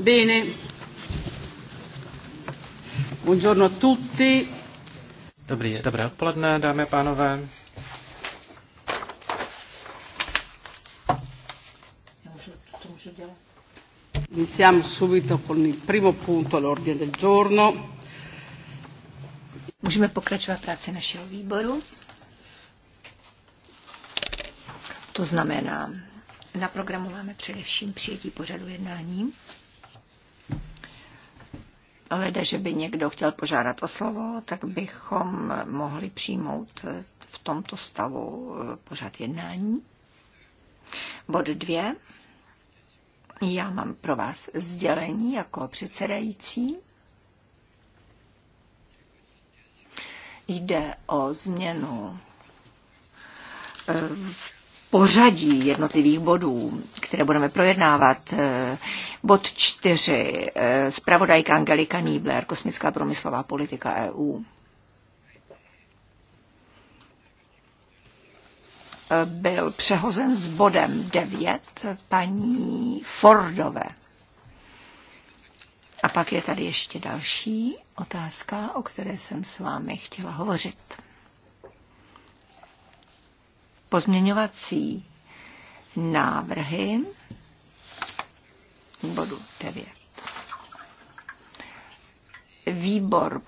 Bene. Buongiorno a tutti. Dobrý, dobré odpoledne, dámy a pánové. Iniziamo subito con il primo punto all'ordine del giorno. Můžeme pokračovat práci našeho výboru. To znamená, na programu máme především přijetí pořadu jednání. Lede, že by někdo chtěl požádat o slovo, tak bychom mohli přijmout v tomto stavu eh, pořád jednání. Bod dvě. Já mám pro vás sdělení jako předsedající. Jde o změnu eh, v pořadí jednotlivých bodů, které budeme projednávat. Eh, bod čtyři, eh, zpravodajka Angelika Niebler, kosmická promyslová politika EU. Eh, byl přehozen s bodem 9 paní Fordové. A pak je tady ještě další otázka, o které jsem s vámi chtěla hovořit pozměňovací návrhy bodu 9. Výbor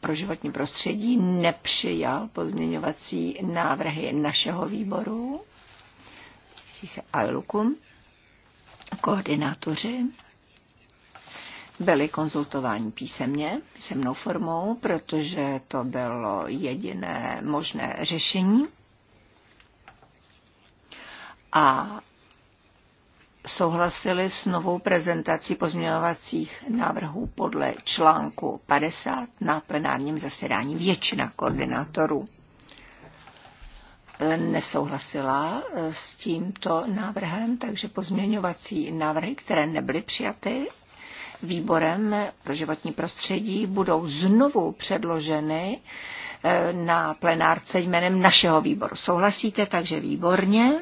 pro životní prostředí nepřijal pozměňovací návrhy našeho výboru, se ILUKUM, koordinátoři byli konzultováni písemně, písemnou formou, protože to bylo jediné možné řešení a souhlasili s novou prezentací pozměňovacích návrhů podle článku 50 na plenárním zasedání většina koordinátorů. E, nesouhlasila e, s tímto návrhem, takže pozměňovací návrhy, které nebyly přijaty výborem pro životní prostředí, budou znovu předloženy e, na plenárce jménem našeho výboru. Souhlasíte, takže výborně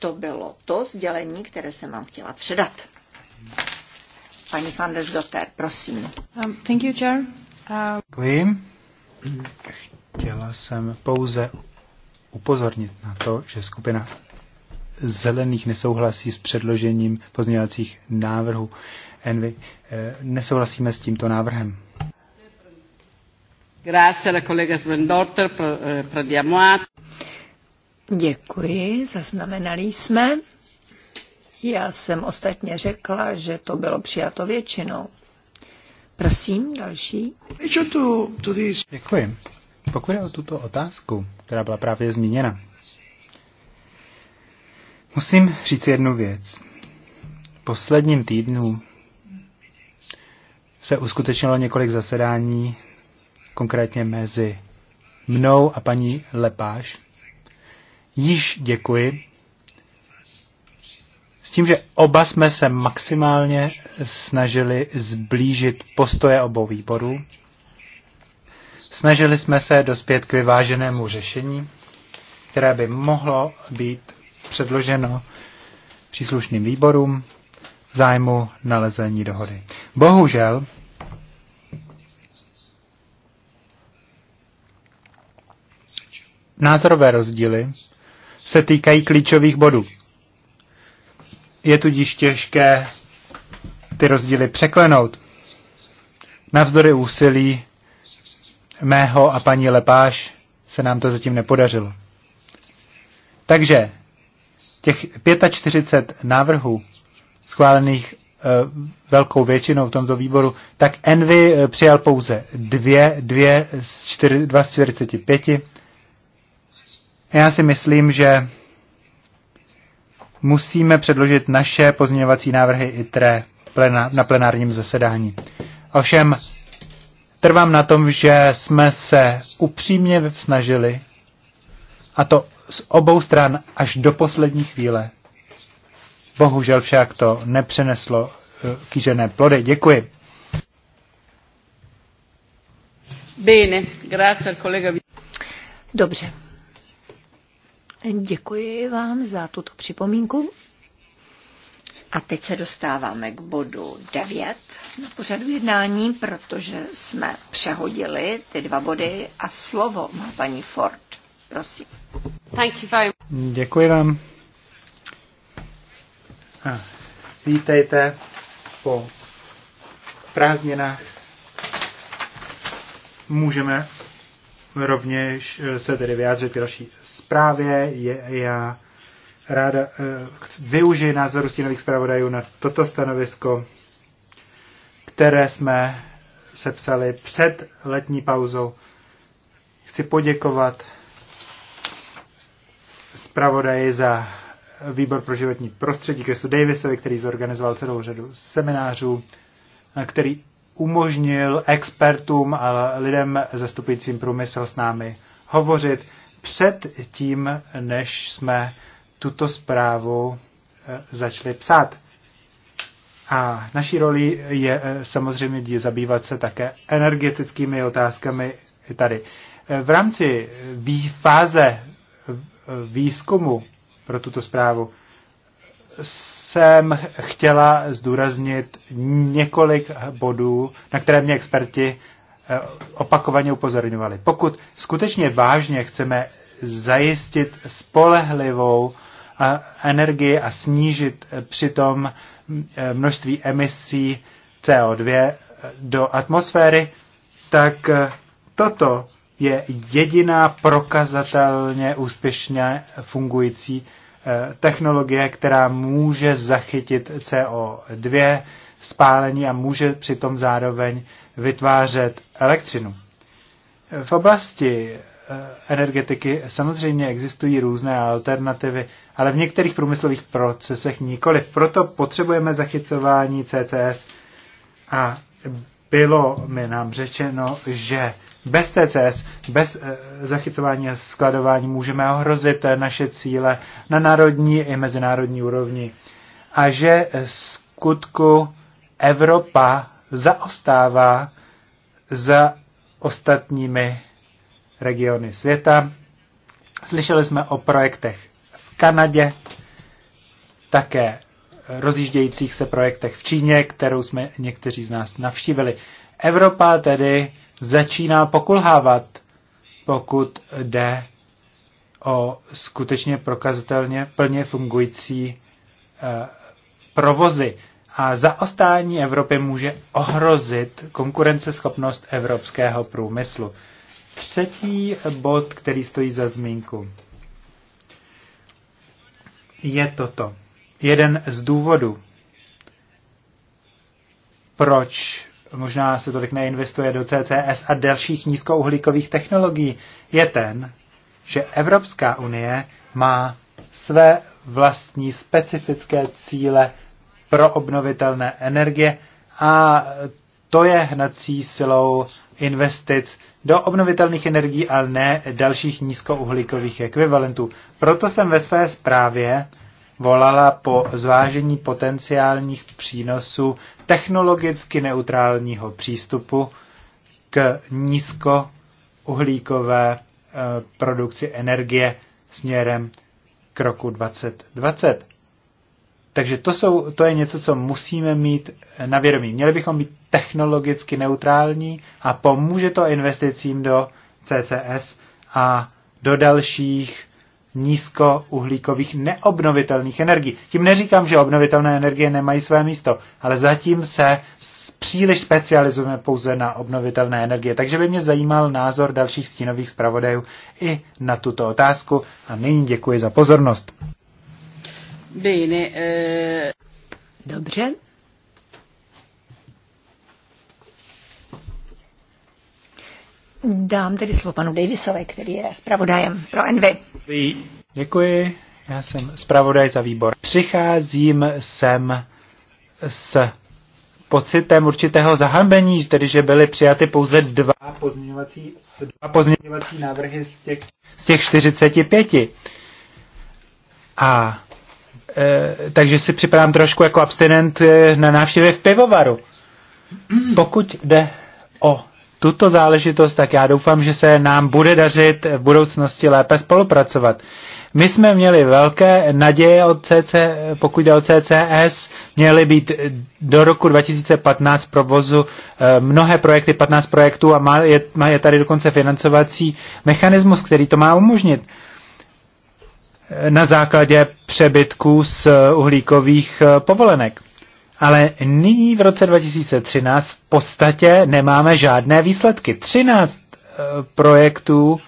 to bylo to sdělení, které jsem vám chtěla předat. Paní van der Zdotter, prosím. Um, thank you, Chair. Uh... Děkuji. Chtěla jsem pouze upozornit na to, že skupina zelených nesouhlasí s předložením pozměňovacích návrhů. Envy, eh, nesouhlasíme s tímto návrhem. Děkuji, zaznamenali jsme. Já jsem ostatně řekla, že to bylo přijato většinou. Prosím, další. Děkuji. Pokud je o tuto otázku, která byla právě zmíněna, musím říct jednu věc. V posledním týdnu se uskutečnilo několik zasedání, konkrétně mezi mnou a paní Lepáš, již děkuji. S tím, že oba jsme se maximálně snažili zblížit postoje obou výborů, snažili jsme se dospět k vyváženému řešení, které by mohlo být předloženo příslušným výborům v zájmu nalezení dohody. Bohužel, názorové rozdíly se týkají klíčových bodů. Je tudíž těžké ty rozdíly překlenout. Navzdory úsilí mého a paní Lepáš se nám to zatím nepodařilo. Takže těch 45 návrhů schválených e, velkou většinou v tomto výboru, tak Envy e, přijal pouze dvě, dvě z, čtyři, dva z 45 já si myslím, že musíme předložit naše pozměňovací návrhy ITRE na plenárním zasedání. Ovšem, trvám na tom, že jsme se upřímně snažili, a to z obou stran až do poslední chvíle. Bohužel však to nepřeneslo eh, kýžené plody. Děkuji. Bene, grazie al collega. Dobře, Děkuji vám za tuto připomínku. A teď se dostáváme k bodu 9 na pořadu jednání, protože jsme přehodili ty dva body a slovo má paní Ford. Prosím. Thank you very much. Děkuji vám. A vítejte po prázdninách. Můžeme rovněž eh, se tedy vyjádřit k další zprávě. Je, já ráda e, využiji názoru stínových zpravodajů na toto stanovisko, které jsme sepsali před letní pauzou. Chci poděkovat zpravodaji za výbor pro životní prostředí Chrisu Davisovi, který zorganizoval celou řadu seminářů, eh, který umožnil expertům a lidem zastupujícím průmysl s námi hovořit před tím, než jsme tuto zprávu eh, začali psát. A naší roli je eh, samozřejmě zabývat se také energetickými otázkami tady. Eh, v rámci fáze výzkumu pro tuto zprávu jsem chtěla zdůraznit několik bodů, na které mě experti eh, opakovaně upozorňovali. Pokud skutečně vážně chceme zajistit spolehlivou eh, energii a snížit eh, přitom množství emisí CO2 do atmosféry, tak toto je jediná prokazatelně úspěšně fungující Eh, technologie, která může zachytit CO2 spálení a může přitom zároveň vytvářet elektřinu. V oblasti eh, energetiky samozřejmě existují různé alternativy, ale v některých průmyslových procesech nikoli. Proto potřebujeme zachycování CCS a bylo mi nám řečeno, že bez CCS, bez eh, zachycování a skladování můžeme ohrozit eh, naše cíle na národní i mezinárodní úrovni. A že eh, skutku Evropa zaostává za ostatními regiony světa. Slyšeli jsme o projektech v Kanadě, také rozjíždějících se projektech v Číně, kterou jsme někteří z nás navštívili. Evropa tedy začíná pokulhávat, pokud jde o skutečně prokazatelně plně fungující eh, provozy. A zaostání Evropy může ohrozit konkurenceschopnost evropského průmyslu. Třetí bod, který stojí za zmínku, je toto. Jeden z důvodů, proč možná se tolik neinvestuje do CCS a dalších nízkouhlíkových technologií, je ten, že Evropská unie má své vlastní specifické cíle pro obnovitelné energie a to je hnací silou investic do obnovitelných energií, ale ne dalších nízkouhlíkových ekvivalentů. Proto jsem ve své zprávě volala po zvážení potenciálních přínosů technologicky neutrálního přístupu k nízkouhlíkové eh, produkci energie směrem k roku 2020. Takže to, jsou, to je něco, co musíme mít na vědomí. Měli bychom být technologicky neutrální a pomůže to investicím do CCS a do dalších nízkouhlíkových neobnovitelných energií. Tím neříkám, že obnovitelné energie nemají své místo, ale zatím se příliš specializujeme pouze na obnovitelné energie. Takže by mě zajímal názor dalších stínových zpravodajů i na tuto otázku. A nyní děkuji za pozornost. Eh, Dobře, Dám tedy slovo panu Davisovi, který je zpravodajem pro Envy. Děkuji, já jsem zpravodaj za výbor. Přicházím sem s pocitem určitého zahambení, tedy že byly přijaty pouze dva pozměňovací, dva pozměňovací návrhy z těch, z těch 45. A e, takže si připadám trošku jako abstinent e, na návštěvě v pivovaru. Pokud jde o tuto záležitost, tak já doufám, že se nám bude dařit v budoucnosti lépe spolupracovat. My jsme měli velké naděje od CC, pokud jde o CCS, měly být do roku 2015 provozu eh, mnohé projekty, 15 projektů a má, je, má, je tady dokonce financovací mechanismus, který to má umožnit eh, na základě přebytků z uhlíkových eh, povolenek ale nyní v roce 2013 v podstatě nemáme žádné výsledky. 13 eh, projektů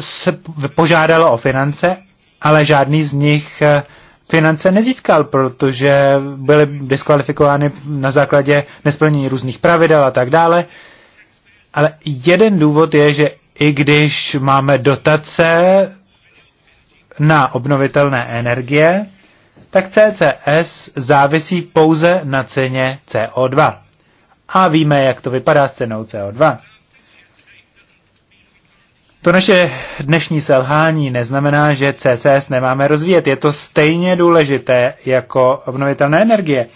se požádalo o finance, ale žádný z nich eh, finance nezískal, protože byly diskvalifikovány na základě nesplnění různých pravidel a tak dále. Ale jeden důvod je, že i když máme dotace na obnovitelné energie, tak CCS závisí pouze na ceně CO2. A víme, jak to vypadá s cenou CO2. To naše dnešní selhání neznamená, že CCS nemáme rozvíjet. Je to stejně důležité jako obnovitelné energie.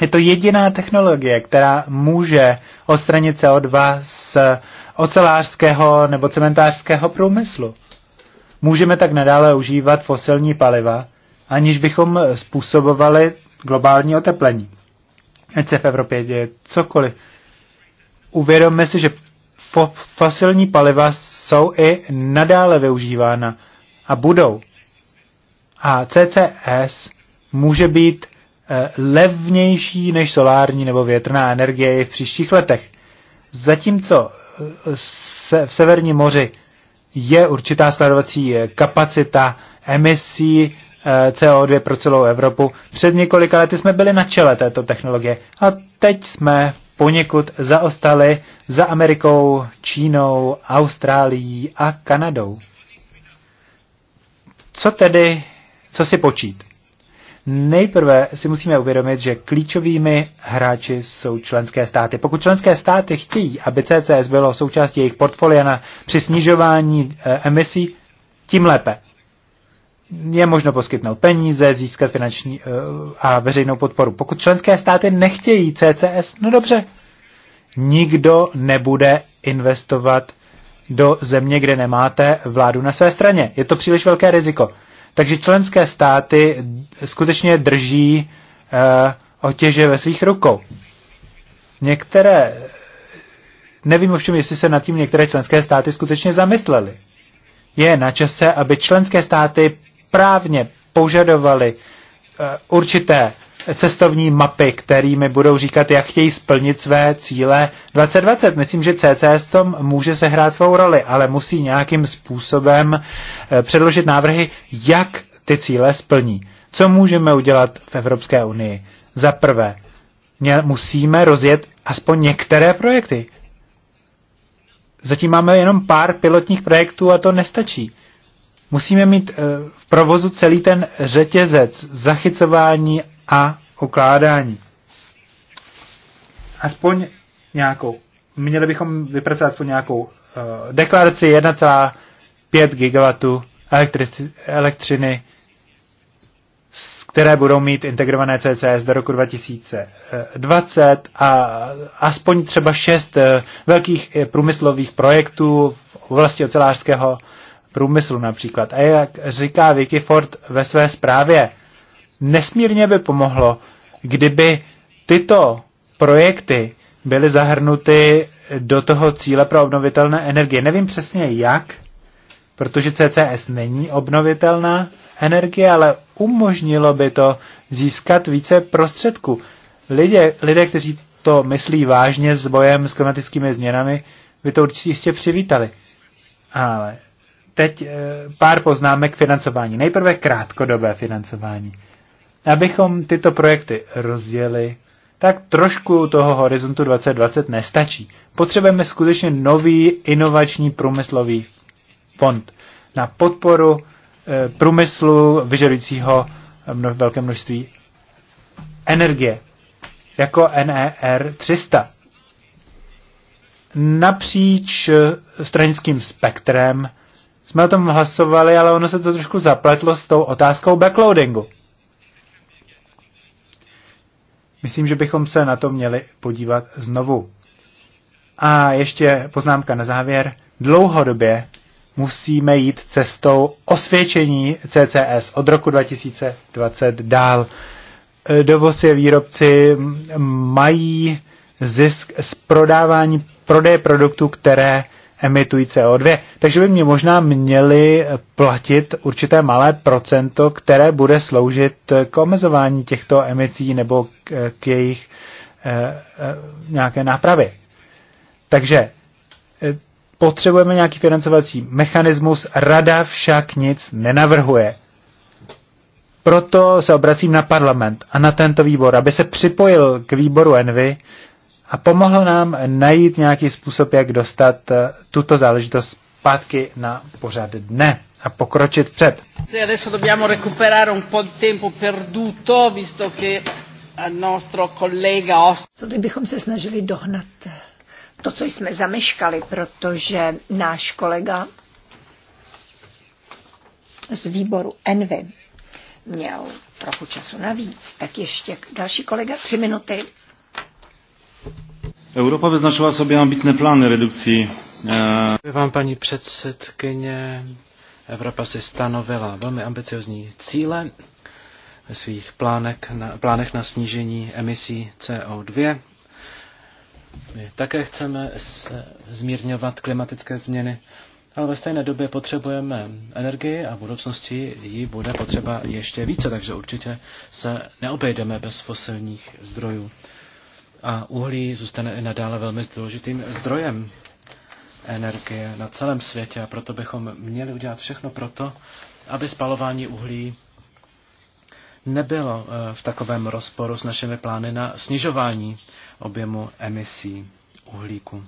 Je to jediná technologie, která může odstranit CO2 z ocelářského nebo cementářského průmyslu. Můžeme tak nadále užívat fosilní paliva, aniž bychom způsobovali globální oteplení. Ať se v Evropě děje cokoliv. Uvědomme si, že fo- fosilní paliva jsou i nadále využívána a budou. A CCS může být eh, levnější než solární nebo větrná energie i v příštích letech. Zatímco eh, se, v Severním moři je určitá sledovací eh, kapacita emisí Eh, CO2 pro celou Evropu. Před několika lety jsme byli na čele této technologie a teď jsme poněkud zaostali za Amerikou, Čínou, Austrálií a Kanadou. Co tedy, co si počít? Nejprve si musíme uvědomit, že klíčovými hráči jsou členské státy. Pokud členské státy chtějí, aby CCS bylo součástí jejich portfolia na, při snižování eh, emisí, tím lépe je možno poskytnout peníze, získat finanční eh, a veřejnou podporu. Pokud členské státy nechtějí CCS, no dobře, nikdo nebude investovat do země, kde nemáte vládu na své straně. Je to příliš velké riziko. Takže členské státy skutečně drží uh, otěže ve svých rukou. Některé, nevím ovšem, jestli se nad tím některé členské státy skutečně zamysleli. Je na čase, aby členské státy správně požadovali eh, určité cestovní mapy, kterými budou říkat, jak chtějí splnit své cíle 2020. Myslím, že CCS tom může sehrát svou roli, ale musí nějakým způsobem eh, předložit návrhy, jak ty cíle splní. Co můžeme udělat v Evropské unii? Za prvé, musíme rozjet aspoň některé projekty. Zatím máme jenom pár pilotních projektů a to nestačí. Musíme mít eh, v provozu celý ten řetězec zachycování a ukládání. Aspoň nějakou. Měli bychom vypracovat aspoň nějakou uh, deklaraci 1,5 GW elektřiny, které budou mít integrované CCS do roku 2020 a aspoň třeba šest eh, velkých průmyslových projektů v oblasti ocelářského průmyslu například. A jak říká Vicky Ford ve své zprávě, nesmírně by pomohlo, kdyby tyto projekty byly zahrnuty do toho cíle pro obnovitelné energie. Nevím přesně jak, protože CCS není obnovitelná energie, ale umožnilo by to získat více prostředků. Lidé, lidé kteří to myslí vážně s bojem s klimatickými změnami, by to určitě jistě přivítali. Ale teď eh, pár poznámek k financování. Nejprve krátkodobé financování. Abychom tyto projekty rozjeli, tak trošku toho horizontu 2020 nestačí. Potřebujeme skutečně nový inovační průmyslový fond na podporu eh, průmyslu vyžadujícího velké množství energie, jako NER 300. Napříč eh, stranickým spektrem jsme o tom hlasovali, ale ono se to trošku zapletlo s tou otázkou backloadingu. Myslím, že bychom se na to měli podívat znovu. A ještě poznámka na závěr. Dlouhodobě musíme jít cestou osvědčení CCS od roku 2020 dál. Dovozci a výrobci mají zisk z prodávání prodeje produktů, které emitují CO2. Takže by mě možná měli platit určité malé procento, které bude sloužit k omezování těchto emisí nebo k, k jejich eh, eh, nějaké nápravy. Takže eh, potřebujeme nějaký financovací mechanismus, rada však nic nenavrhuje. Proto se obracím na parlament a na tento výbor, aby se připojil k výboru Envy a pomohlo nám najít nějaký způsob, jak dostat eh, tuto záležitost zpátky na pořad dne a pokročit před. Adesso dobbiamo recuperare un po' di tempo perduto, visto che al nostro collega Co kdybychom se snažili dohnat to, co jsme zameškali, protože náš kolega z výboru Envy měl trochu času navíc, tak ještě další kolega, tři minuty Evropa vyznačila sobě ambitné plány redukcí. Eh, Děkuji vám, paní předsedkyně. Evropa si stanovila velmi ambiciozní cíle ve svých plánek na, plánech na snížení emisí CO2. My také chceme zmírňovat klimatické změny, ale ve stejné době potřebujeme energii a v budoucnosti ji bude potřeba ještě více, takže určitě se neobejdeme bez fosilních zdrojů a uhlí zůstane i nadále velmi důležitým zdrojem energie na celém světě a proto bychom měli udělat všechno proto, aby spalování uhlí nebylo eh, v takovém rozporu s našimi plány na snižování objemu emisí uhlíku.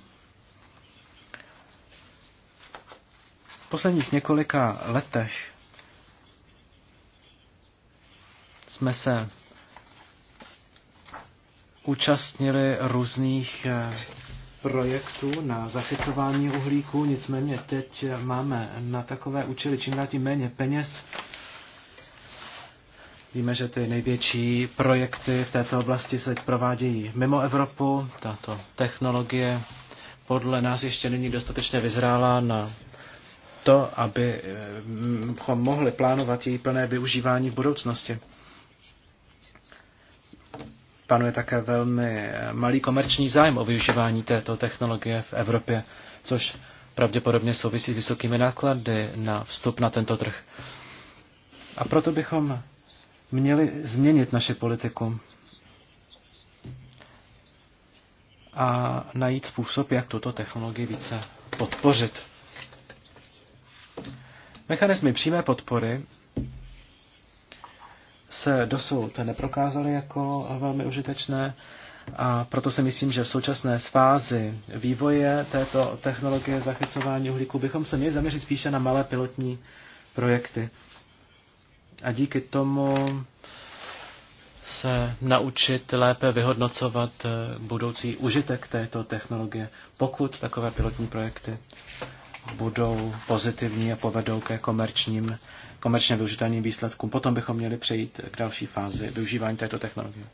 V posledních několika letech jsme se účastnili různých eh, projektů na zachycování uhlíku, nicméně teď máme na takové účely čím dál tím méně peněz. Víme, že ty největší projekty v této oblasti se teď provádějí mimo Evropu. Tato technologie podle nás ještě není dostatečně vyzrála na to, abychom mohli plánovat její plné využívání v budoucnosti panuje také velmi eh, malý komerční zájem o využívání této technologie v Evropě, což pravděpodobně souvisí s vysokými náklady na vstup na tento trh. A proto bychom měli změnit naši politiku a najít způsob, jak tuto technologii více podpořit. Mechanismy přímé podpory se dosud neprokázaly jako velmi užitečné a proto si myslím, že v současné fázi vývoje této technologie zachycování uhlíku bychom se měli zaměřit spíše na malé pilotní projekty. A díky tomu se naučit lépe vyhodnocovat eh, budoucí užitek této technologie, pokud takové pilotní projekty budou pozitivní a povedou ke komerčním komerčně využitelným výsledkům. Potom bychom měli přejít k další fázi využívání této technologie.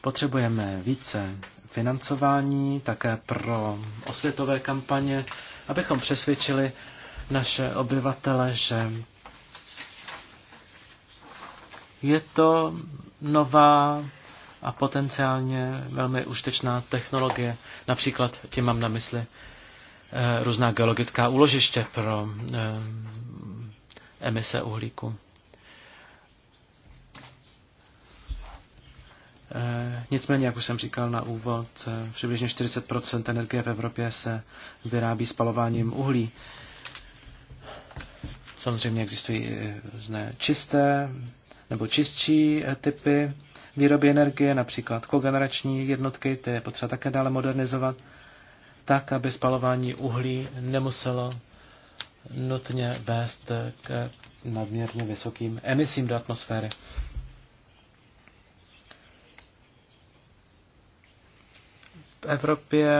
Potřebujeme více financování také pro osvětové kampaně, abychom přesvědčili naše obyvatele, že je to nová a potenciálně velmi užitečná technologie. Například tím mám na mysli Eh, různá geologická úložiště pro eh, emise uhlíku. Eh, nicméně, jak už jsem říkal na úvod, přibližně 40 energie v Evropě se vyrábí spalováním uhlí. Samozřejmě existují různé čisté nebo čistší typy výroby energie, například kogenerační jednotky, ty je potřeba také dále modernizovat tak, aby spalování uhlí nemuselo nutně vést k nadměrně vysokým emisím do atmosféry. V Evropě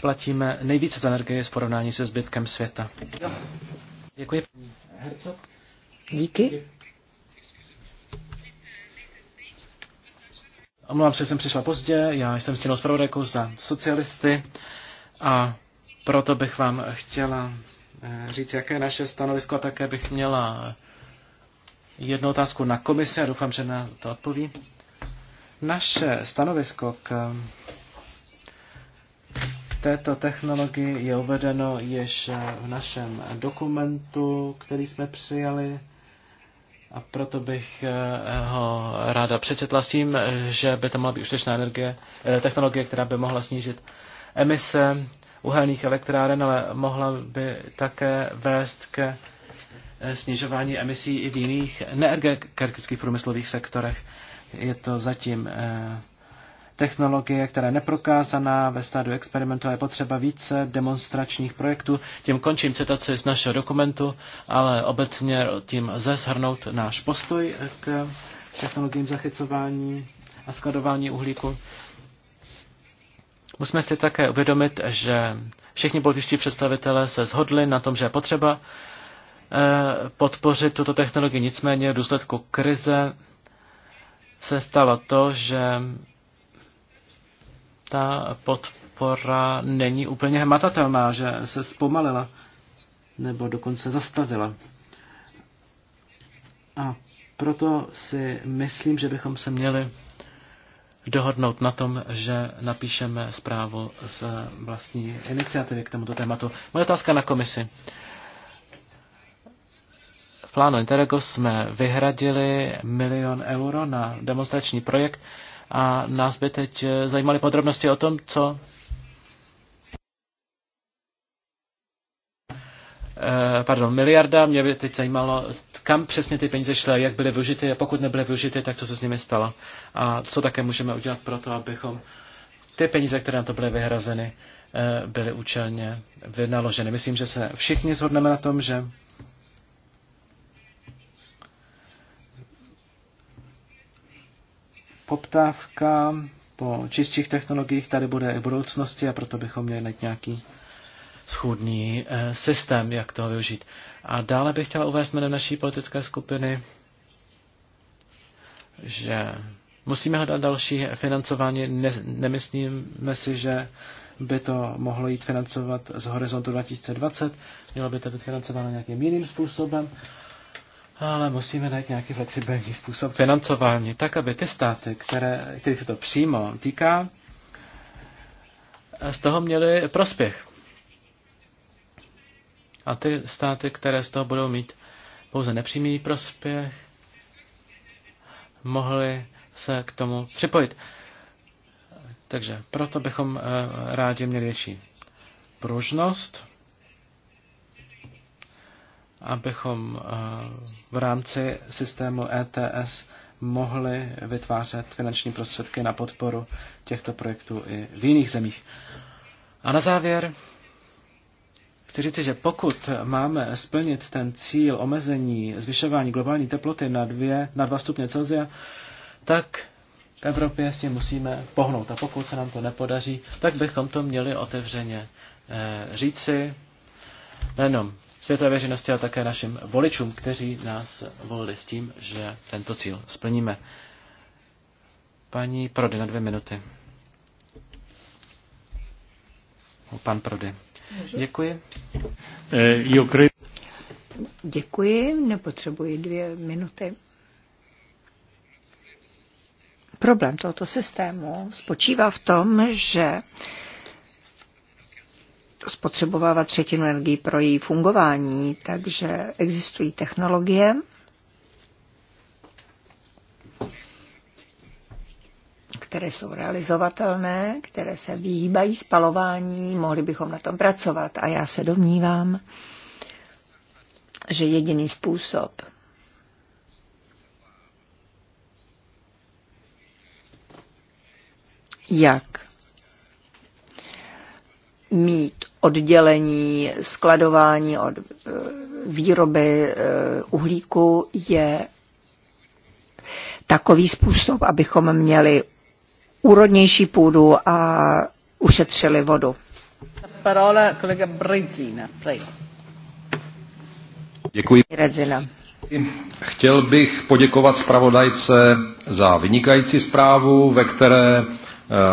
platíme nejvíce za energie v porovnání se zbytkem světa. Děkuji. Díky. Omlouvám se, že jsem přišla pozdě, já jsem stěnou zpravodajkou za socialisty a proto bych vám chtěla eh, říct, jaké je naše stanovisko a také bych měla jednu otázku na komisi a doufám, že na to odpoví. Naše stanovisko k, k této technologii je uvedeno již v našem dokumentu, který jsme přijali a proto bych eh, ho ráda přečetla s tím, eh, že by to mohla být užitečná energie, eh, technologie, která by mohla snížit emise uhelných elektráren, ale mohla by také vést ke snižování emisí i v jiných neenergetických průmyslových sektorech. Je to zatím technologie, která je neprokázaná ve stádu experimentu a je potřeba více demonstračních projektů. Tím končím citaci z našeho dokumentu, ale obecně tím zeshrnout náš postoj k technologiím zachycování a skladování uhlíku. Musíme si také uvědomit, že všichni političtí představitelé se shodli na tom, že je potřeba eh, podpořit tuto technologii. Nicméně v důsledku krize se stalo to, že ta podpora není úplně hmatatelná, že se zpomalila nebo dokonce zastavila. A proto si myslím, že bychom se měli dohodnout na tom, že napíšeme zprávu z vlastní iniciativy k tomuto tématu. Moje otázka na komisi. V plánu Interregos jsme vyhradili milion euro na demonstrační projekt a nás by teď eh, zajímaly podrobnosti o tom, co eh, pardon, miliarda, mě by teď zajímalo, kam přesně ty peníze šly, jak byly využity a pokud nebyly využity, tak co se s nimi stalo a co také můžeme udělat pro to, abychom ty peníze, které na to byly vyhrazeny, eh, byly účelně vynaloženy. Myslím, že se všichni shodneme na tom, že poptávka po čistších technologiích tady bude i v budoucnosti a proto bychom měli najít nějaký schůdný eh, systém, jak toho využít. A dále bych chtěla uvést jménem naší politické skupiny, že musíme hledat další financování. Ne, nemyslíme si, že by to mohlo jít financovat z horizontu 2020, mělo by to být financováno nějakým jiným způsobem ale musíme najít nějaký flexibilní způsob financování, tak aby ty státy, které, kterých se to přímo týká, z toho měly prospěch. A ty státy, které z toho budou mít pouze nepřímý prospěch, mohly se k tomu připojit. Takže proto bychom eh, rádi měli větší pružnost abychom eh, v rámci systému ETS mohli vytvářet finanční prostředky na podporu těchto projektů i v jiných zemích. A na závěr chci říci, že pokud máme splnit ten cíl omezení zvyšování globální teploty na, dvě, na 2 stupně Celsia, tak v Evropě s tím musíme pohnout. A pokud se nám to nepodaří, tak bychom to měli otevřeně eh, říci nejenom světové veřejnosti, ale také našim voličům, kteří nás volili s tím, že tento cíl splníme. Paní Prody na dvě minuty. Pan Prody. Děkuji. Eh, Děkuji, nepotřebuji dvě minuty. Problém tohoto systému spočívá v tom, že spotřebovávat třetinu energii pro její fungování, takže existují technologie, které jsou realizovatelné, které se vyhýbají spalování, mohli bychom na tom pracovat. A já se domnívám, že jediný způsob, jak mít oddělení skladování od eh, výroby eh, uhlíku je takový způsob, abychom měli úrodnější půdu a ušetřili vodu. Parola kolega Brezina, Děkuji. Brezina. Chtěl bych poděkovat zpravodajce za vynikající zprávu, ve které eh,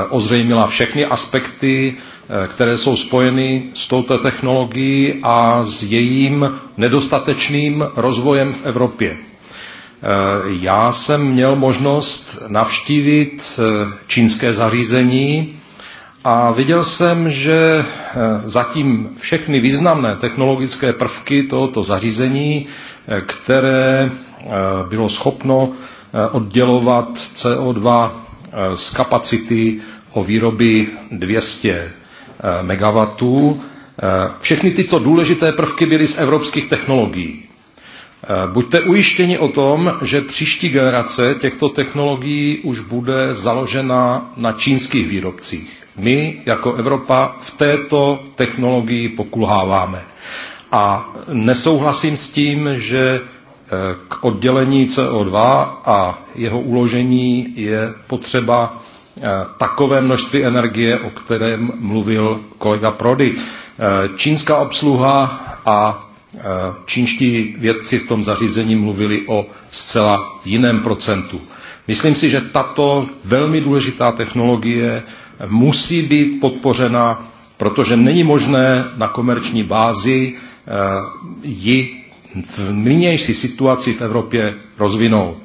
ozřejmila všechny aspekty Eh, které jsou spojeny s touto technologií a s jejím nedostatečným rozvojem v Evropě. Eh, já jsem měl možnost navštívit eh, čínské zařízení a viděl jsem, že zatím všechny významné technologické prvky tohoto zařízení, které bylo schopno oddělovat CO2 z kapacity o výroby 200 Eh, megawatů. Eh, všechny tyto důležité prvky byly z evropských technologií. Eh, buďte ujištěni o tom, že příští generace těchto technologií už bude založena na čínských výrobcích. My jako Evropa v této technologii pokulháváme. A nesouhlasím s tím, že k oddělení CO2 a jeho uložení je potřeba Eh, takové množství energie, o kterém mluvil kolega Prody. Eh, čínská obsluha a eh, čínští vědci v tom zařízení mluvili o zcela jiném procentu. Myslím si, že tato velmi důležitá technologie musí být podpořena, protože není možné na komerční bázi ji v nynější situaci v Evropě rozvinout.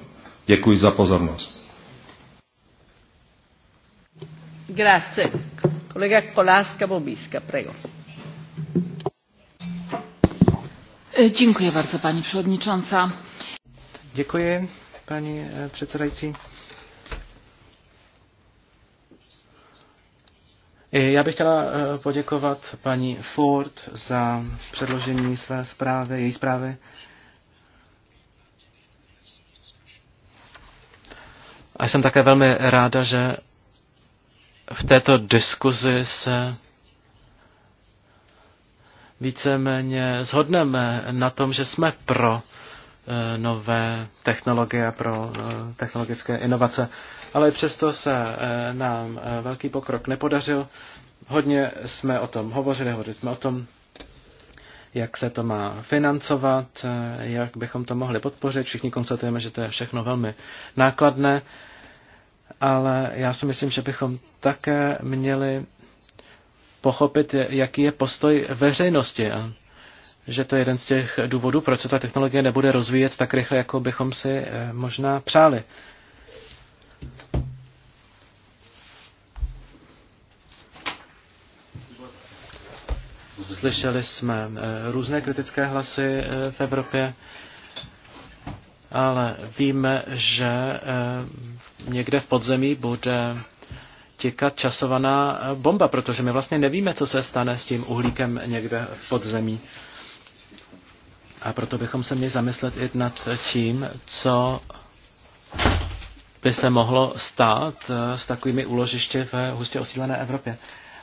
Děkuji za pozornost. Grazie. Kolega Kolaska Bobiska, prego. E, dziękuję bardzo Pani Przewodnicząca. Děkuji, pani e, předsedající. Já bych chtěla e, poděkovat paní Ford za předložení své zprávy, její zprávy. A jsem také velmi ráda, že v této diskuzi se víceméně zhodneme na tom, že jsme pro eh, nové technologie a pro eh, technologické inovace. Ale přesto se eh, nám velký pokrok nepodařil. Hodně jsme o tom hovořili, hovořili jsme o tom, jak se to má financovat, jak bychom to mohli podpořit. Všichni konstatujeme, že to je všechno velmi nákladné ale já si myslím, že bychom také měli pochopit, jaký je postoj veřejnosti. A že to je jeden z těch důvodů, proč se ta technologie nebude rozvíjet tak rychle, jako bychom si eh, možná přáli. Slyšeli jsme eh, různé kritické hlasy eh, v Evropě, ale víme, že někde v podzemí bude těkat časovaná bomba, protože my vlastně nevíme, co se stane s tím uhlíkem někde v podzemí. A proto bychom se měli zamyslet i nad tím, co by se mohlo stát eh, s takovými úložiště v hustě osídlené Evropě.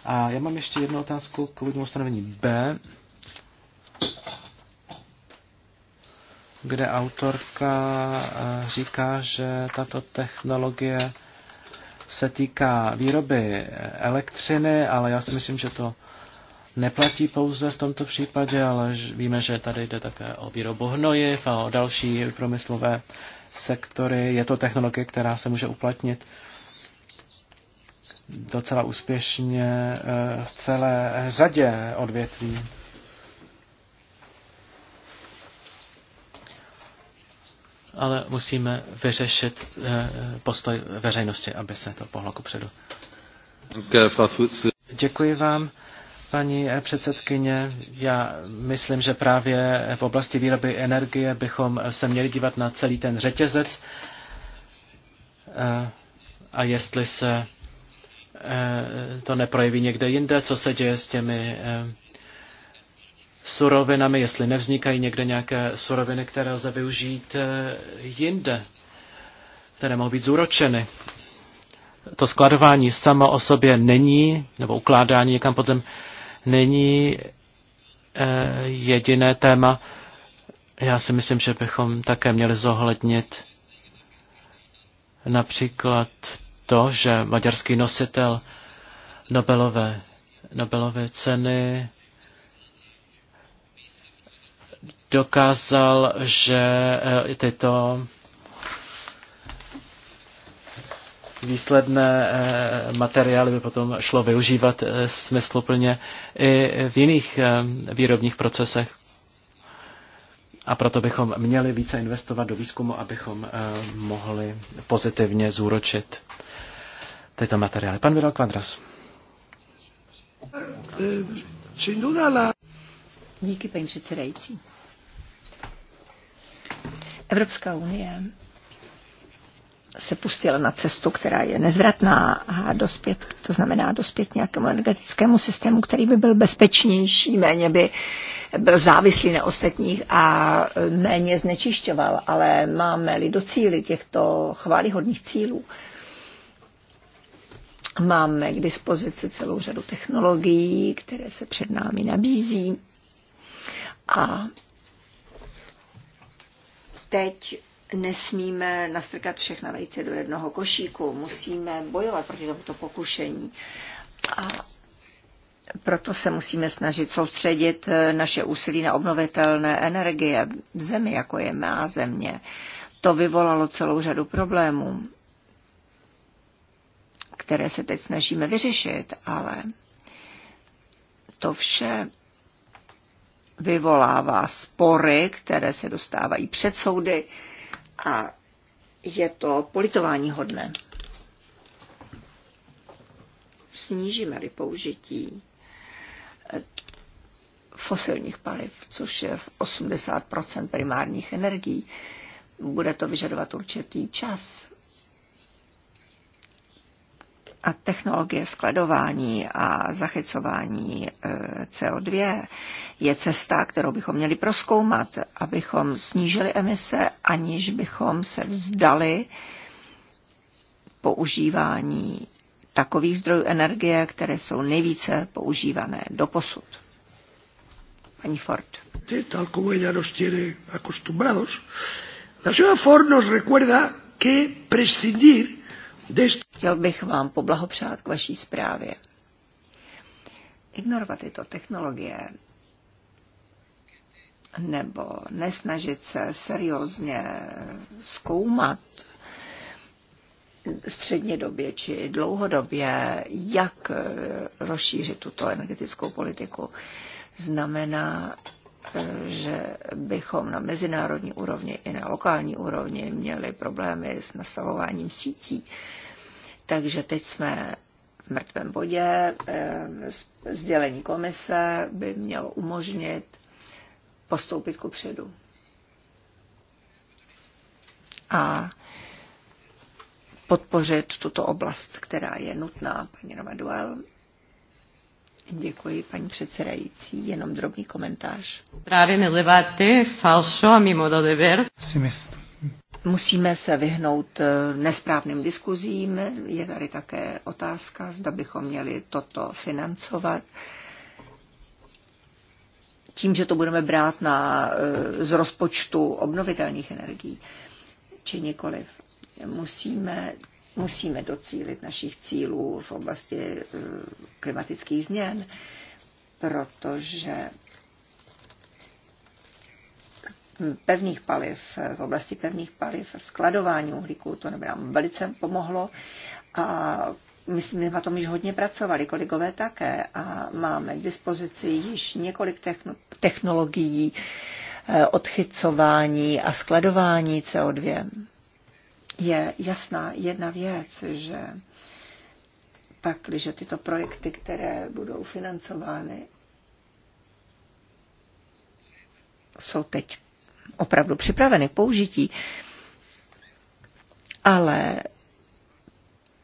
A já mám ještě jednu otázku k úvodnímu stanovení B kde autorka eh, říká, že tato technologie se týká výroby elektřiny, ale já si myslím, že to neplatí pouze v tomto případě, ale víme, že tady jde také o výrobu hnojiv a o další promyslové sektory. Je to technologie, která se může uplatnit docela úspěšně eh, v celé řadě odvětví. ale musíme vyřešit eh, postoj veřejnosti, aby se to pohlo předu. Děkuji vám, paní eh, předsedkyně. Já myslím, že právě v oblasti výroby energie bychom se měli dívat na celý ten řetězec eh, a jestli se to neprojeví někde jinde, co se děje s těmi surovinami, jestli nevznikají někde nějaké suroviny, které lze využít eh, jinde, které mohou být zúročeny. To skladování samo o sobě není, nebo ukládání někam pod zem, není eh, jediné téma. Já si myslím, že bychom také měli zohlednit například to, že maďarský nositel Nobelové, Nobelové ceny dokázal, že eh, tyto výsledné eh, materiály by potom šlo využívat eh, smysluplně i v jiných výrobních procesech. A proto bychom měli více investovat do výzkumu, abychom mohli pozitivně zúročit tyto materiály. Pan Vidal Kvadras. Díky, paní předsedající. Evropská unie se pustila na cestu, která je nezvratná a dospět, to znamená dospět nějakému energetickému systému, který by byl bezpečnější, méně by byl závislý na ostatních a méně znečišťoval, ale máme-li cíly těchto chválihodných cílů, máme k dispozici celou řadu technologií, které se před námi nabízí a teď nesmíme nastrkat všechna vejce do jednoho košíku. Musíme bojovat proti tomuto pokušení. A proto se musíme snažit soustředit eh, naše úsilí na obnovitelné energie v zemi, jako je má země. To vyvolalo celou řadu problémů, které se teď snažíme vyřešit, ale to vše vyvolává spory, které se dostávají před soudy a je to politování hodné. Snížíme-li použití eh, fosilních paliv, což je v 80 primárních energií, bude to vyžadovat určitý čas a technologie skladování a zachycování eh, CO2 je cesta, kterou bychom měli proskoumat, abychom snížili emise, aniž bychom se vzdali používání takových zdrojů energie, které jsou nejvíce používané do posud. Paní Ford. Tal como ella nos tiene acostumbrados, la señora Ford nos recuerda que prescindir Chtěl bych vám poblahopřát k vaší zprávě. Ignorovat tyto technologie nebo nesnažit se seriózně zkoumat střednědobě či dlouhodobě, jak rozšířit tuto energetickou politiku, znamená že bychom na mezinárodní úrovni i na lokální úrovni měli problémy s nastavováním sítí. Takže teď jsme v mrtvém bodě. Sdělení komise by mělo umožnit postoupit ku předu. A podpořit tuto oblast, která je nutná, paní Duel, Děkuji, paní předsedající. Jenom drobný komentář. Musíme se vyhnout eh, nesprávným diskuzím. Je tady také otázka, zda bychom měli toto financovat tím, že to budeme brát na, eh, z rozpočtu obnovitelných energií, či nikoliv. Musíme Musíme docílit našich cílů v oblasti eh, klimatických změn, protože pevných paliv, v oblasti pevných paliv, a skladování uhlíku, to nám velice pomohlo a my jsme na tom již hodně pracovali, kolegové také, a máme k dispozici již několik technologií eh, odchycování a skladování CO2 je jasná jedna věc, že pak, že tyto projekty, které budou financovány, jsou teď opravdu připraveny k použití, ale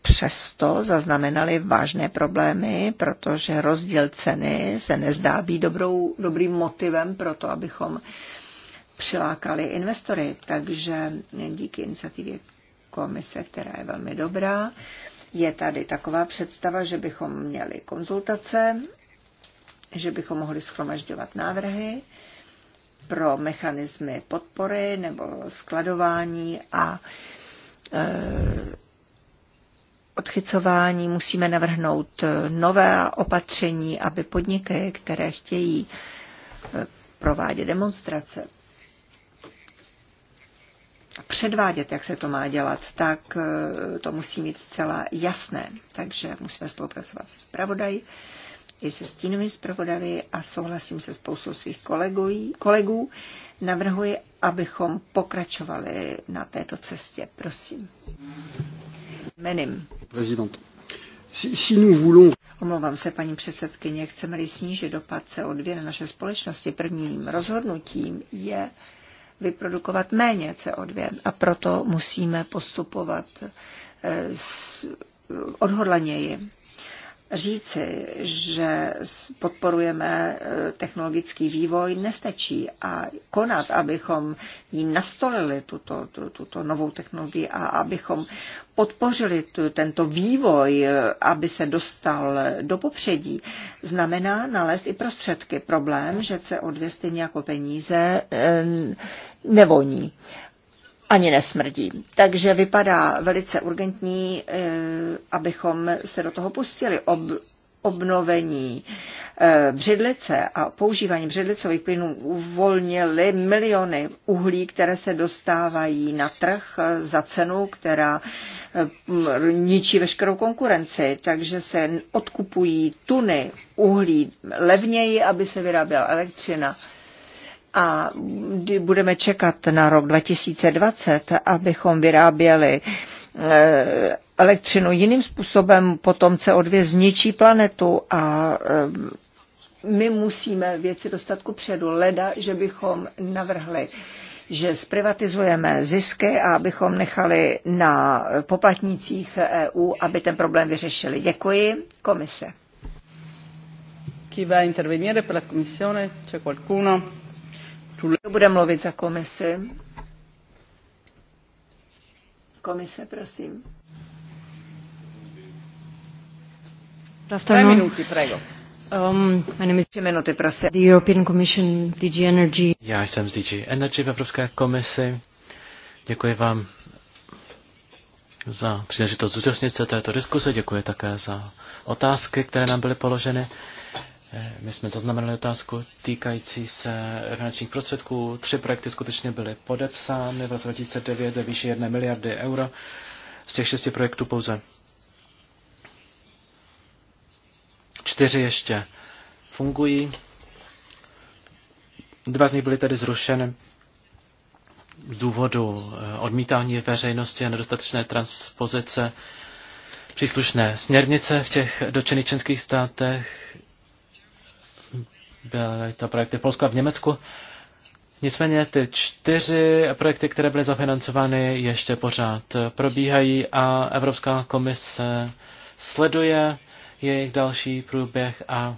přesto zaznamenali vážné problémy, protože rozdíl ceny se nezdá být dobrou, dobrým motivem pro to, abychom přilákali investory. Takže díky iniciativě komise, která je velmi dobrá. Je tady taková představa, že bychom měli konzultace, že bychom mohli schromažďovat návrhy pro mechanismy podpory nebo skladování a e, odchycování musíme navrhnout nové opatření, aby podniky, které chtějí e, provádět demonstrace, předvádět, jak se to má dělat, tak eh, to musí mít zcela jasné. Takže musíme spolupracovat se zpravodají i se stínovými zpravodaji a souhlasím se spoustou svých kolegů, kolegů. Navrhuji, abychom pokračovali na této cestě. Prosím. Menim. Prezident. Si, si nous voulons... Omlouvám se, paní předsedkyně, chceme-li snížit dopad CO2 na naše společnosti, prvním rozhodnutím je vyprodukovat méně CO2 a proto musíme postupovat eh, odhodlaněji říci, že podporujeme eh, technologický vývoj, nestačí. A konat, abychom jí nastolili tuto, tuto novou technologii a abychom podpořili tu, tento vývoj, eh, aby se dostal do popředí, znamená nalézt i prostředky. Problém, že se 2 stejně jako peníze eh, nevoní ani nesmrdí. Takže vypadá velice urgentní, eh, abychom se do toho pustili. Ob, obnovení eh, břidlice a používání břidlicových plynů uvolnili miliony uhlí, které se dostávají na trh eh, za cenu, která ničí veškerou konkurenci, takže se odkupují tuny uhlí levněji, aby se vyráběla elektřina a budeme čekat na rok 2020, abychom vyráběli eh, elektřinu jiným způsobem, potom se odvě zničí planetu a eh, my musíme věci dostat ku předu. Leda, že bychom navrhli, že zprivatizujeme zisky a abychom nechali na poplatnících EU, aby ten problém vyřešili. Děkuji. Komise. Chi va intervenire per la Commissione? C'è qualcuno? Bude mluvit za komisi. Komise, prosím. Dvě minuty, prego. Um, minuty, prosím. The European Commission, DG Energy. Já jsem z DG Energy v Evropské komisi. Děkuji vám za příležitost zúčastnit se této diskuse. Děkuji také za otázky, které nám byly položeny. Eh, my jsme zaznamenali otázku týkající se finančních prostředků. Tři projekty skutečně byly podepsány v roce 2009 ve výši 1 miliardy euro. Z těch šesti projektů pouze čtyři ještě fungují. Dva z nich byly tedy zrušeny z důvodu eh, odmítání veřejnosti a nedostatečné transpozice příslušné směrnice v těch dočených členských státech Byly to projekty v Polsku a v Německu. Nicméně ty čtyři projekty, které byly zafinancovány, ještě pořád probíhají a Evropská komise sleduje jejich další průběh a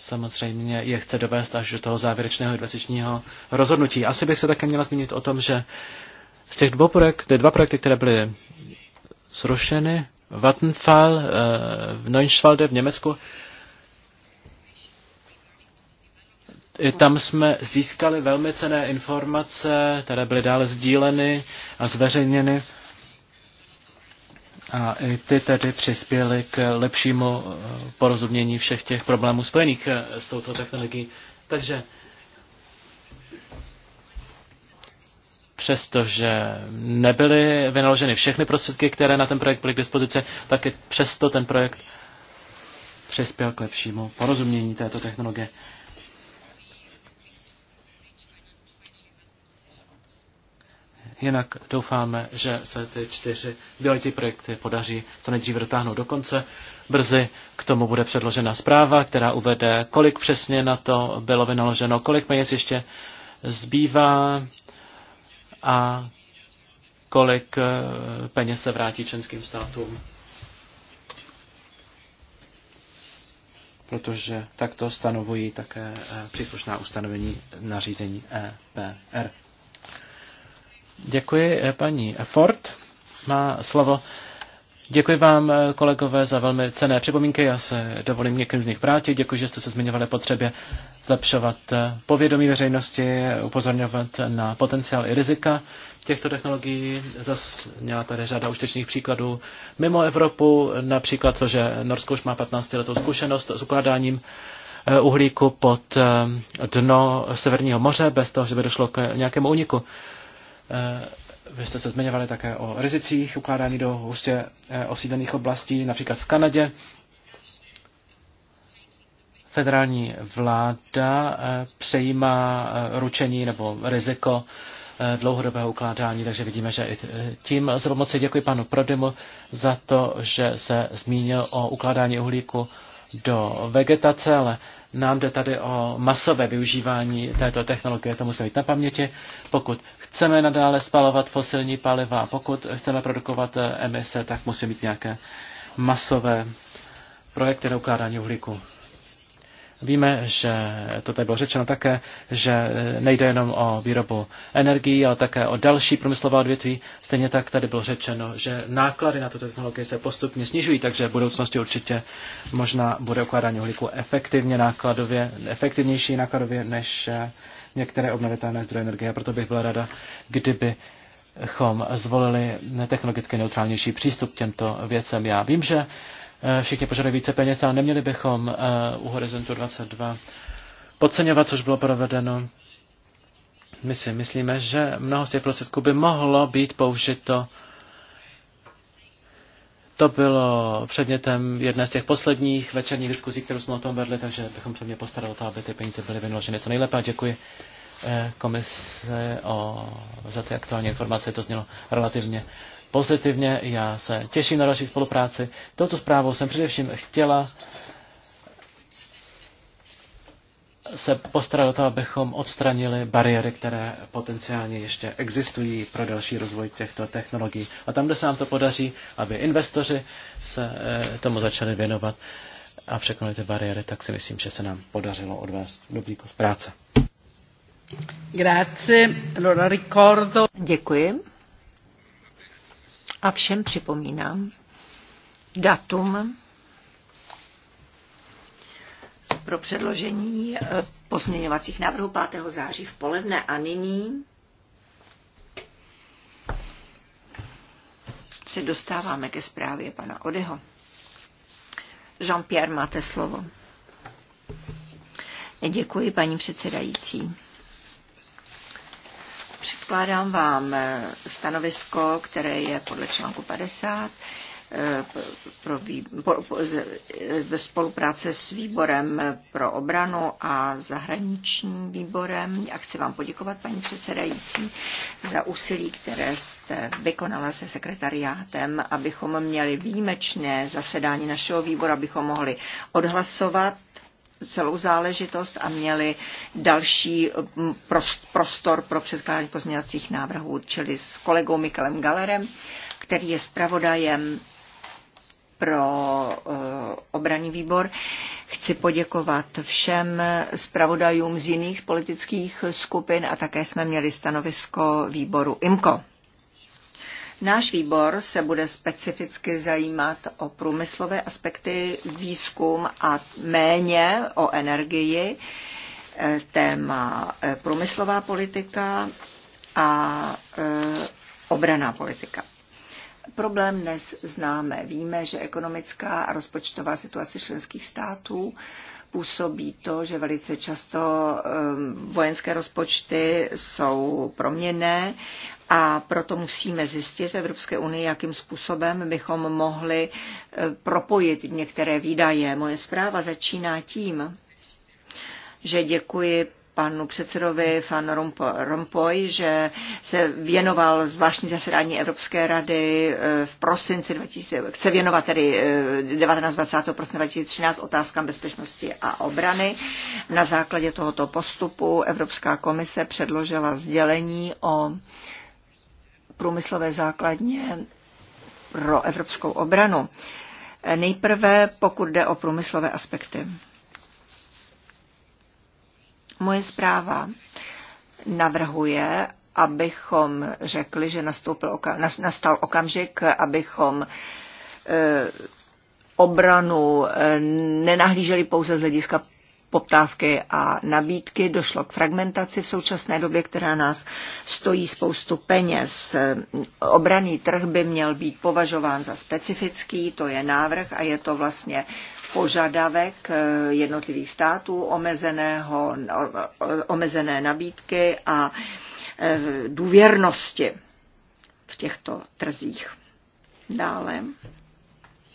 samozřejmě je chce dovést až do toho závěrečného investičního rozhodnutí. Asi bych se také měla zmínit o tom, že z těch dvou projekt, ty dva projekty, které byly zrušeny, Vattenfall eh, v Neunschwalde v Německu, tam jsme získali velmi cené informace, které byly dále sdíleny a zveřejněny. A i ty tedy přispěly k lepšímu eh, porozumění všech těch problémů spojených eh, s touto technologií. Takže přestože nebyly vynaloženy všechny prostředky, které na ten projekt byly k dispozici, tak i přesto ten projekt přispěl k lepšímu porozumění této technologie. Jinak doufáme, že se ty čtyři zbývající projekty podaří co nejdříve dotáhnout do konce. Brzy k tomu bude předložena zpráva, která uvede, kolik přesně na to bylo vynaloženo, kolik peněz ještě zbývá a kolik eh, peněz se vrátí členským státům. Protože takto stanovují také eh, příslušná ustanovení nařízení EPR. Děkuji, eh, paní Ford má slovo. Děkuji vám, eh, kolegové, za velmi cené připomínky. Já se dovolím některým z nich vrátit. Děkuji, že jste se zmiňovali potřebě zlepšovat eh, povědomí veřejnosti, upozorňovat na potenciál i rizika těchto technologií. měla tady řada užitečných příkladů mimo Evropu, například to, že Norsko už má 15 letou zkušenost s ukládáním uhlíku pod dno Severního moře, bez toho, že by došlo k nějakému úniku. Eh, vy jste se zmiňovali také o rizicích ukládání do hustě eh, osídlených oblastí, například v Kanadě. Federální vláda eh, přejímá ručení nebo riziko dlouhodobého ukládání, takže vidíme, že i tím lze pomoci. Děkuji panu Prodymu za to, že se zmínil o ukládání uhlíku do vegetace, ale nám jde tady o masové využívání této technologie, to musí být na paměti. Pokud chceme nadále spalovat fosilní paliva, pokud chceme produkovat eh, emise, tak musí mít nějaké masové projekty na ukládání uhlíku. Víme, že to tady bylo řečeno také, že nejde jenom o výrobu energií, ale také o další průmyslová odvětví. Stejně tak tady bylo řečeno, že náklady na tuto technologii se postupně snižují, takže v budoucnosti určitě možná bude ukládání uhlíku efektivně nákladově, efektivnější nákladově než eh, některé obnovitelné zdroje energie. A proto bych byla rada, kdyby chom zvolili technologicky neutrálnější přístup k těmto věcem. Já vím, že Eh, všichni požadují více peněz a neměli bychom eh, u Horizontu 22 podceňovat, což bylo provedeno. My si myslíme, že mnoho z těch prostředků by mohlo být použito. To bylo předmětem jedné z těch posledních večerních diskuzí, kterou jsme o tom vedli, takže bychom se mě postarali o to, aby ty peníze byly vynaloženy co nejlépe. A děkuji eh, komise o, za ty aktuální informace. To znělo relativně pozitivně. Já se těším na další spolupráci. Touto zprávou jsem především chtěla se postarat o to, abychom odstranili bariéry, které potenciálně ještě existují pro další rozvoj těchto technologií. A tam, kde se nám to podaří, aby investoři se eh, tomu začali věnovat a překonali ty bariéry, tak si myslím, že se nám podařilo odvést dobrý kus práce. Grazie. Allora ricordo... Děkuji. A všem připomínám datum pro předložení eh, pozměňovacích návrhů 5. září v poledne a nyní se dostáváme ke zprávě pana Odeho. Jean-Pierre, máte slovo. Děkuji, paní předsedající. Předkládám vám eh, stanovisko, které je podle článku 50 eh, pro vý, po, po, eh, ve spolupráce s výborem pro obranu a zahraničním výborem. A chci vám poděkovat, paní předsedající, za úsilí, které jste vykonala se sekretariátem, abychom měli výjimečné zasedání našeho výboru, abychom mohli odhlasovat celou záležitost a měli další mm, prostor pro předkládání pozměňovacích návrhů, čili s kolegou Mikelem Galerem, který je zpravodajem pro eh, obraný výbor. Chci poděkovat všem zpravodajům z jiných politických skupin a také jsme měli stanovisko výboru IMCO. Náš výbor se bude specificky zajímat o průmyslové aspekty, výzkum a méně o energii, e, téma e, průmyslová politika a e, obraná politika. Problém dnes známe. Víme, že ekonomická a rozpočtová situace členských států působí to, že velice často vojenské rozpočty jsou proměnné a proto musíme zjistit v Evropské unii, jakým způsobem bychom mohli e, propojit některé výdaje. Moje zpráva začíná tím, že děkuji panu předsedovi Fan Rompoy, že se věnoval zvláštní zasedání Evropské rady e, v prosinci 2000, chce věnovat tedy 19. E, 20. prosince 2013 otázkám bezpečnosti a obrany. Na základě tohoto postupu Evropská komise předložila sdělení o průmyslové základně pro evropskou obranu. Nejprve, pokud jde o průmyslové aspekty. Moje zpráva navrhuje, abychom řekli, že nastoupil, nastal okamžik, abychom e, obranu e, nenahlíželi pouze z hlediska poptávky a nabídky, došlo k fragmentaci v současné době, která nás stojí spoustu peněz. Obraný trh by měl být považován za specifický, to je návrh a je to vlastně požadavek eh, jednotlivých států, omezeného, no, omezené nabídky a eh, důvěrnosti v těchto trzích. Dále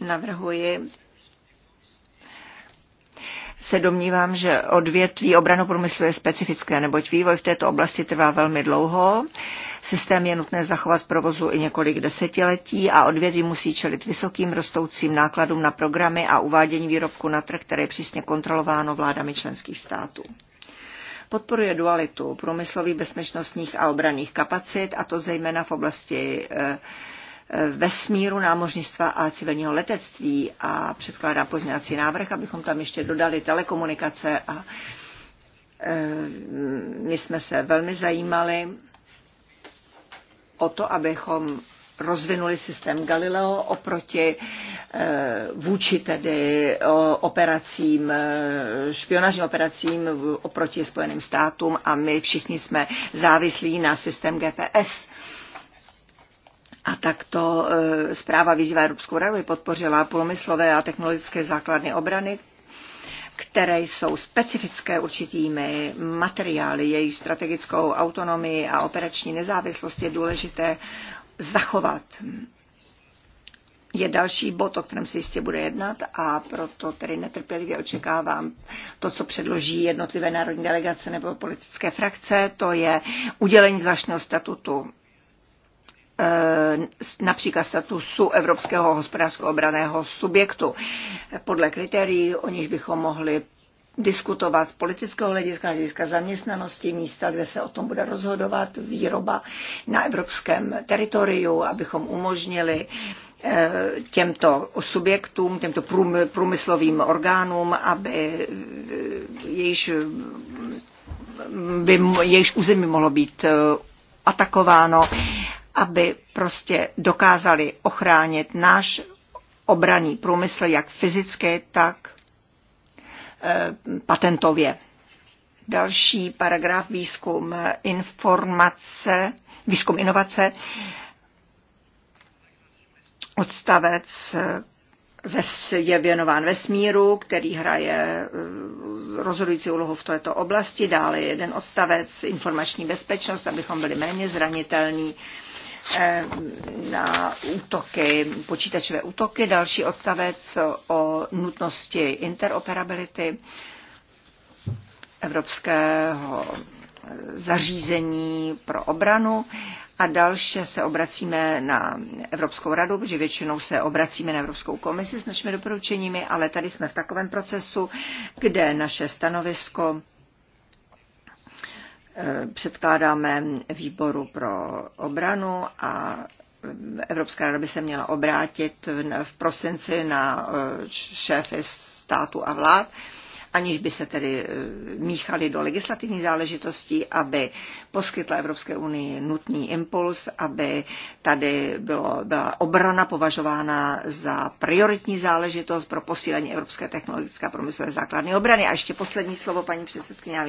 navrhuji se domnívám, že odvětví obranu průmyslu je specifické, neboť vývoj v této oblasti trvá velmi dlouho. Systém je nutné zachovat v provozu i několik desetiletí a odvětví musí čelit vysokým rostoucím nákladům na programy a uvádění výrobku na trh, které je přísně kontrolováno vládami členských států podporuje dualitu průmyslových bezpečnostních a obranných kapacit, a to zejména v oblasti eh, vesmíru, námořnictva a civilního letectví a předkládá pozměňovací návrh, abychom tam ještě dodali telekomunikace a e, my jsme se velmi zajímali o to, abychom rozvinuli systém Galileo oproti e, vůči tedy operacím, e, špionážním operacím oproti Spojeným státům a my všichni jsme závislí na systém GPS a takto e, zpráva vyzývá Evropskou radu, podpořila průmyslové a technologické základny obrany, které jsou specifické určitými materiály, jejich strategickou autonomii a operační nezávislost je důležité zachovat. Je další bod, o kterém se jistě bude jednat a proto tedy netrpělivě očekávám to, co předloží jednotlivé národní delegace nebo politické frakce, to je udělení zvláštního statutu Eh, například statusu Evropského hospodářského obraného subjektu podle kritérií, o niž bychom mohli diskutovat z politického hlediska, hlediska zaměstnanosti, místa, kde se o tom bude rozhodovat, výroba na evropském teritoriu, abychom umožnili eh, těmto subjektům, těmto průmyslovým orgánům, aby eh, jejíž, by, jejíž území mohlo být atakováno aby prostě dokázali ochránit náš obraný průmysl, jak fyzicky, tak eh, patentově. Další paragraf výzkum informace, výzkum inovace, odstavec eh, je věnován vesmíru, který hraje eh, rozhodující úlohu v této oblasti. Dále jeden odstavec informační bezpečnost, abychom byli méně zranitelní na útoky, počítačové útoky, další odstavec o nutnosti interoperability evropského zařízení pro obranu a další se obracíme na Evropskou radu, protože většinou se obracíme na Evropskou komisi s našimi doporučeními, ale tady jsme v takovém procesu, kde naše stanovisko předkládáme výboru pro obranu a Evropská rada by se měla obrátit v prosinci na šéfy státu a vlád aniž by se tedy eh, míchali do legislativní záležitosti, aby poskytla Evropské unii nutný impuls, aby tady bylo, byla obrana považována za prioritní záležitost pro posílení Evropské technologické a promyslové základní obrany. A ještě poslední slovo, paní předsedkyně,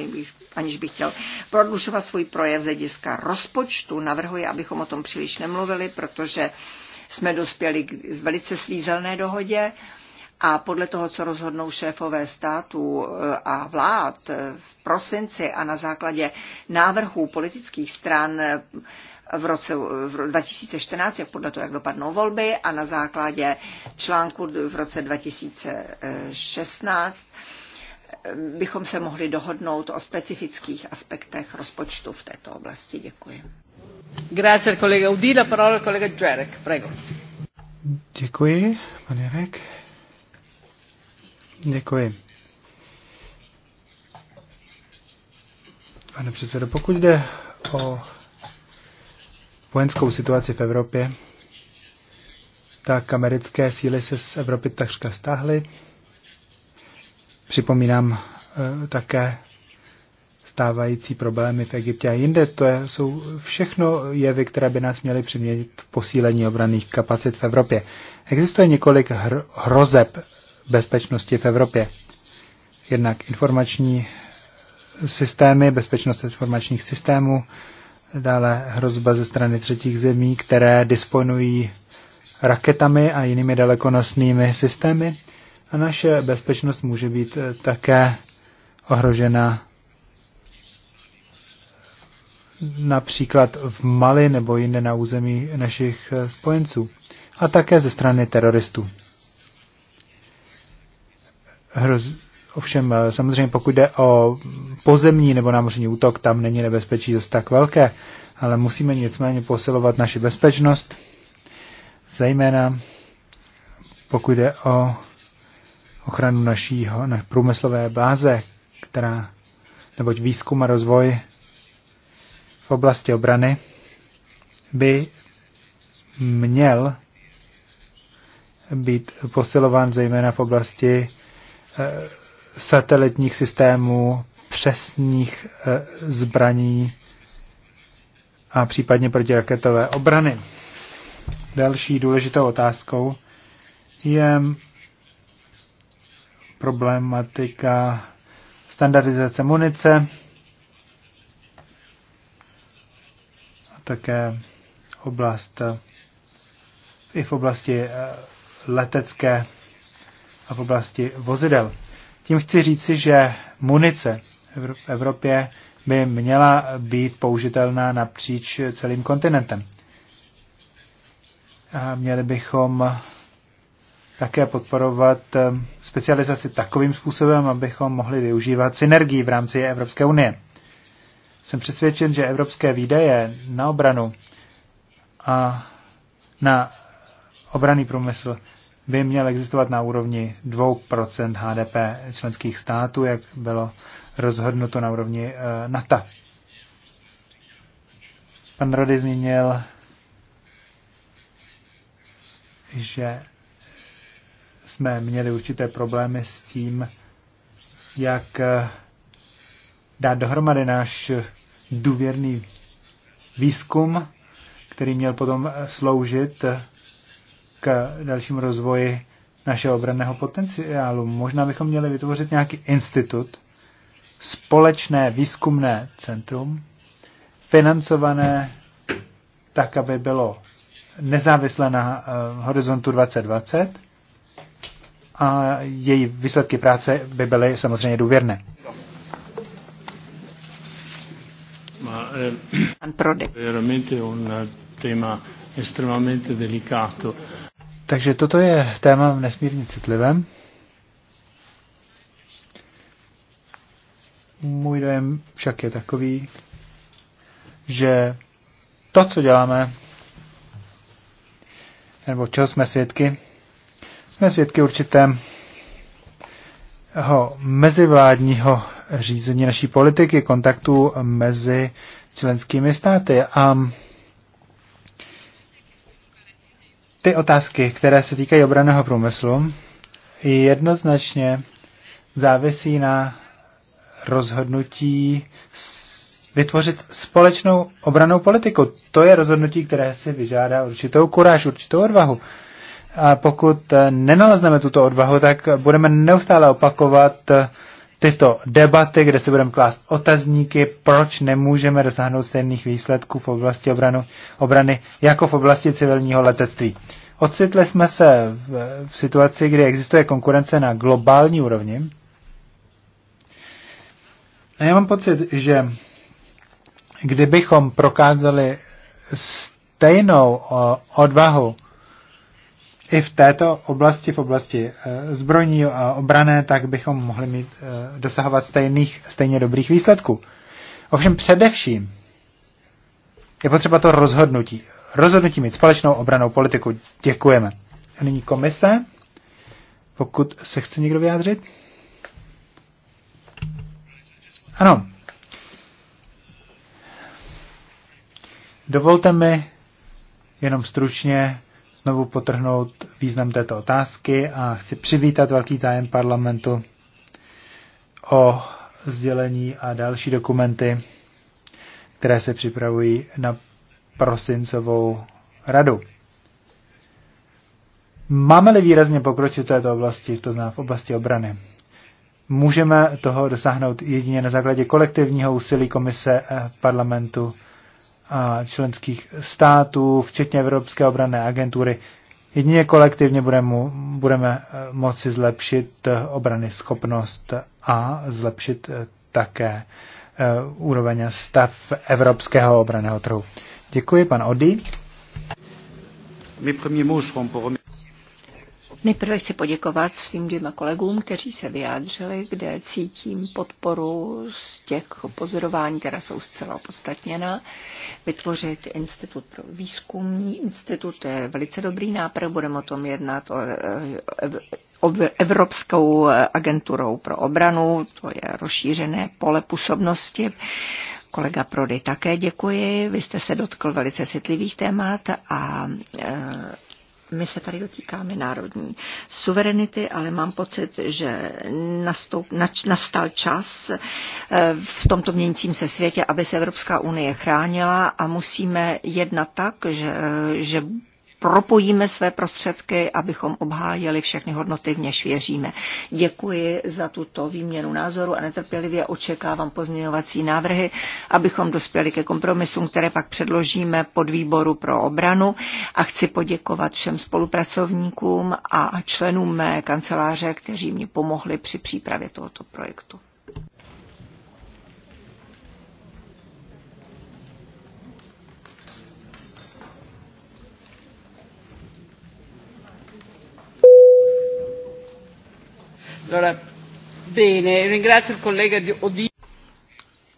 aniž bych chtěl prodlužovat svůj projev z hlediska rozpočtu, navrhuji, abychom o tom příliš nemluvili, protože jsme dospěli k velice svízelné dohodě a podle toho, co rozhodnou šéfové států eh, a vlád eh, v prosinci a na základě návrhů politických stran eh, v roce v 2014, jak podle toho, jak dopadnou volby, a na základě článku v roce 2016 bychom se mohli dohodnout o specifických aspektech rozpočtu v této oblasti. Děkuji. Grazie, kolega Udila, parola kolega prego. Děkuji, pan Jarek. Děkuji. Pane předsedo, pokud jde o vojenskou situaci v Evropě, tak americké síly se z Evropy takřka stáhly. Připomínám e, také stávající problémy v Egyptě a jinde. To je, jsou všechno jevy, které by nás měly přiměnit posílení obraných kapacit v Evropě. Existuje několik hr- hrozeb bezpečnosti v Evropě. Jednak informační systémy, bezpečnost informačních systémů, dále hrozba ze strany třetích zemí, které disponují raketami a jinými dalekonosnými systémy. A naše bezpečnost může být eh, také ohrožena například v Mali nebo jinde na území našich eh, spojenců. A také ze strany teroristů. Hroz... Ovšem, eh, samozřejmě pokud jde o pozemní nebo námořní útok, tam není nebezpečí dost tak velké, ale musíme nicméně posilovat naši bezpečnost, zejména pokud jde o ochranu naší na průmyslové báze, která, neboť výzkum a rozvoj v oblasti obrany by měl být posilován zejména v oblasti Eh, satelitních systémů, přesných eh, zbraní a případně protiraketové obrany. Další důležitou otázkou je problematika standardizace munice a také oblast eh, i v oblasti letecké a v oblasti vozidel. Tím chci říci, že munice v Evropě by měla být použitelná napříč celým kontinentem. A měli bychom také podporovat eh, specializaci takovým způsobem, abychom mohli využívat synergii v rámci Evropské unie. Jsem přesvědčen, že evropské výdaje na obranu a na obraný průmysl by měl existovat na úrovni 2% HDP členských států, jak bylo rozhodnuto na úrovni eh, NATO. Pan Rody zmínil, že jsme měli určité problémy s tím, jak eh, dát dohromady náš důvěrný výzkum, který měl potom eh, sloužit k dalšímu rozvoji našeho obranného potenciálu. Možná bychom měli vytvořit nějaký institut, společné výzkumné centrum, financované tak, aby bylo nezávislé na uh, horizontu 2020 a její výsledky práce by byly samozřejmě důvěrné. Pan Prode. Eh, veramente un eh, téma extrémně delikátní. Takže toto je téma nesmírně citlivém. Můj dojem však je takový, že to, co děláme, nebo čeho jsme svědky, jsme svědky určitého mezivládního řízení naší politiky, kontaktů mezi členskými státy. A ty otázky, které se týkají obraného průmyslu, jednoznačně závisí na rozhodnutí vytvořit společnou obranou politiku. To je rozhodnutí, které si vyžádá určitou kuráž, určitou odvahu. A pokud eh, nenalezneme tuto odvahu, tak budeme neustále opakovat eh, tyto debaty, kde si budeme klást otazníky, proč nemůžeme dosáhnout stejných výsledků v oblasti obranu, obrany jako v oblasti civilního letectví. Ocitli jsme se v, v situaci, kdy existuje konkurence na globální úrovni. A já mám pocit, že kdybychom prokázali stejnou odvahu i v této oblasti, v oblasti eh, zbrojní a obrané, tak bychom mohli mít, eh, dosahovat stejných, stejně dobrých výsledků. Ovšem především je potřeba to rozhodnutí. Rozhodnutí mít společnou obranou politiku. Děkujeme. A nyní komise. Pokud se chce někdo vyjádřit. Ano. Dovolte mi jenom stručně znovu potrhnout význam této otázky a chci přivítat velký zájem parlamentu o sdělení a další dokumenty, které se připravují na prosincovou radu. Máme-li výrazně pokročit v této oblasti, to znamená v oblasti obrany, můžeme toho dosáhnout jedině na základě kolektivního úsilí komise parlamentu a členských států, včetně Evropské obranné agentury. Jedině kolektivně budeme, budeme eh, moci zlepšit eh, obrany schopnost a zlepšit eh, také úroveň stav evropského obraného trhu. Děkuji, pan Odi. Nejprve chci poděkovat svým dvěma kolegům, kteří se vyjádřili, kde cítím podporu z těch pozorování, která jsou zcela opodstatněna. Vytvořit institut pro výzkumní institut je velice dobrý nápad, budeme o tom jednat eh, o Evropskou agenturou pro obranu, to je rozšířené pole působnosti. Kolega Prody také děkuji. Vy jste se dotkl velice citlivých témat a eh, my se tady dotýkáme národní suverenity, ale mám pocit, že nastoup, nač, nastal čas eh, v tomto měnícím se světě, aby se Evropská unie chránila a musíme jednat tak, že, že propojíme své prostředky, abychom obhájili všechny hodnoty, v něž věříme. Děkuji za tuto výměnu názoru a netrpělivě očekávám pozměňovací návrhy, abychom dospěli ke kompromisům, které pak předložíme pod výboru pro obranu a chci poděkovat všem spolupracovníkům a členům mé kanceláře, kteří mi pomohli při přípravě tohoto projektu.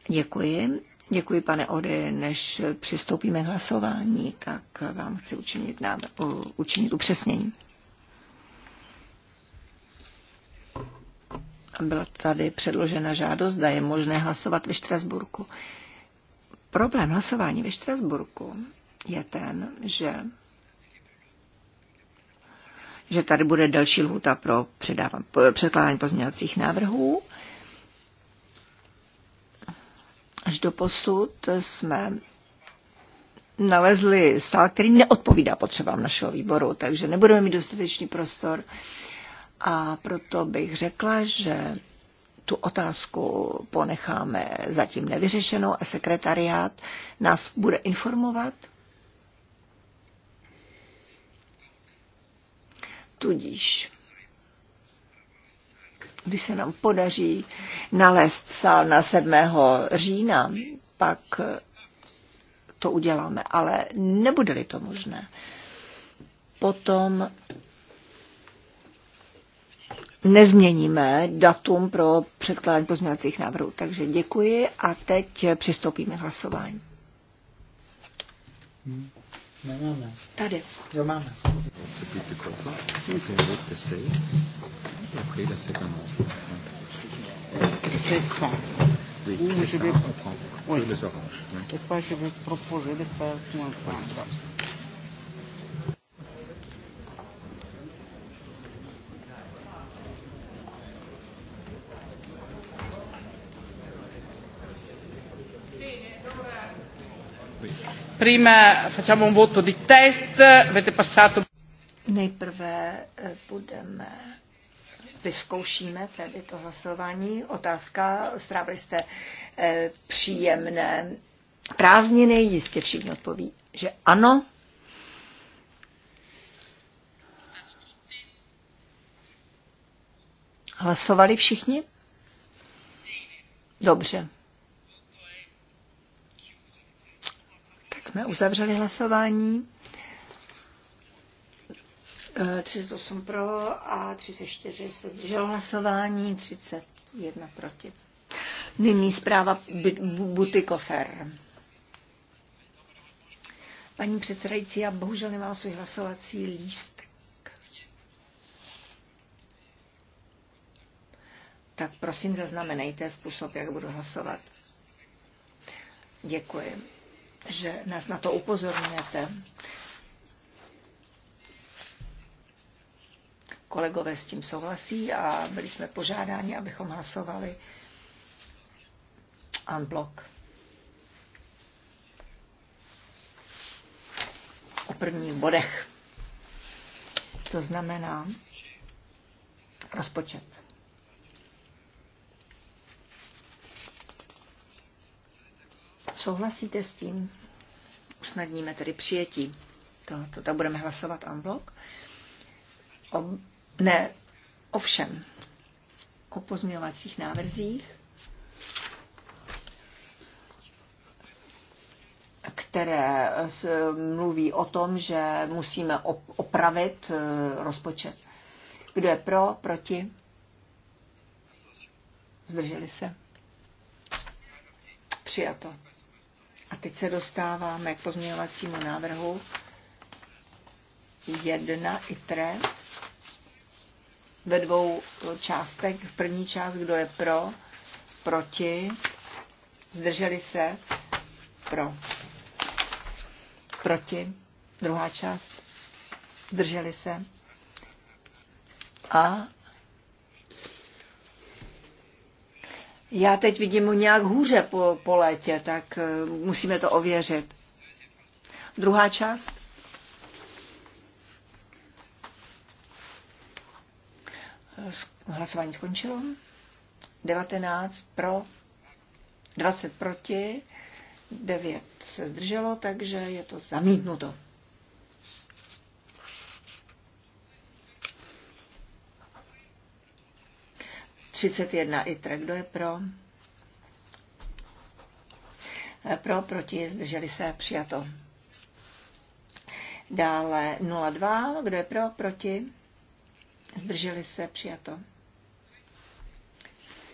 Děkuji. Děkuji, pane Ode, Než přistoupíme k hlasování, tak vám chci učinit, nám, učinit upřesnění. Byla tady předložena žádost, zda je možné hlasovat ve Štrasburku. Problém hlasování ve Štrasburku je ten, že že tady bude další lhůta pro předávám, předkládání pozměňovacích návrhů. Až do posud jsme nalezli stál, který neodpovídá potřebám našeho výboru, takže nebudeme mít dostatečný prostor. A proto bych řekla, že tu otázku ponecháme zatím nevyřešenou a sekretariát nás bude informovat Tudíž, když se nám podaří nalézt sál na 7. října, pak to uděláme, ale nebude-li to možné, potom nezměníme datum pro předkládání pozměňovacích návrhů. Takže děkuji a teď přistoupíme k hlasování. Hmm. Nemáme. Tady. Jo, máme. C'est 700. Oui, c'est ça, on prend. Oui. Les oranges. Et pas, je vais proposer de faire moins 5. Prima facciamo un voto di test, avete passato... Nejprve eh, budeme vyzkoušíme tedy to hlasování. Otázka, strávili jste eh, příjemné prázdniny, jistě všichni odpoví, že ano. Hlasovali všichni? Dobře. jsme uzavřeli hlasování. 38 e, pro a 34 se zdrželo hlasování, 31 proti. Nyní zpráva Butikofer. Paní předsedající, já bohužel nemám svůj hlasovací lístek. Tak prosím, zaznamenejte způsob, jak budu hlasovat. Děkuji že nás na to upozorňujete. Kolegové s tím souhlasí a byli jsme požádáni, abychom hlasovali unblock. O prvních bodech. To znamená rozpočet. Souhlasíte s tím? Usnadníme tedy přijetí. To, to, to budeme hlasovat en bloc. O, ne, ovšem, o pozměňovacích návrzích, které mluví o tom, že musíme opravit eh, rozpočet. Kdo je pro, proti? Zdrželi se. Přijato. A teď se dostáváme k pozměňovacímu návrhu 1 3 ve dvou částech. V první část, kdo je pro, proti, zdrželi se, pro, proti, druhá část, zdrželi se. A Já teď vidím ho nějak hůře po, po létě, tak eh, musíme to ověřit. Druhá část. Hlasování skončilo. 19 pro, 20 proti, 9 se zdrželo, takže je to zamítnuto. 31 ITRE. Kdo je pro? Eh, pro, proti, zdrželi se, přijato. Dále 02, kdo je pro, proti, zdrželi se, přijato.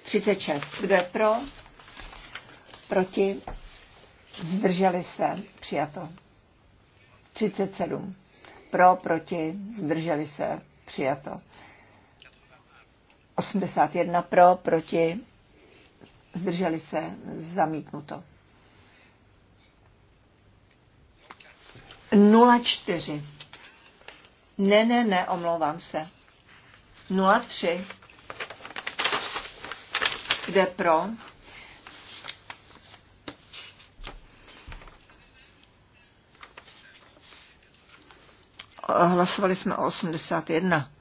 36, kdo je pro, proti, zdrželi se, přijato. 37, pro, proti, zdrželi se, přijato. 81 pro, proti, zdrželi se, zamítnuto. 04. Ne, ne, ne, omlouvám se. 03. Kde pro? Hlasovali jsme o 81.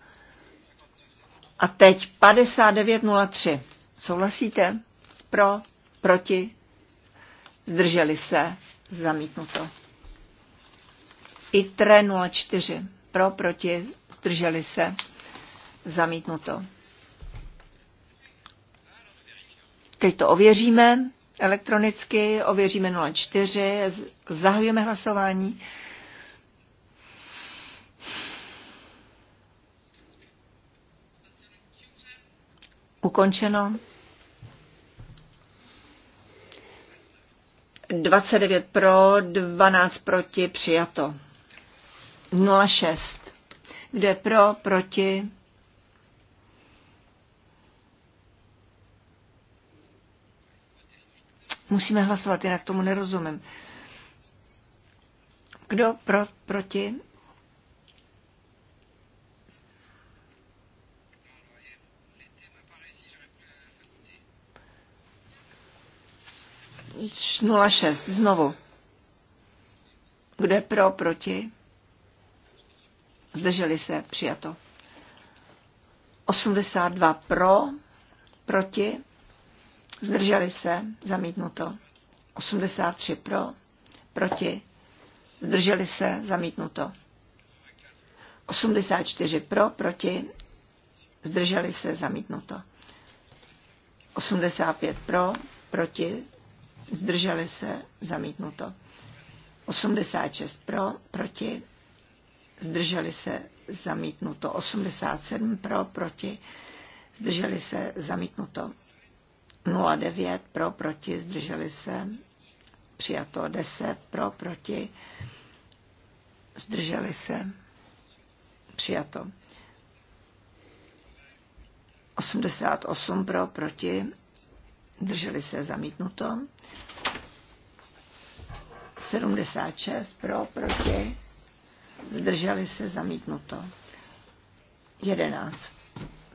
A teď 59.03. Souhlasíte? Pro, proti, zdrželi se, zamítnuto. ITRE 04. Pro, proti, zdrželi se, zamítnuto. Teď to ověříme elektronicky, ověříme 04, zahajujeme hlasování. Ukončeno. 29 pro, 12 proti, přijato. 06. Kde pro, proti? Musíme hlasovat, jinak tomu nerozumím. Kdo pro, proti? 06 znovu. Kde pro, proti? Zdrželi se, přijato. 82 pro, proti, zdrželi se, zamítnuto. 83 pro, proti, zdrželi se, zamítnuto. 84 pro, proti, zdrželi se, zamítnuto. 85 pro, proti, zdrželi se, zamítnuto. 86 pro, proti, zdrželi se, zamítnuto. 87 pro, proti, zdrželi se, zamítnuto. 09 pro, proti, zdrželi se, přijato. 10 pro, proti, zdrželi se, přijato. 88 pro, proti, Drželi se zamítnuto. 76 pro, proti. Zdrželi se zamítnuto. 11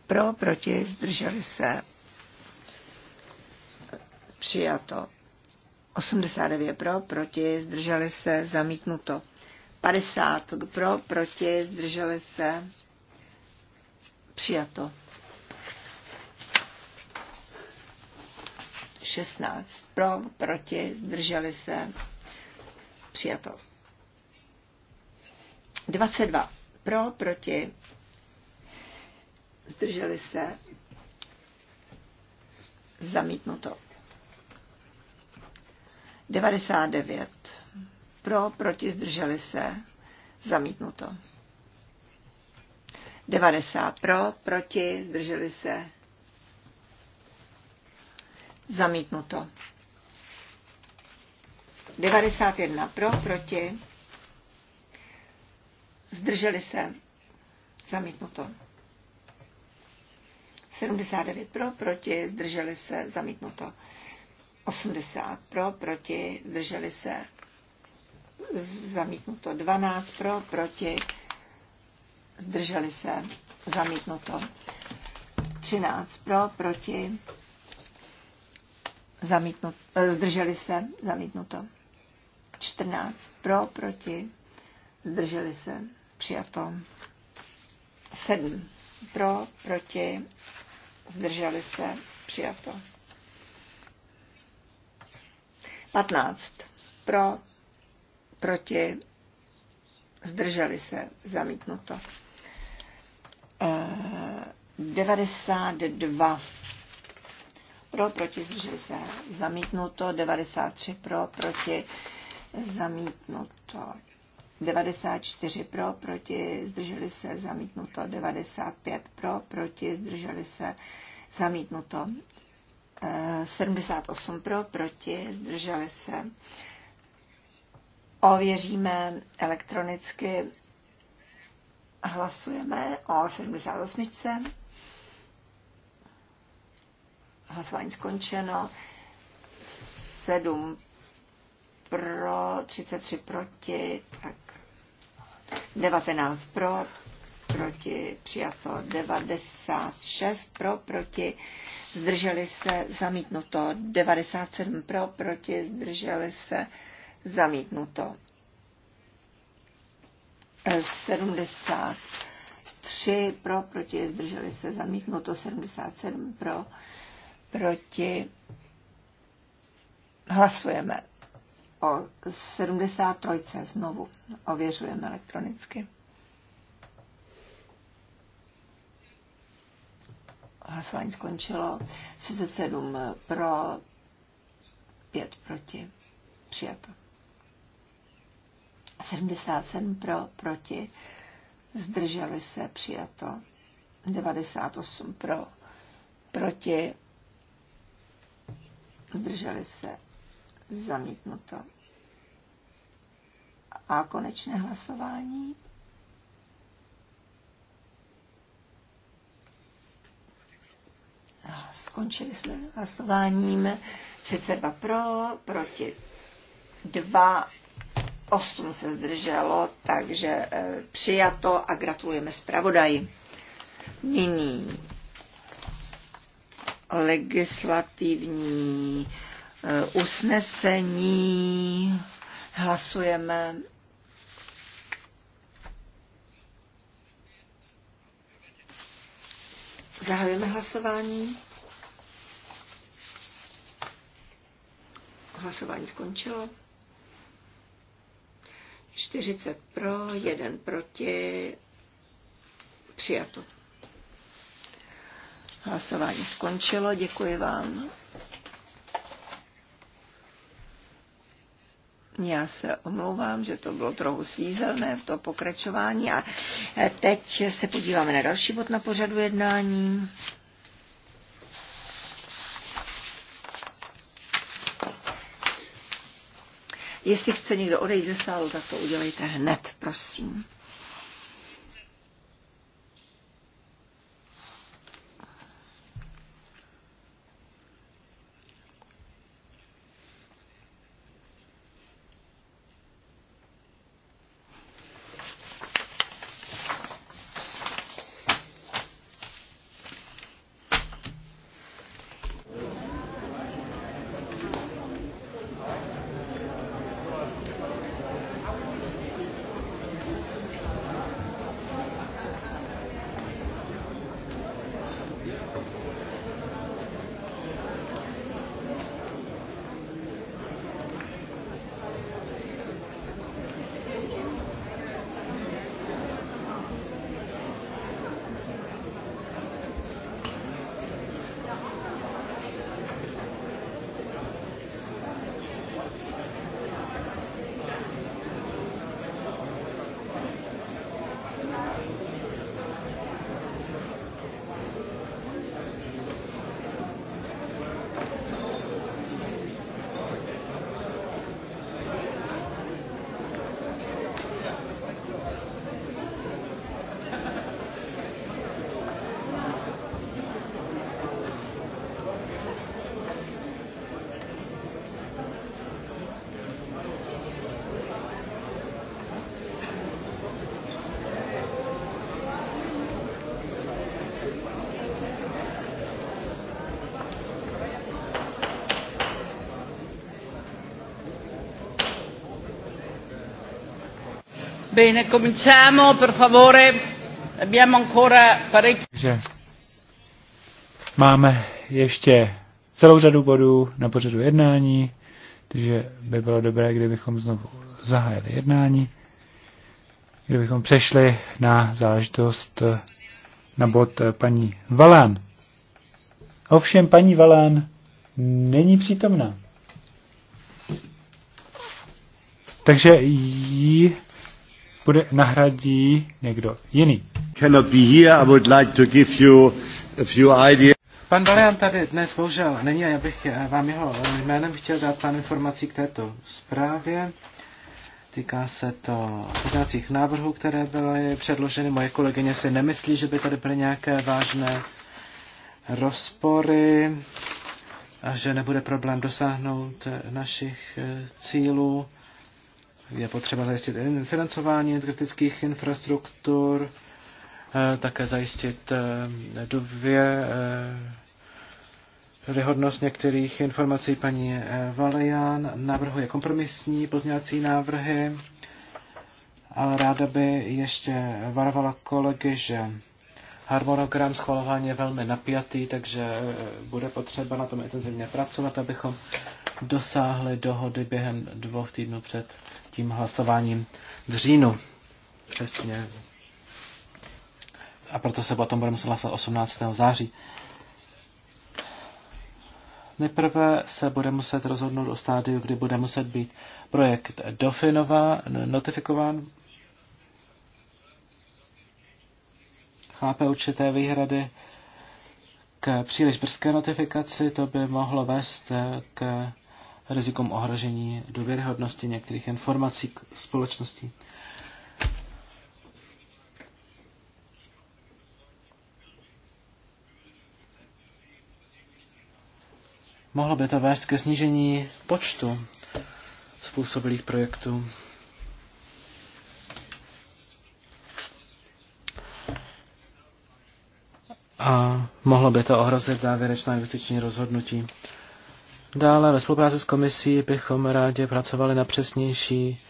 pro, proti, zdrželi se. Přijato. 89 pro, proti, zdrželi se, zamítnuto. 50 pro, proti, zdrželi se, přijato. 16 pro, proti, zdrželi se, přijato. 22 pro, proti, zdrželi se, zamítnuto. 99 pro, proti, zdrželi se, zamítnuto. 90 pro, proti, zdrželi se, Zamítnuto. 91 pro, proti. Zdrželi se. Zamítnuto. 79 pro, proti, zdrželi se, zamítnuto. 80 pro, proti, zdrželi se, zamítnuto. 12 pro, proti, zdrželi se, zamítnuto. 13 pro, proti, zamítnut, eh, zdrželi se, zamítnuto. 14 pro, proti, zdrželi se, přijato. 7 pro, proti, zdrželi se, přijato. 15 pro, proti, zdrželi se, zamítnuto. 92 eh, pro, proti, zdrželi se, zamítnuto, 93 pro, proti, zamítnuto, 94 pro, proti, zdrželi se, zamítnuto, 95 pro, proti, zdrželi se, zamítnuto, 78 eh, pro, proti, zdrželi se. Ověříme elektronicky, hlasujeme o 78. Hlasování skončeno. 7 pro, 33 proti, tak 19 pro, proti, přijato 96 pro, proti, zdrželi se, zamítnuto 97 pro, proti, zdrželi se, zamítnuto 73 pro, proti, zdrželi se, zamítnuto 77 pro, proti, hlasujeme o 73. znovu. Ověřujeme elektronicky. Hlasování skončilo. 37 pro, 5 proti. Přijato. 77 pro, proti. Zdrželi se, přijato. 98 pro, proti zdrželi se, zamítnuto. A konečné hlasování. Skončili jsme hlasováním 32 pro, proti 2, 8 se zdrželo, takže eh, přijato a gratulujeme zpravodaji. Nyní legislativní eh, usnesení. Hlasujeme. Zahajujeme hlasování. Hlasování skončilo. 40 pro, 1 proti, přijato. Hlasování skončilo, děkuji vám. Já se omlouvám, že to bylo trochu svízelné, v to pokračování. A teď se podíváme na další bod na pořadu jednání. Jestli chce někdo odejít ze sálu, tak to udělejte hned, prosím. Bene, cominciamo, per favore. Abbiamo ancora parecchi. Máme ještě celou řadu bodů na pořadu jednání, takže by bylo dobré, kdybychom znovu zahájili jednání, kdybychom přešli na záležitost na bod paní Valán. Ovšem paní Valán není přítomná. Takže jí bude nahradí někdo jiný. Pan Balian tady dnes bohužel není a já bych eh, vám jeho eh, jménem chtěl dát pár informací k této zprávě. Týká se to pozdacích návrhů, které byly předloženy. Moje kolegyně si nemyslí, že by tady byly nějaké vážné rozpory a že nebude problém dosáhnout eh, našich cílů. Je potřeba zajistit financování energetických infrastruktur, eh, také zajistit eh, dvě eh, Vyhodnost některých informací paní Valejan navrhuje kompromisní pozměňovací návrhy, ale ráda by ještě varovala kolegy, že harmonogram schvalování je velmi napjatý, takže bude potřeba na tom intenzivně pracovat, abychom dosáhli dohody během dvou týdnů před tím hlasováním v říjnu. Přesně. A proto se potom bude muset hlasovat 18. září. Nejprve se bude muset rozhodnout o stádiu, kdy bude muset být projekt dofinova, notifikován. Chápe určité výhrady k příliš brzké notifikaci, to by mohlo vést k Rizikom ohrožení důvěryhodnosti některých informací k společnosti Mohlo by to vést ke snížení počtu způsobilých projektů. A mohlo by to ohrozit závěrečná investiční rozhodnutí. Dále ve spolupráci s komisí bychom rádi pracovali na přesnější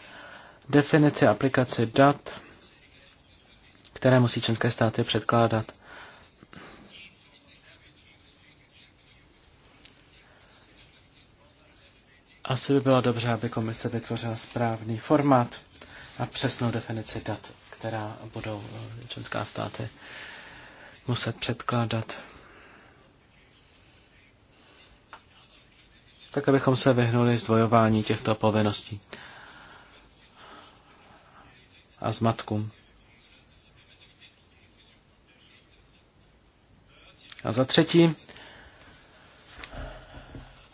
definici aplikace dat, které musí členské státy předkládat. Asi by bylo dobře, aby komise vytvořila správný formát a přesnou definici dat, která budou eh, členská státy muset předkládat. tak abychom se vyhnuli zdvojování těchto povinností a zmatkům. A za třetí,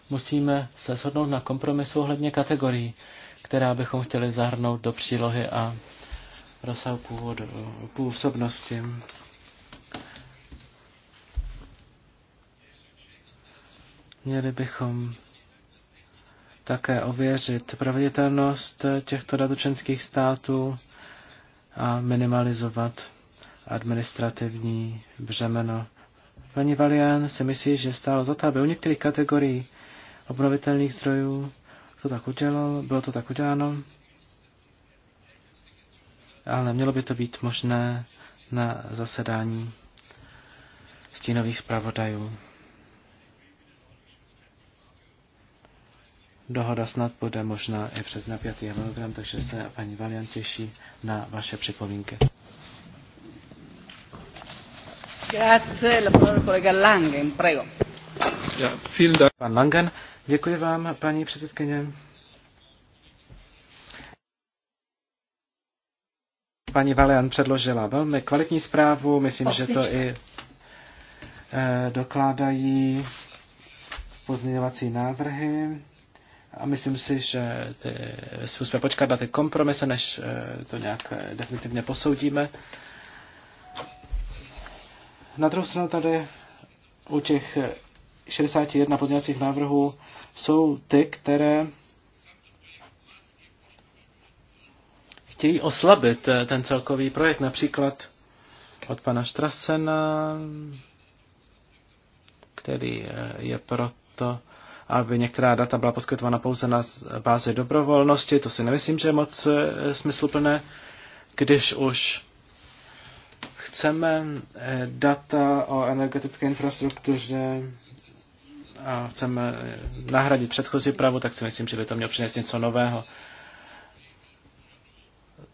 musíme se shodnout na kompromisu ohledně kategorií, která bychom chtěli zahrnout do přílohy a rozsahu působnosti. Měli bychom také ověřit proveditelnost těchto členských států a minimalizovat administrativní břemeno. Paní Valian si myslí, že stálo za to, aby u některých kategorií obnovitelných zdrojů to tak udělal, bylo to tak uděláno, ale mělo by to být možné na zasedání stínových zpravodajů. Dohoda snad bude možná i přes napjatý harmonogram, takže se paní Valian těší na vaše připomínky. Pan Langen, děkuji vám, paní předsedkyně. Paní Valian předložila velmi kvalitní zprávu, myslím, že to i eh, dokládají pozměňovací návrhy. A myslím si, že ty, musíme počkat na ty kompromise, než eh, to nějak eh, definitivně posoudíme. Na druhou stranu tady u těch 61 eh, pozměňovacích návrhů jsou ty, které chtějí oslabit ten celkový projekt. Například od pana Štrasena, který je proto, aby některá data byla poskytována pouze na bázi dobrovolnosti. To si nemyslím, že je moc e, smysluplné, když už chceme e, data o energetické infrastruktuře a chceme e, nahradit předchozí pravu, tak si myslím, že by to mělo přinést něco nového.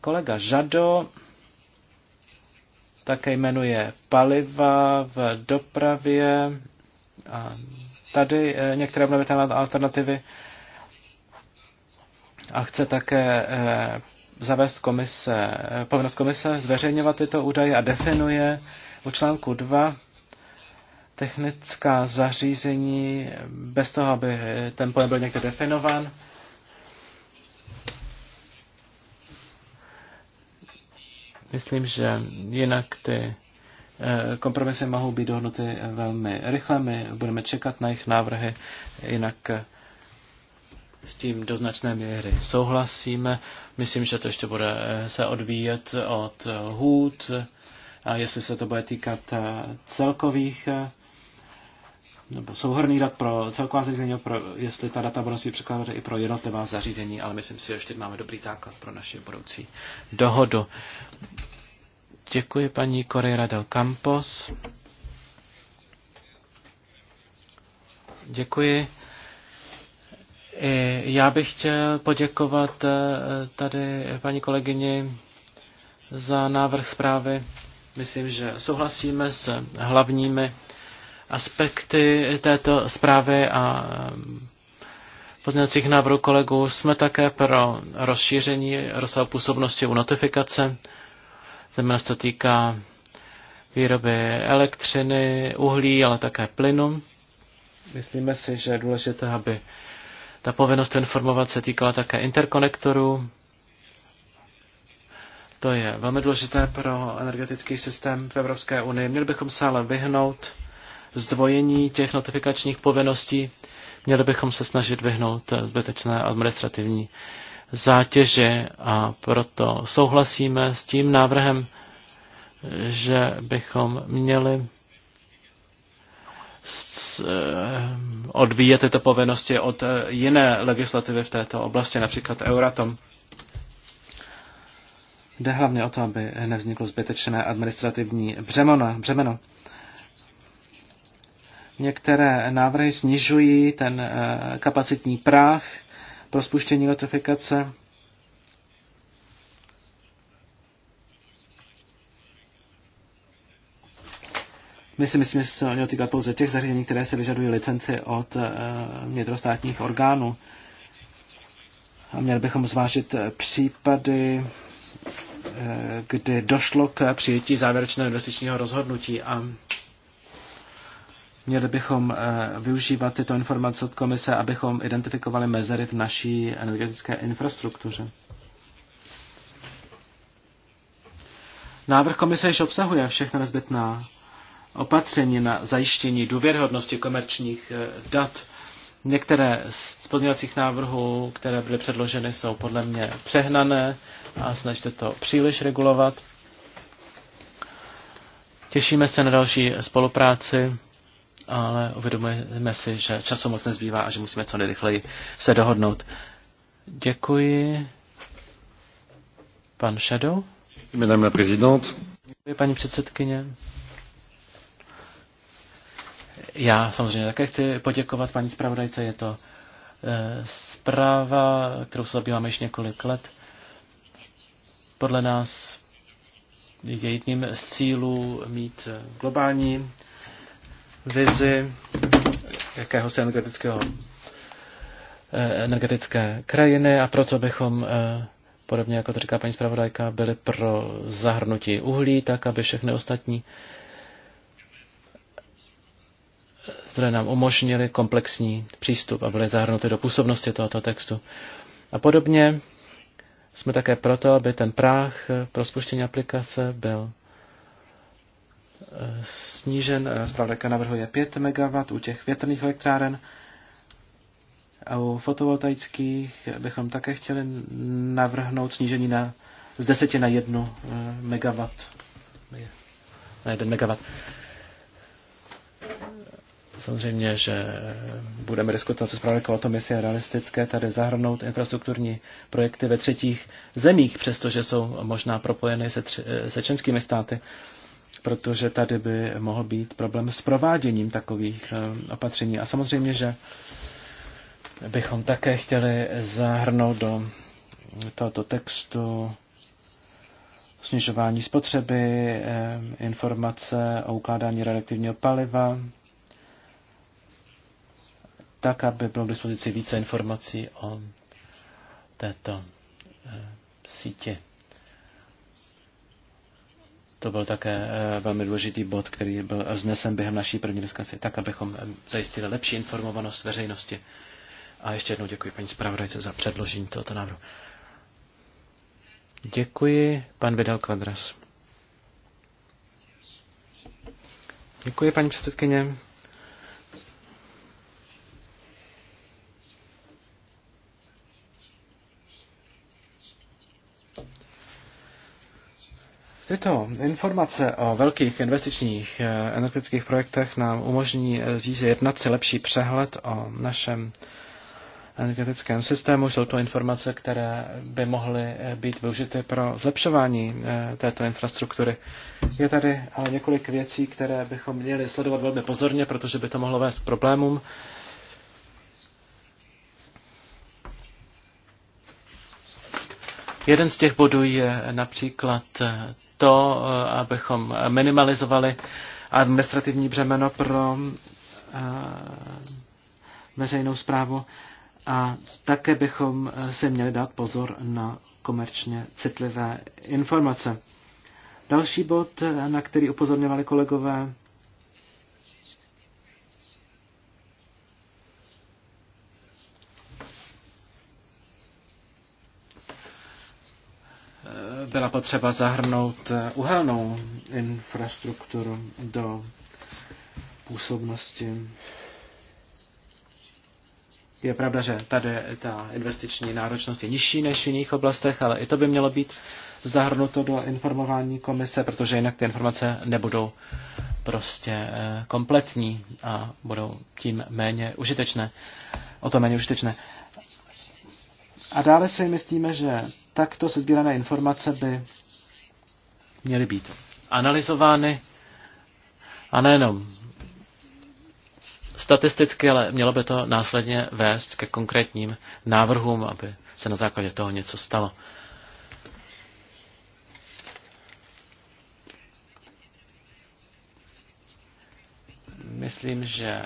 Kolega Žado také jmenuje paliva v dopravě a tady eh, některé obnovitelné alternativy a chce také eh, zavést komise, eh, povinnost komise zveřejňovat tyto údaje a definuje u článku 2 technická zařízení bez toho, aby ten pojem byl někde definován. Myslím, že jinak ty Eh, kompromisy mohou být dohodnuty eh, velmi rychle, my budeme čekat na jejich návrhy, jinak eh, s tím do značné míry souhlasíme. Myslím, že to ještě bude se odvíjet od hůd a jestli se to bude týkat celkových nebo souhrný dat pro celková zařízení, pro, jestli ta data budou si překládat i pro jednotlivá zařízení, ale myslím si, že ještě máme dobrý základ pro naši budoucí dohodu. Děkuji paní Correira del Campos. Děkuji. I já bych chtěl poděkovat eh, tady paní kolegyni za návrh zprávy. Myslím, že souhlasíme s hlavními aspekty této zprávy a eh, pozměňovacích návrhů kolegů. Jsme také pro rozšíření rozsahu působnosti u notifikace. Zejména se to týká výroby elektřiny, uhlí, ale také plynu. Myslíme si, že je důležité, aby ta povinnost informovat se týkala také interkonektorů. To je velmi důležité pro energetický systém v Evropské unii. Měli bychom se ale vyhnout zdvojení těch notifikačních povinností. Měli bychom se snažit vyhnout zbytečné administrativní zátěže a proto souhlasíme s tím návrhem, že bychom měli eh, odvíjet tyto povinnosti od eh, jiné legislativy v této oblasti, například Euratom. Jde hlavně o to, aby nevzniklo zbytečné administrativní břemona, břemeno. Některé návrhy snižují ten eh, kapacitní práh pro spuštění notifikace. My si myslím, že se mělo týkat pouze těch zařízení, které se vyžadují licenci od eh, vnitrostátních orgánů. A měli bychom zvážit eh, případy, eh, kdy došlo k přijetí závěrečného investičního rozhodnutí a Měli bychom eh, využívat tyto informace od komise, abychom identifikovali mezery v naší energetické infrastruktuře. Návrh komise již obsahuje všechna nezbytná opatření na zajištění důvěrhodnosti komerčních eh, dat. Některé z pozměňovacích návrhů, které byly předloženy, jsou podle mě přehnané a snažte to příliš regulovat. Těšíme se na další spolupráci ale uvědomujeme si, že času moc nezbývá a že musíme co nejrychleji se dohodnout. Děkuji. Pan Shadow? Madame la présidente. Děkuji, paní předsedkyně. Já samozřejmě také chci poděkovat paní zpravodajce. Je to e, zpráva, kterou se zabýváme již několik let. Podle nás je jedním z cílů mít eh, globální vizi jakéhosi energetického eh, energetické krajiny a proto bychom, eh, podobně jako to říká paní zpravodajka, byli pro zahrnutí uhlí, tak aby všechny ostatní zde nám umožnili komplexní přístup a byly zahrnuty do působnosti tohoto textu. A podobně jsme také proto, aby ten práh pro spuštění aplikace byl snížen, eh, zpravodajka navrhuje 5 MW u těch větrných elektráren a u fotovoltaických bychom také chtěli navrhnout snížení na, z 10 na 1 eh, MW. Na 1 MW. Samozřejmě, že budeme diskutovat se zprávě o tom, jestli je realistické tady zahrnout infrastrukturní projekty ve třetích zemích, přestože jsou možná propojené se, tři, se členskými státy protože tady by mohl být problém s prováděním takových eh, opatření. A samozřejmě, že bychom také chtěli zahrnout do tohoto textu snižování spotřeby, eh, informace o ukládání reaktivního paliva, tak, aby bylo k dispozici více informací o této eh, síti. To byl také eh, velmi důležitý bod, který byl znesen během naší první diskace, tak abychom eh, zajistili lepší informovanost veřejnosti. A ještě jednou děkuji paní zpravodajce za předložení tohoto návrhu. Děkuji, pan Vidal Kvadras. Děkuji, paní předsedkyně. Tyto informace o velkých investičních eh, energetických projektech nám umožní eh, jednat si lepší přehled o našem energetickém systému. Jsou to informace, které by mohly eh, být využity pro zlepšování této infrastruktury. Je tady ale několik věcí, které bychom měli sledovat velmi pozorně, protože by to mohlo vést k problémům. Jeden z těch bodů je například to, eh, abychom minimalizovali administrativní břemeno pro eh, veřejnou zprávu a také bychom eh, si měli dát pozor na komerčně citlivé informace. Další bod, na který upozorňovali kolegové, byla potřeba zahrnout eh, uhelnou infrastrukturu do působnosti. Je pravda, že tady ta investiční náročnost je nižší než v jiných oblastech, ale i to by mělo být zahrnuto do informování komise, protože jinak ty informace nebudou prostě eh, kompletní a budou tím méně užitečné. O to méně užitečné. A dále si myslíme, že takto sezbírané informace by měly být analyzovány a nejenom statisticky, ale mělo by to následně vést ke konkrétním návrhům, aby se na základě toho něco stalo. Myslím, že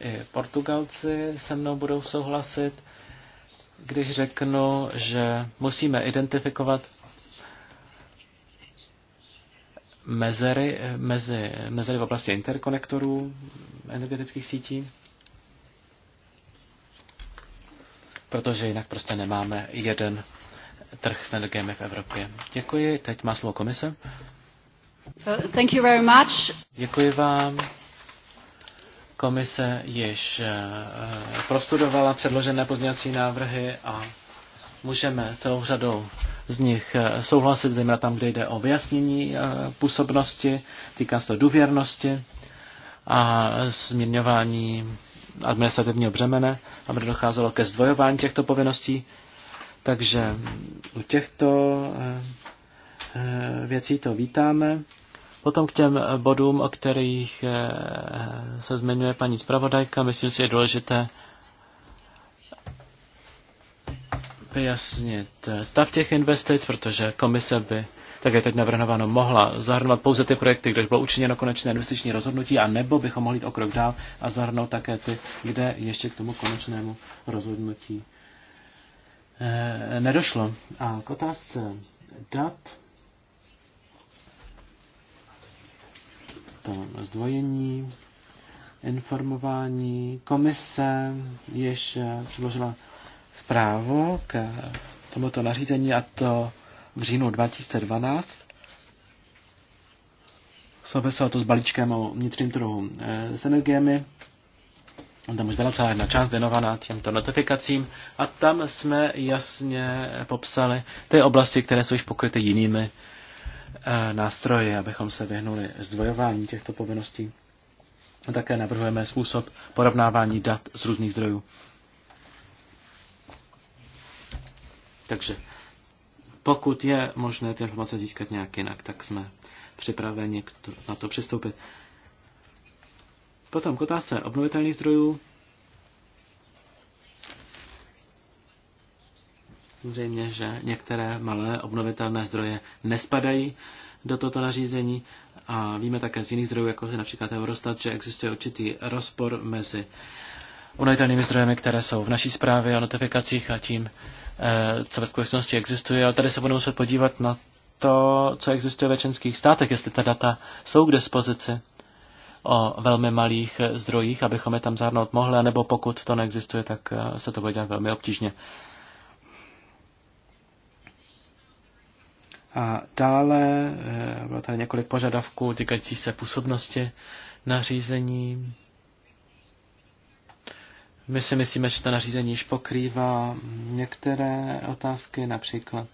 i Portugalci se mnou budou souhlasit když řeknu, že musíme identifikovat mezery, mezi, mezery v oblasti interkonektorů energetických sítí, protože jinak prostě nemáme jeden trh s energiemi v Evropě. Děkuji, teď má slovo komise. Thank you very much. Děkuji vám. Komise již eh, prostudovala předložené pozměňovací návrhy a můžeme celou řadou z nich eh, souhlasit, zejména tam, kde jde o vyjasnění eh, působnosti, týká se to důvěrnosti a zmírňování administrativního břemene, aby docházelo ke zdvojování těchto povinností. Takže u těchto věcí to vítáme. Potom k těm eh, bodům, o kterých eh, se zmiňuje paní zpravodajka, myslím si, je důležité vyjasnit eh, stav těch investic, protože komise by, tak je teď navrhováno, mohla zahrnout pouze ty projekty, kde bylo učiněno konečné investiční rozhodnutí, a nebo bychom mohli jít o krok dál a zahrnout také ty, kde ještě k tomu konečnému rozhodnutí nedošlo. A k otázce dat to zdvojení, informování. Komise jež eh, předložila zprávu k tomuto nařízení a to v říjnu 2012. Souviselo to s balíčkem o vnitřním trhu eh, s energiemi. Tam už byla celá jedna část věnovaná těmto notifikacím a tam jsme jasně popsali ty oblasti, které jsou již pokryty jinými Eh, nástroje, abychom se vyhnuli zdvojování těchto povinností. A také navrhujeme způsob porovnávání dat z různých zdrojů. Takže pokud je možné ty informace získat nějak jinak, tak jsme připraveni na to přistoupit. Potom k otázce obnovitelných zdrojů. Samozřejmě, že některé malé obnovitelné zdroje nespadají do toto nařízení a víme také z jiných zdrojů, jako je například Eurostat, že existuje určitý rozpor mezi obnovitelnými zdrojemi, které jsou v naší zprávě a notifikacích a tím, eh, co ve skutečnosti existuje. Ale tady se budeme muset podívat na to, co existuje ve členských státech, jestli ta data jsou k dispozici o velmi malých eh, zdrojích, abychom je tam zahrnout mohli, nebo pokud to neexistuje, tak eh, se to bude dělat velmi obtížně. A dále eh, bylo tady několik požadavků týkající se působnosti nařízení. My si myslíme, že to nařízení již pokrývá některé otázky, například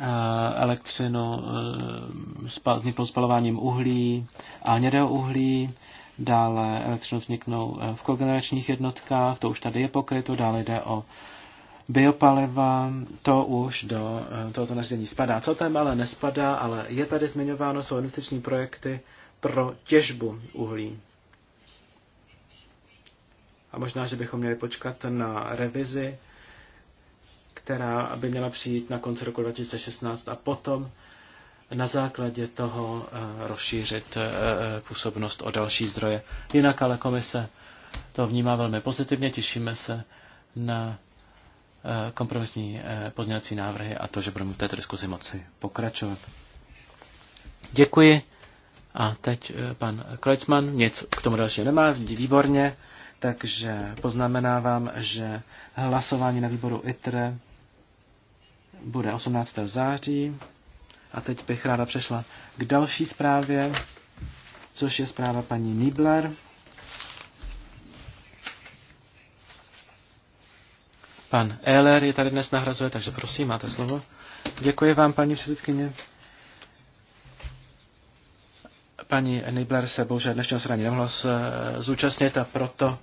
eh, elektřinu eh, vzniknou spalováním uhlí a hnědého uhlí, dále elektřinu vzniknou v kogeneračních jednotkách, to už tady je pokryto, dále jde o biopaliva, to už do eh, tohoto nařízení spadá. Co tam ale nespadá, ale je tady zmiňováno, jsou investiční projekty pro těžbu uhlí. A možná, že bychom měli počkat na revizi, která by měla přijít na konci roku 2016 a potom na základě toho eh, rozšířit eh, působnost o další zdroje. Jinak ale komise to vnímá velmi pozitivně, těšíme se na kompromisní eh, pozměňovací návrhy a to, že budeme v této diskuzi moci pokračovat. Děkuji. A teď eh, pan Kreuzmann nic k tomu dalšího nemá, výborně, takže poznamenávám, že hlasování na výboru ITRE bude 18. září. A teď bych ráda přešla k další zprávě, což je zpráva paní Nibler. Pan Eller je tady dnes nahrazuje, takže prosím, máte slovo. Děkuji vám, paní předsedkyně. Paní Nibler se bohužel dnešního zraní nemohla zúčastnit a proto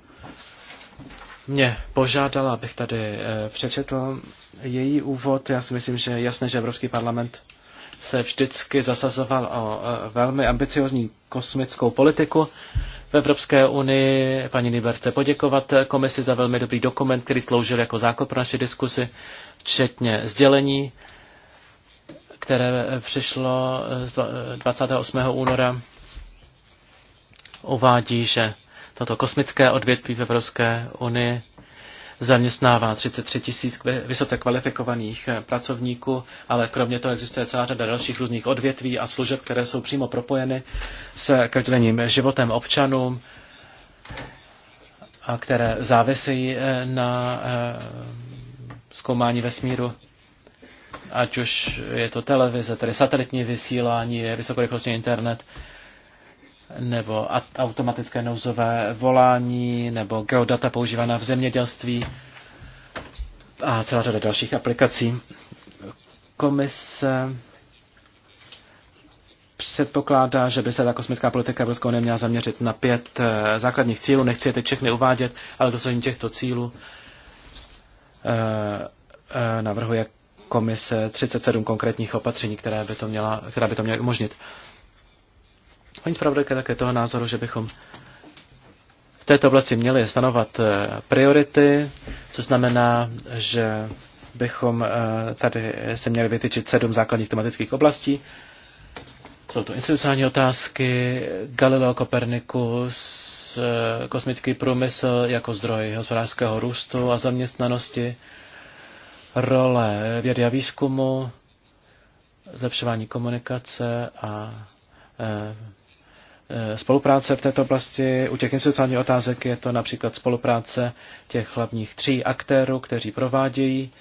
mě požádala, abych tady eh, přečetl její úvod. Já si myslím, že je jasné, že Evropský parlament se vždycky zasazoval o eh, velmi ambiciozní kosmickou politiku v Evropské unii. Paní Niberce poděkovat komisi za velmi dobrý dokument, který sloužil jako základ pro naše diskusy, včetně sdělení, které přišlo z 28. února. Uvádí, že toto kosmické odvětví v Evropské unii zaměstnává 33 tisíc vysoce kvalifikovaných eh, pracovníků, ale kromě toho existuje celá řada dalších různých odvětví a služeb, které jsou přímo propojeny s každodenním životem občanů a které závisejí eh, na eh, zkoumání vesmíru ať už je to televize, tedy satelitní vysílání, vysokorychlostní internet, nebo automatické nouzové volání, nebo geodata používaná v zemědělství a celá řada dalších aplikací. Komise předpokládá, že by se ta kosmická politika Evropské unie měla zaměřit na pět eh, základních cílů. Nechci je teď všechny uvádět, ale dosažení těchto cílů eh, eh, navrhuje komise 37 konkrétních opatření, které by to měla, která by to měla umožnit. Paní zpravodajka také toho názoru, že bychom v této oblasti měli stanovat eh, priority, Co znamená, že bychom eh, tady se měli vytyčit sedm základních tematických oblastí. Jsou to institucionální otázky, Galileo Kopernikus, eh, kosmický průmysl jako zdroj hospodářského růstu a zaměstnanosti, role vědy a výzkumu, zlepšování komunikace a Eh, spolupráce v této oblasti. U těch institucionálních otázek je to například spolupráce těch hlavních tří aktérů, kteří provádějí.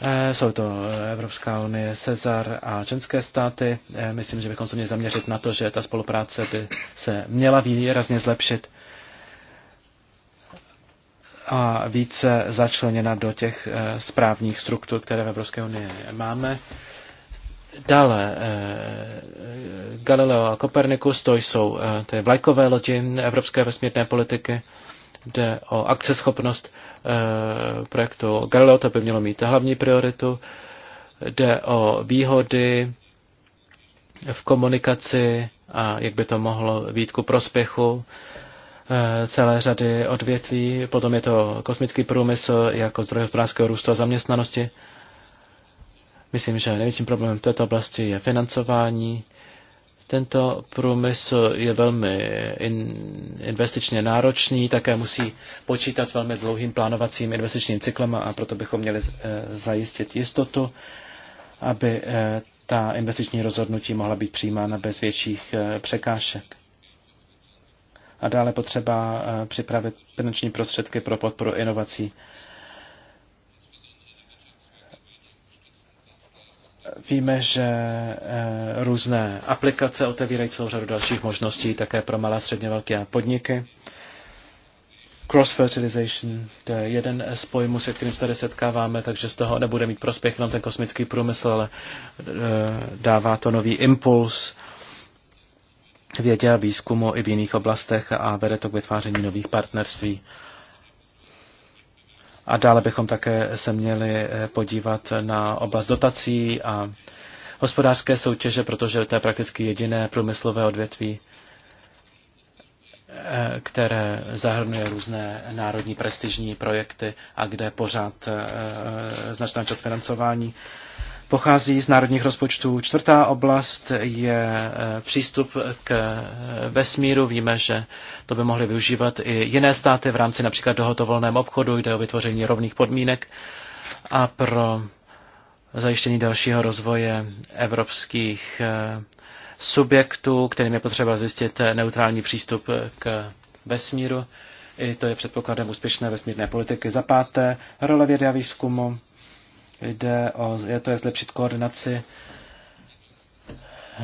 Eh, jsou to Evropská unie, Cezar a členské státy. Eh, myslím, že bychom se měli zaměřit na to, že ta spolupráce by se měla výrazně zlepšit a více začleněna do těch správních struktur, které v Evropské unii máme. Dále eh, eh, Galileo a Kopernikus, to jsou eh, ty vlajkové lodi evropské vesmírné politiky, jde o akceschopnost projektu Galileo, to by mělo mít hlavní prioritu, jde o výhody v komunikaci a jak by to mohlo být ku prospěchu celé řady odvětví. Potom je to kosmický průmysl jako zdroj hospodářského růstu a zaměstnanosti. Myslím, že největším problémem v této oblasti je financování. Tento průmysl je velmi in, investičně náročný, také musí počítat s velmi dlouhým plánovacím investičním cyklem a proto bychom měli eh, zajistit jistotu, aby eh, ta investiční rozhodnutí mohla být přijímána bez větších eh, překážek. A dále potřeba připravit finanční prostředky pro podporu inovací Víme, že eh, různé aplikace otevírají celou řadu dalších možností také pro malé a středně velké podniky. Cross-fertilization, to je jeden z pojmů, se kterým se tady setkáváme, takže z toho nebude mít prospěch jenom ten kosmický průmysl, ale eh, dává to nový impuls vědě a výzkumu i v jiných oblastech a vede to k vytváření nových partnerství. A dále bychom také se měli eh, podívat na oblast dotací a hospodářské soutěže, protože to je prakticky jediné průmyslové odvětví, eh, které zahrnuje různé národní prestižní projekty a kde pořád eh, značná část financování pochází z národních rozpočtů. Čtvrtá oblast je e, přístup k e, vesmíru. Víme, že to by mohly využívat i jiné státy v rámci například dohod volném obchodu. Jde o vytvoření rovných podmínek a pro zajištění dalšího rozvoje evropských e, subjektů, kterým je potřeba zjistit neutrální přístup k vesmíru. I to je předpokladem úspěšné vesmírné politiky. Za páté, role vědy a výzkumu Jde o, je to je zlepšit koordinaci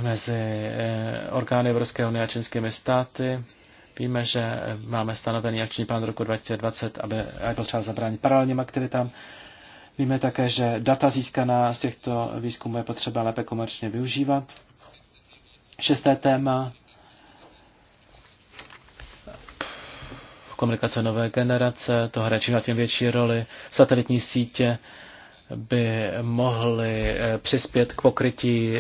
mezi eh, orgány Evropské unie a členskými státy. Víme, že máme stanovený akční plán roku 2020, aby je potřeba zabránit paralelním aktivitám. Víme také, že data získaná z těchto výzkumů je potřeba lépe komerčně využívat. Šesté téma. Komunikace nové generace, to hraje čím tím větší roli. Satelitní sítě, by mohly eh, přispět k pokrytí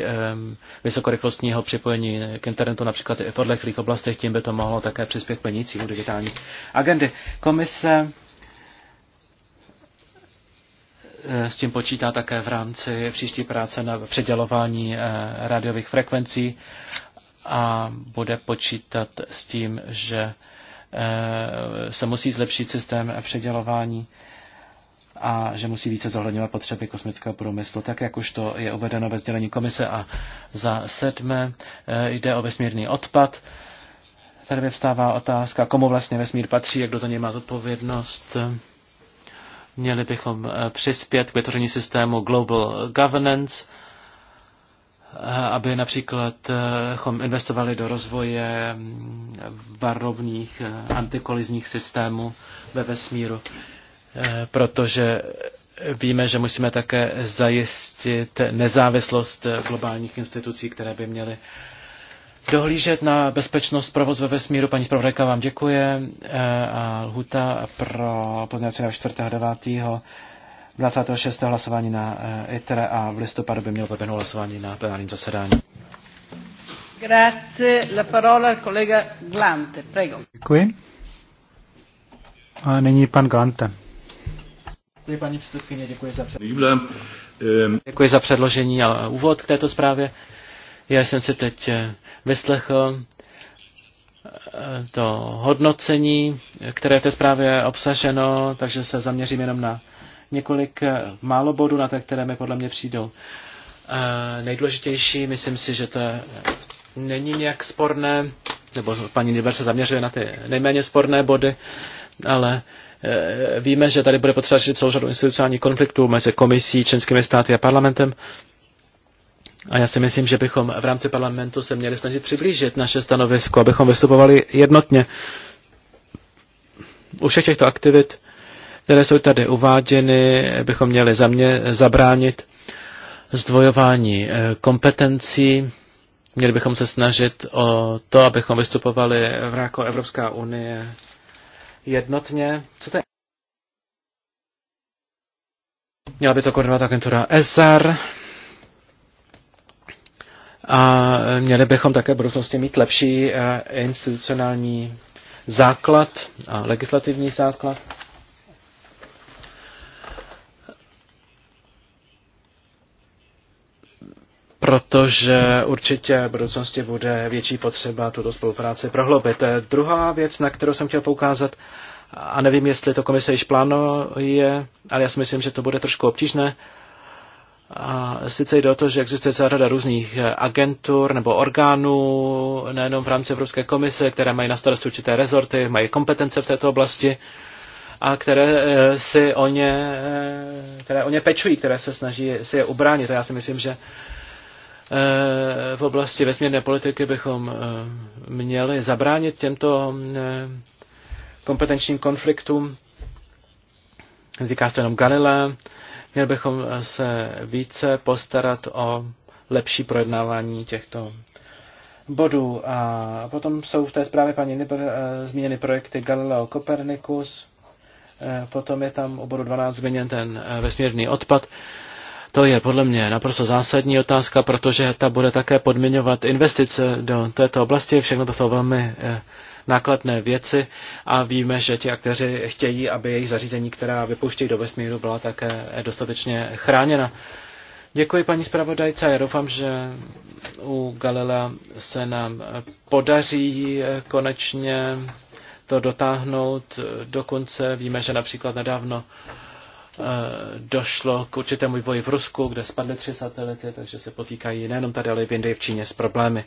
vysokorychlostního připojení k internetu, například i v odlehlých oblastech, tím by to mohlo také přispět k u digitální agendy. Komise eh, s tím počítá také v rámci příští práce na předělování eh, rádiových frekvencí a bude počítat s tím, že se musí zlepšit systém předělování a že musí více zohledňovat potřeby kosmického průmyslu, tak jak už to je uvedeno ve sdělení komise. A za sedmé eh, jde o vesmírný odpad. Tady vyvstává otázka, komu vlastně vesmír patří, jak kdo za něj má zodpovědnost. Měli bychom eh, přispět k vytvoření systému Global Governance, eh, aby například investovali do rozvoje mm, varovných antikolizních systémů ve vesmíru. Eh, protože víme, že musíme také zajistit nezávislost eh, globálních institucí, které by měly dohlížet na bezpečnost provozu ve vesmíru. Paní zpravodajka vám děkuje eh, a lhuta pro pozdravce 4. 9. 26. hlasování na ITRE a v listopadu by mělo proběhnout hlasování na plenárním zasedání. Grazie. La parola collega Glante. Prego. Děkuji. A nyní pan Glante. Děkuji paní předsedkyně, děkuji za, předložení. Ehm, děkuji za předložení a úvod k této zprávě. Já jsem si teď eh, vyslechl eh, to hodnocení, které v té zprávě je obsaženo, takže se zaměřím jenom na několik eh, málo bodů, na té, které mi podle mě přijdou nejdůležitější. Myslím si, že to není nějak sporné, nebo paní Niber se zaměřuje na ty nejméně sporné body, ale Eh, víme, že tady bude potřeba řešit celou řadu institucionálních konfliktů mezi komisí, členskými státy a parlamentem. A já si myslím, že bychom v rámci parlamentu se měli snažit přiblížit naše stanovisko, abychom vystupovali jednotně. U všech těchto aktivit, které jsou tady uváděny, bychom měli za mě zabránit zdvojování eh, kompetencí. Měli bychom se snažit o to, abychom vystupovali v rámci Evropská unie jednotně. Co to je? Měla by to koordinovat agentura ESAR. A měli bychom také v budoucnosti mít lepší eh, institucionální základ a legislativní základ. protože určitě v budoucnosti bude větší potřeba tuto spolupráci prohlobit. Eh, druhá věc, na kterou jsem chtěl poukázat, a nevím, jestli to komise již plánuje, ale já si myslím, že to bude trošku obtížné, a sice jde o to, že existuje celá řada různých eh, agentur nebo orgánů, nejenom v rámci Evropské komise, které mají na starost určité rezorty, mají kompetence v této oblasti a které eh, si o ně, které o ně pečují, které se snaží si je ubránit. A já si myslím, že Eh, v oblasti vesmírné politiky bychom eh, měli zabránit těmto eh, kompetenčním konfliktům. Týká se jenom Galilea. Měli bychom se více postarat o lepší projednávání těchto bodů. A potom jsou v té zprávě paní Nibr zmíněny projekty Galileo Copernicus, potom je tam u bodu 12 zmíněn ten vesmírný odpad. To je podle mě naprosto zásadní otázka, protože ta bude také podmiňovat investice do této oblasti. Všechno to jsou velmi eh, nákladné věci a víme, že ti aktéři chtějí, aby jejich zařízení, která vypouštějí do vesmíru, byla také eh, dostatečně chráněna. Děkuji paní zpravodajce. Já doufám, že u Galilea se nám eh, podaří konečně to dotáhnout do konce. Víme, že například nedávno Eh, došlo k určitému vývoji v Rusku, kde spadly tři satelity, takže se potýkají nejenom tady, ale i v Indii, v Číně s problémy.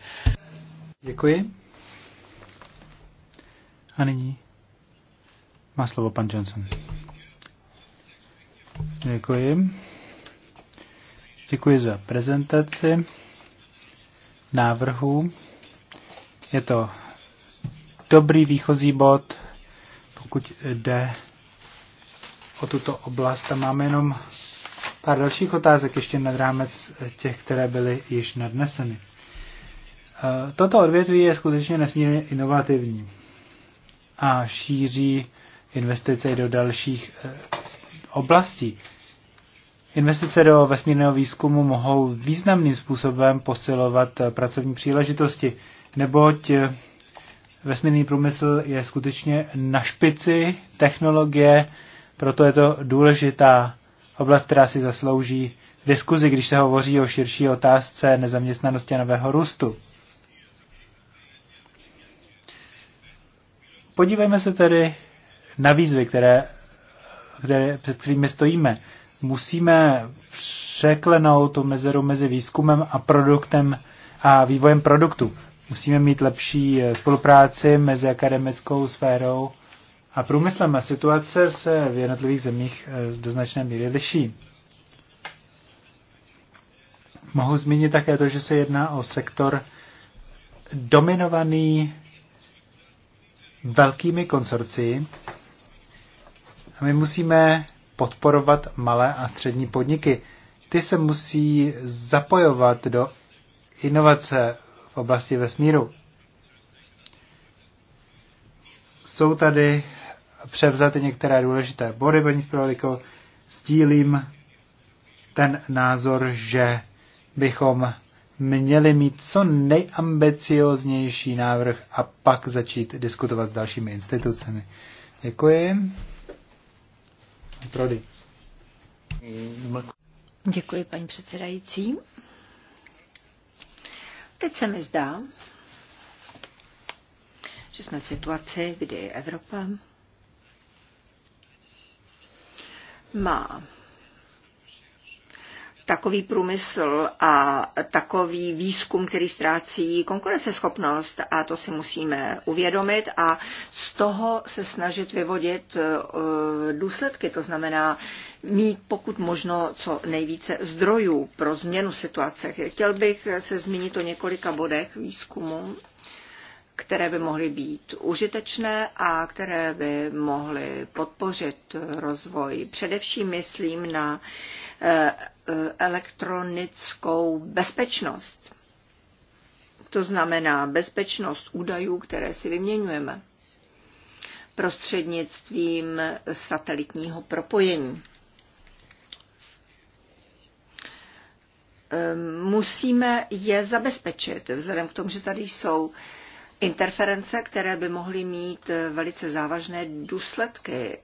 Děkuji. A nyní má slovo pan Johnson. Děkuji. Děkuji za prezentaci návrhu. Je to dobrý výchozí bod, pokud jde o tuto oblast. a máme jenom pár dalších otázek ještě nad rámec těch, které byly již nadneseny. E, toto odvětví je skutečně nesmírně inovativní a šíří investice do dalších e, oblastí. Investice do vesmírného výzkumu mohou významným způsobem posilovat e, pracovní příležitosti, neboť vesmírný průmysl je skutečně na špici technologie, proto je to důležitá oblast, která si zaslouží diskuzi, když se hovoří o širší otázce nezaměstnanosti a nového růstu. Podívejme se tedy na výzvy, které, které, před kterými stojíme. Musíme překlenout tu mezeru mezi výzkumem a produktem a vývojem produktu. Musíme mít lepší eh, spolupráci mezi akademickou sférou a průmyslem. A situace se v jednotlivých zemích eh, do značné míry liší. Mohu zmínit také to, že se jedná o sektor dominovaný velkými konsorci. A my musíme podporovat malé a střední podniky. Ty se musí zapojovat do inovace v oblasti vesmíru. Jsou tady převzaty některé důležité body, paní zpravodajko, sdílím ten názor, že bychom měli mít co nejambicioznější návrh a pak začít diskutovat s dalšími institucemi. Děkuji. Prody. Děkuji, paní předsedající. Teď se mi zdá, že jsme v situaci, kdy Evropa má takový průmysl a takový výzkum, který ztrácí konkurenceschopnost a to si musíme uvědomit a z toho se snažit vyvodit e, důsledky, to znamená mít pokud možno co nejvíce zdrojů pro změnu situace. Chtěl bych se zmínit o několika bodech výzkumu které by mohly být užitečné a které by mohly podpořit rozvoj. Především myslím na eh, eh, elektronickou bezpečnost. To znamená bezpečnost údajů, které si vyměňujeme prostřednictvím satelitního propojení. Ehm, musíme je zabezpečit, vzhledem k tomu, že tady jsou interference, které by mohly mít eh, velice závažné důsledky.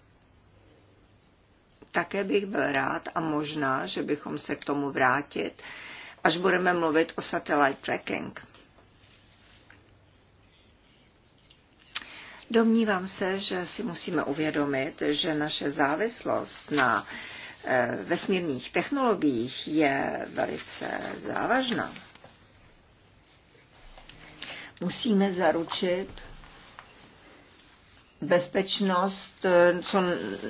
Také bych byl rád a možná, že bychom se k tomu vrátit, až budeme mluvit o satellite tracking. Domnívám se, že si musíme uvědomit, že naše závislost na eh, vesmírných technologiích je velice závažná. Musíme zaručit bezpečnost eh,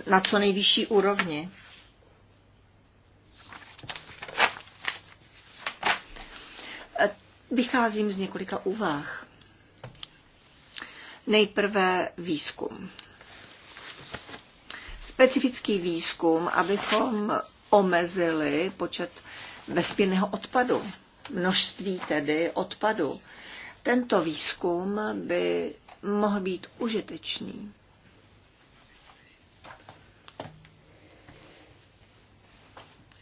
na co nejvyšší úrovni. Eh, vycházím z několika úvah. Nejprve výzkum. Specifický výzkum, abychom omezili počet vesmírného odpadu, množství tedy odpadu, tento výzkum by mohl být užitečný.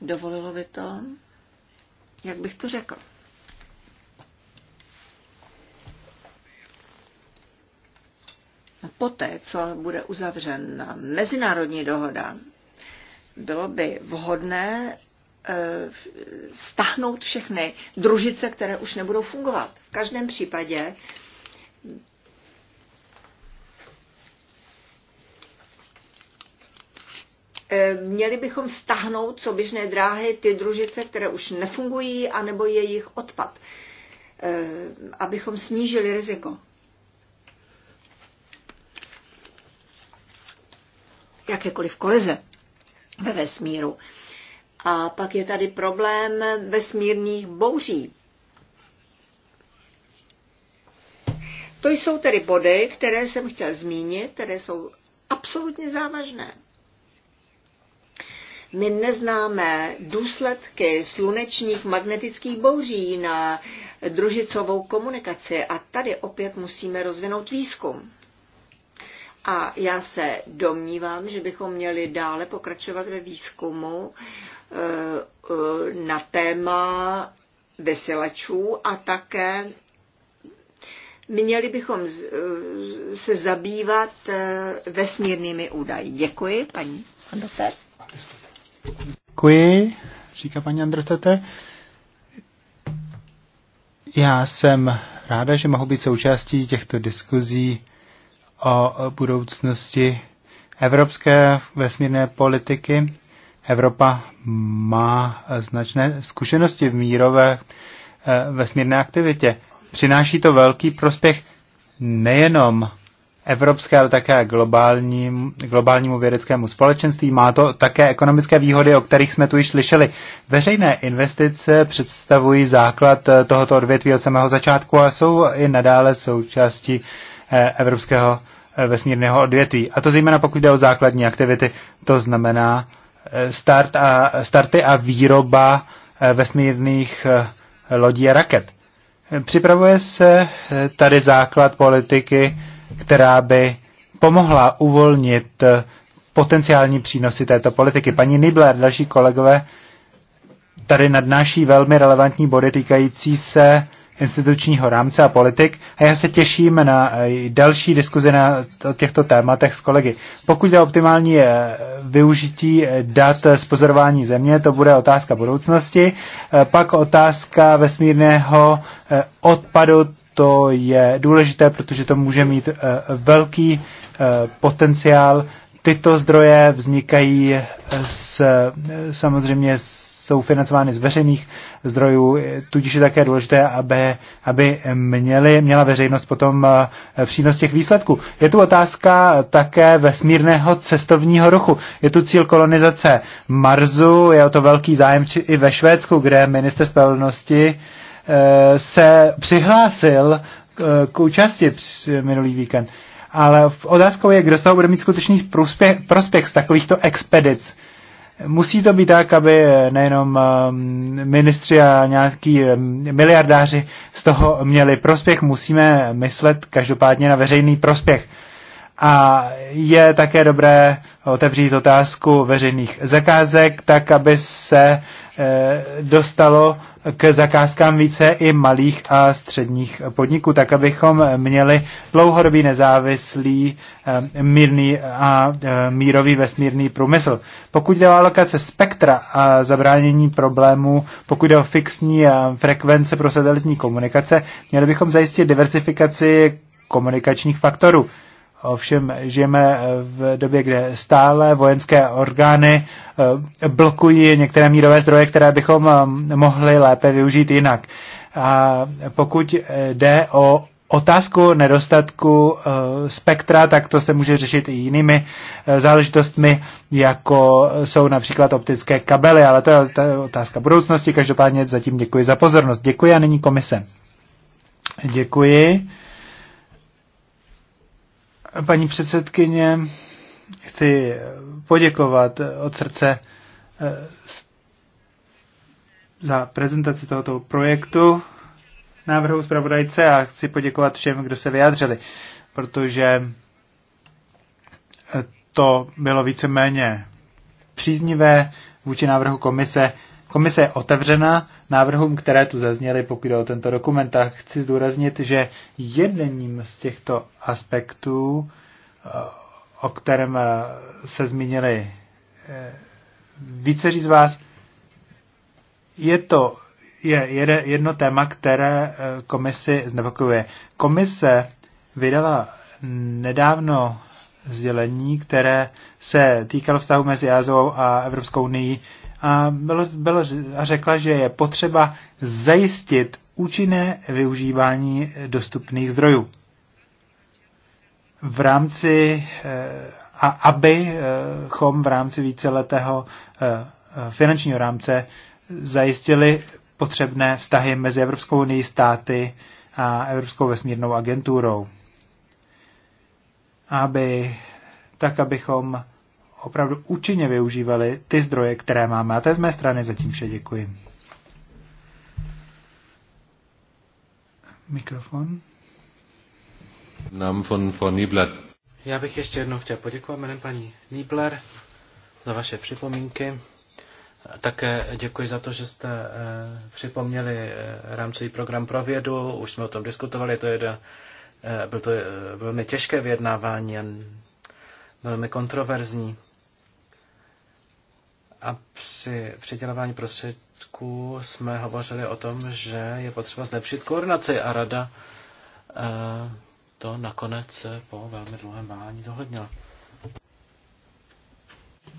Dovolilo by to? Jak bych to řekl? Poté, co bude uzavřena mezinárodní dohoda, bylo by vhodné Eh, stahnout všechny družice, které už nebudou fungovat. V každém případě eh, měli bychom stahnout co běžné dráhy ty družice, které už nefungují, anebo jejich odpad, eh, abychom snížili riziko. Jakékoliv kolize ve vesmíru. A pak je tady problém vesmírných bouří. To jsou tedy body, které jsem chtěl zmínit, které jsou absolutně závažné. My neznáme důsledky slunečních magnetických bouří na družicovou komunikaci a tady opět musíme rozvinout výzkum. A já se domnívám, že bychom měli dále pokračovat ve výzkumu eh, eh, na téma vysilačů a také měli bychom eh, se zabývat vesmírnými údaji. Děkuji, paní Andoter. Děkuji, říká paní Andrstete. Já jsem ráda, že mohu být součástí těchto diskuzí o budoucnosti evropské vesmírné politiky. Evropa má značné zkušenosti v mírové eh, vesmírné aktivitě. Přináší to velký prospěch nejenom evropské, ale také globální, globálnímu vědeckému společenství. Má to také ekonomické výhody, o kterých jsme tu již slyšeli. Veřejné investice představují základ eh, tohoto odvětví od samého začátku a jsou i nadále součástí Eh, evropského eh, vesmírného odvětví. A to zejména pokud jde o základní aktivity, to znamená eh, start a, starty a výroba vesmírných lodí a raket. Připravuje se tady základ politiky, která by pomohla uvolnit potenciální přínosy této politiky. Paní Nibler, další kolegové, tady nadnáší velmi relevantní body týkající se institučního rámce a politik a já se těším na eh, další diskuzi na, o těchto tématech s kolegy. Pokud je optimální eh, využití eh, dat z pozorování země, to bude otázka budoucnosti. Pak otázka vesmírného odpadu, to je důležité, protože to může mít velký potenciál. Tyto zdroje vznikají s, samozřejmě s jsou financovány z veřejných zdrojů, tudíž je také důležité, aby, aby měli, měla veřejnost potom eh, přínos těch výsledků. Je tu otázka také vesmírného cestovního ruchu. Je tu cíl kolonizace Marsu, je o to velký zájem i ve Švédsku, kde minister spravedlnosti eh, se přihlásil eh, k účasti minulý víkend. Ale otázkou je, kdo z toho bude mít skutečný prospěch, prospěch z takovýchto expedic. Musí to být tak, aby eh, nejenom ehm, ministři a nějaký ehm, miliardáři z toho měli prospěch, musíme myslet každopádně na veřejný prospěch. A je také dobré otevřít otázku veřejných zakázek, tak aby se Eh, dostalo k zakázkám více i malých a středních podniků, tak abychom měli dlouhodobý nezávislý eh, mírný a eh, mírový vesmírný průmysl. Pokud jde o alokace spektra a zabránění problémů, pokud jde o fixní frekvence pro satelitní komunikace, měli bychom zajistit diversifikaci komunikačních faktorů. Ovšem žijeme v době, kde stále vojenské orgány eh, blokují některé mírové zdroje, které bychom eh, mohli lépe využít jinak. A pokud eh, jde o otázku nedostatku spektra, tak to se může řešit i jinými záležitostmi, jako jsou například optické kabely, ale to je otázka budoucnosti. Každopádně zatím děkuji za pozornost. Děkuji a nyní komise. Děkuji. Paní předsedkyně, chci poděkovat od srdce eh, za prezentaci tohoto projektu návrhu zpravodajce a chci poděkovat všem, kdo se vyjádřili, protože eh, to bylo víceméně příznivé vůči návrhu komise Komise je otevřena návrhům, které tu zazněly, pokud jde o tento dokument. A chci zdůraznit, že jedním z těchto aspektů, eh, o kterém eh, se zmínili eh, víceří z vás, je to je jedno téma, které komisi znepokojuje. Komise vydala nedávno sdělení, které se týkalo vztahu mezi e Azou a Evropskou unii a, bylo, bylo, a řekla, že je potřeba zajistit účinné využívání dostupných zdrojů. V rámci eh, a abychom eh, v rámci víceletého eh, finančního rámce zajistili potřebné vztahy mezi Evropskou unii státy a Evropskou vesmírnou agenturou. Aby, tak abychom opravdu účinně využívali ty zdroje, které máme. A to je z mé strany zatím vše. Děkuji. Mikrofon. Nám von, von Nibler. Já bych ještě jednou chtěl poděkovat jménem paní Nibler za vaše připomínky. Také děkuji za to, že jste eh, připomněli eh, rámcový program pro vědu. Už jsme o tom diskutovali, to je jeden, eh, byl to velmi těžké vyjednávání, velmi kontroverzní. A při přidělování prostředků jsme hovořili o tom, že je potřeba zlepšit koordinaci a rada eh, to nakonec po velmi dlouhém váhání zohlednila.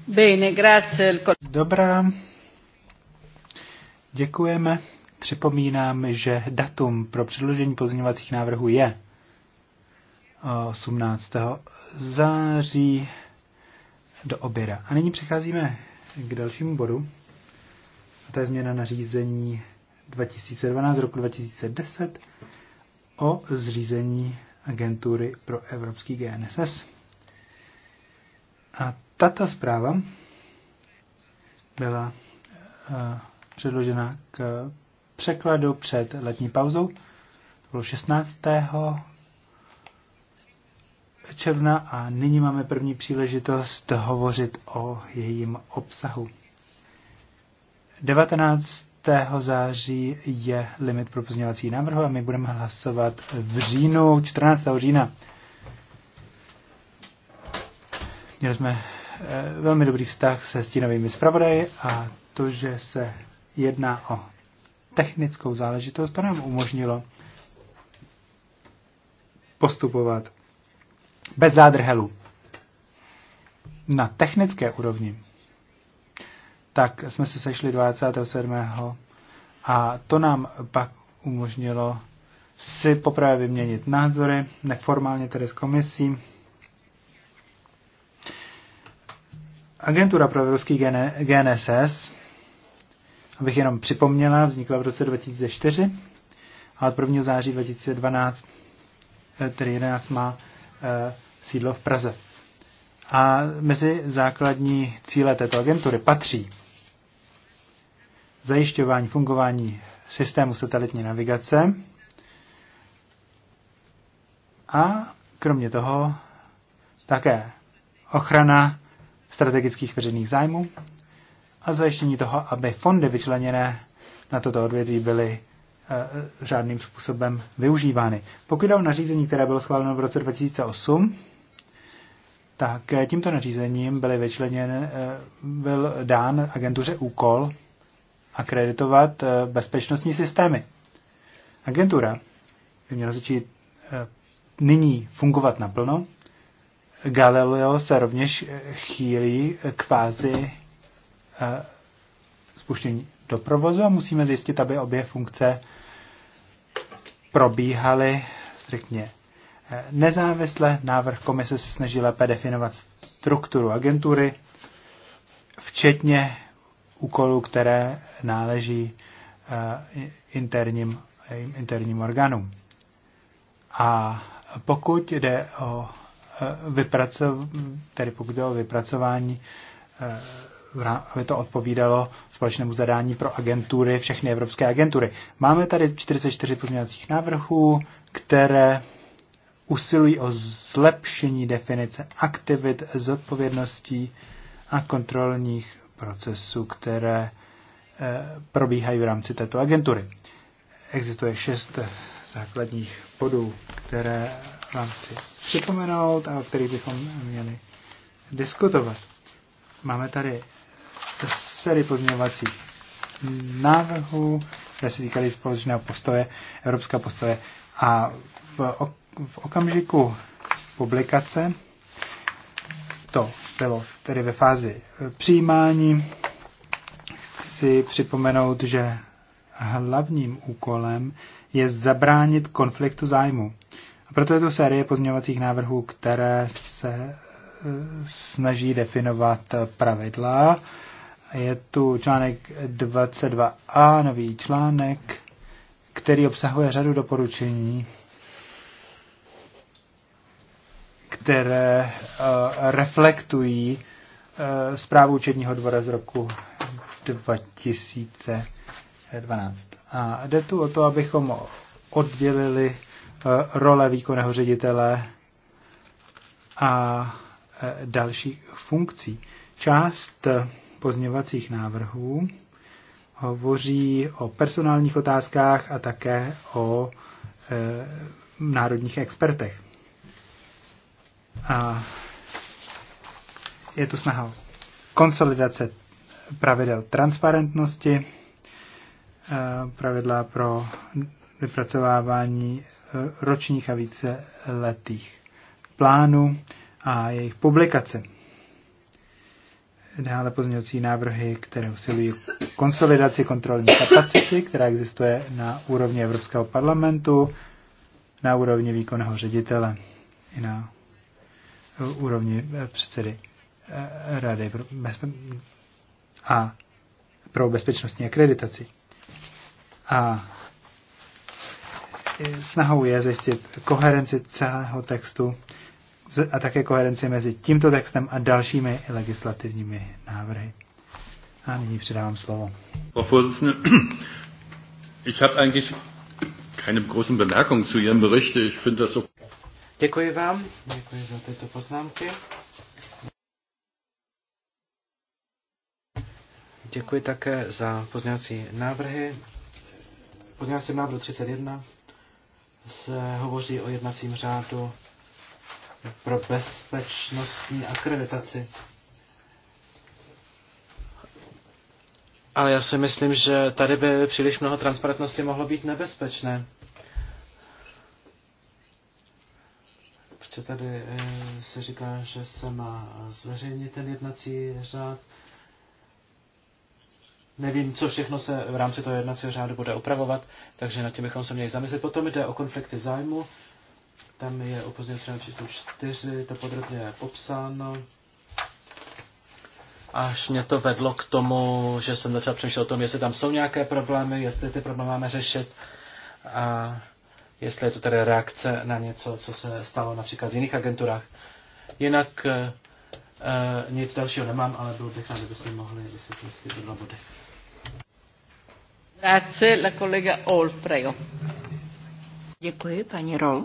Bene, grazie. Dobrá. Děkujeme. Připomínám, že datum pro předložení pozměňovacích návrhů je 18. Eh, září do oběda. A nyní přecházíme k dalšímu bodu. A to je změna nařízení 2012 roku 2010 o zřízení agentury pro evropský GNSS. A tato zpráva byla uh, předložena k překladu před letní pauzou. To bylo 16 června a nyní máme první příležitost hovořit o jejím obsahu. 19. září je limit pro pozměňovací návrhu a my budeme hlasovat v říjnu, 14. října. Měli jsme eh, velmi dobrý vztah se stínovými zpravodaji a to, že se jedná o technickou záležitost, to nám umožnilo postupovat bez zádrhelů. Na technické úrovni tak jsme se sešli 27. A to nám pak umožnilo si poprvé vyměnit názory, neformálně tedy s komisí. Agentura pro ruský GNSS, abych jenom připomněla, vznikla v roce 2004 a od 1. září 2012, eh, tedy 11, má Eh, sídlo v Praze. A mezi základní cíle této agentury patří zajišťování fungování systému satelitní navigace a kromě toho také ochrana strategických veřejných zájmů a zajištění toho, aby fondy vyčleněné na toto odvětví byly žádným eh, způsobem využívány. Pokud jde o nařízení, které bylo schváleno v roce 2008, tak eh, tímto nařízením byl vyčleněn, eh, byl dán agentuře úkol akreditovat bezpečnostní systémy. Agentura by měla začít nyní fungovat naplno. Galileo se rovněž chýlí k fázi spuštění do provozu a musíme zjistit, aby obě funkce probíhaly striktně eh, nezávisle. Návrh komise se snaží lépe definovat strukturu agentury, včetně úkolů, které náleží eh, interním, eh, interním orgánům. A pokud jde o, vypracování, tedy pokud jde o vypracování aby to odpovídalo společnému zadání pro agentury, všechny evropské agentury. Máme tady 44 pozměňovacích návrhů, které usilují o zlepšení definice aktivit, zodpovědností a kontrolních procesů, které eh, probíhají v rámci této agentury. Existuje šest základních bodů, které vám chci připomenout a o kterých bychom měli diskutovat. Máme tady série pozměňovacích návrhů, které se týkaly společného postoje, evropského postoje. A v, v okamžiku publikace to bylo tedy ve fázi přijímání. Chci připomenout, že hlavním úkolem je zabránit konfliktu zájmu. A proto je to série pozměňovacích návrhů, které se snaží definovat pravidla. Je tu článek 22a, nový článek, který obsahuje řadu doporučení, které eh, reflektují eh, zprávu účetního dvora z roku 2012. A jde tu o to, abychom oddělili eh, role výkonného ředitele a Eh, dalších funkcí. Část eh, pozměvacích návrhů hovoří o personálních otázkách a také o e, národních expertech. A je tu snaha konsolidace pravidel transparentnosti, e, pravidla pro vypracovávání ročních a více letých plánů, a jejich publikace, Dále pozměňovací návrhy, které usilují konsolidaci kontrolní kapacity, která existuje na úrovni Evropského parlamentu, na úrovni výkonného ředitele i na úrovni eh, předsedy eh, Rady a pro bezpečnostní akreditaci. A snahou je zjistit koherenci celého textu a také koherenci mezi tímto textem a dalšími legislativními návrhy. A nyní předávám slovo. Děkuji vám. Děkuji za tyto poznámky. Děkuji také za pozměňovací návrhy. V návrh návrhu 31 se hovoří o jednacím řádu pro bezpečnostní akreditaci. Ale já si myslím, že tady by příliš mnoho transparentnosti mohlo být nebezpečné. Protože tady eh, se říká, že se má zveřejnit ten jednací řád. Nevím, co všechno se v rámci toho jednacího řádu bude upravovat, takže na tím bychom se měli zamyslet. Potom jde o konflikty zájmu. Tam je o pozdějovacího číslu 4 to podrobně je popsáno. Až mě to vedlo k tomu, že jsem začal přemýšlet o tom, jestli tam jsou nějaké problémy, jestli ty problémy máme řešit a jestli je to tedy reakce na něco, co se stalo například v jiných agenturách. Jinak e, nic dalšího nemám, ale byl bych rád, kdybyste mohli vysvětlit ty dva body. Grazie, la collega Olpreo. Děkuji, paní Rol.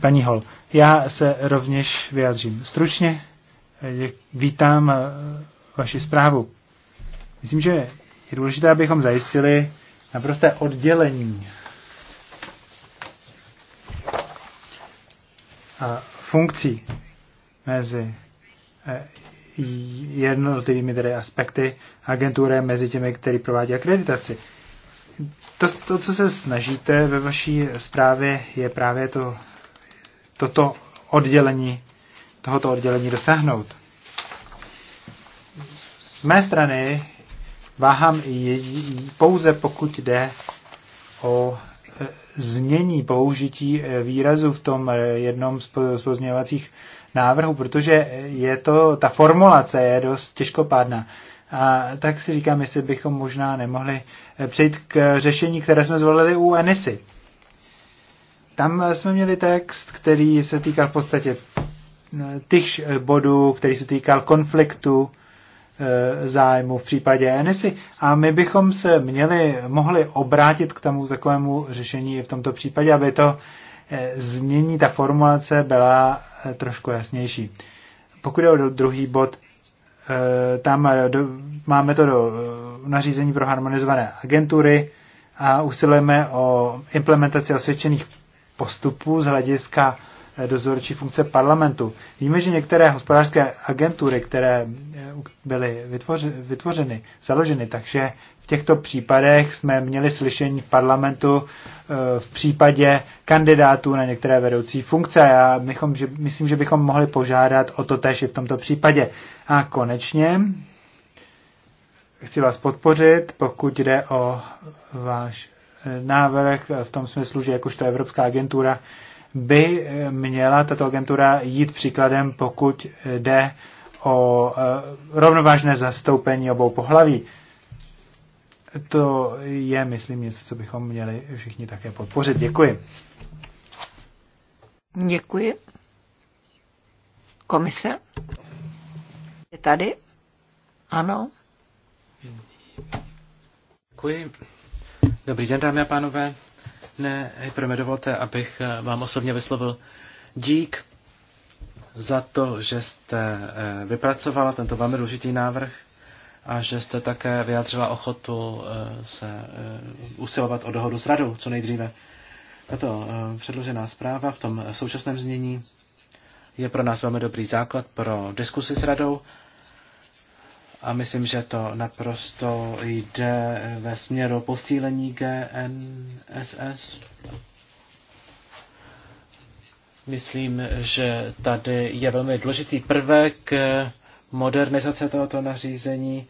Paní Hol, já se rovněž vyjádřím stručně. Eh, vítám eh, vaši zprávu. Myslím, že je důležité, abychom zajistili naprosté oddělení a funkcí mezi eh, jednotlivými tedy aspekty agentury mezi těmi, který provádí akreditaci to, to, co se snažíte ve vaší zprávě, je právě to, toto oddělení, tohoto oddělení dosáhnout. Z mé strany váhám pouze pokud jde o e, změní použití e, výrazu v tom e, jednom z pozměňovacích návrhů, protože je to, ta formulace je dost těžkopádná. A tak si říkám, jestli bychom možná nemohli eh, přejít k eh, řešení, které jsme zvolili u Enisy. Tam eh, jsme měli text, který se týkal v podstatě těch bodů, který se týkal konfliktu zájmu v případě Enisy. A my bychom se měli, mohli obrátit k tomu takovému řešení v tomto případě, aby to změní, ta formulace byla trošku jasnější. Pokud je o druhý bod, Eh, tam eh, do, máme to do eh, nařízení pro harmonizované agentury a usilujeme o implementaci osvědčených postupů z hlediska dozorčí funkce parlamentu. Víme, že některé hospodářské agentury, které eh, byly vytvořeny, vytvořeny založeny, takže v těchto případech jsme měli slyšení parlamentu eh, v případě kandidátů na některé vedoucí funkce. Já bychom, že, myslím, že bychom mohli požádat o to tež i v tomto případě. A konečně chci vás podpořit, pokud jde o váš eh, návrh v tom smyslu, že jakožto Evropská agentura by eh, měla tato agentura jít příkladem, pokud jde o eh, rovnovážné zastoupení obou pohlaví. To je, myslím, něco, co bychom měli všichni také podpořit. Děkuji. Děkuji. Komise? Je tady? Ano. Děkuji. Dobrý den, dámy a pánové. Ne, nejprve mi dovolte, abych eh, vám osobně vyslovil dík za to, že jste eh, vypracovala tento velmi důležitý návrh a že jste také vyjádřila ochotu eh, se usilovat o dohodu s radou co nejdříve. Tato předložená zpráva v tom současném znění je pro nás velmi dobrý základ pro diskusi s radou a myslím, že to naprosto jde ve směru posílení GNSS. Myslím, že tady je velmi důležitý prvek modernizace tohoto nařízení,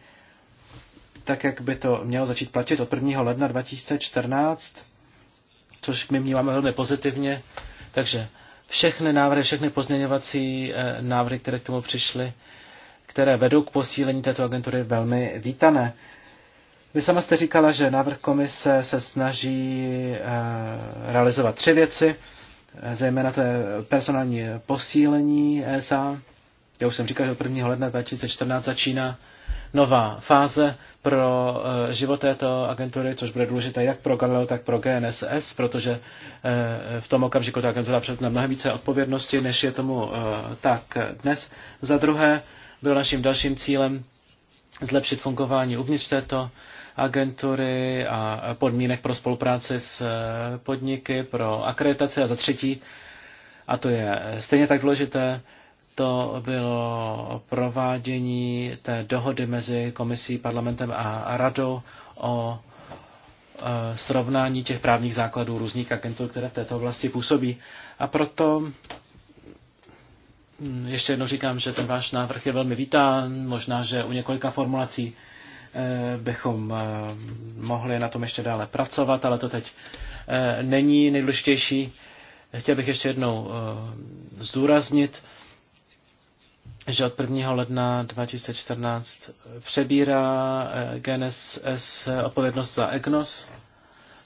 tak jak by to mělo začít platit od 1. ledna 2014, což my vnímáme velmi pozitivně. Takže všechny návrhy, všechny pozměňovací eh, návrhy, které k tomu přišly, které vedou k posílení této agentury, velmi vítané. Vy sama jste říkala, že návrh komise se snaží eh, realizovat tři věci, eh, zejména to je personální posílení ESA. Já už jsem říkal, že od 1. ledna 2014 začíná nová fáze pro eh, život této agentury, což bude důležité jak pro Galileo, tak pro GNSS, protože v tom okamžiku ta agentura předtím mnohem více odpovědnosti, než je tomu tak dnes. Za druhé, bylo naším dalším cílem zlepšit fungování uvnitř této agentury a podmínek pro spolupráci s eh, podniky, pro akreditace a za třetí, a to je stejně tak důležité, to bylo provádění té dohody mezi komisí, parlamentem a radou o eh, srovnání těch právních základů různých agentů, které v této oblasti působí. A proto Mm, ještě jednou říkám, že ten váš návrh je velmi vítán, možná, že u několika formulací eh, bychom eh, mohli na tom ještě dále pracovat, ale to teď eh, není nejdůležitější. Chtěl bych ještě jednou zdůraznit, že od 1. ledna 2014 přebírá GNSS odpovědnost za EGNOS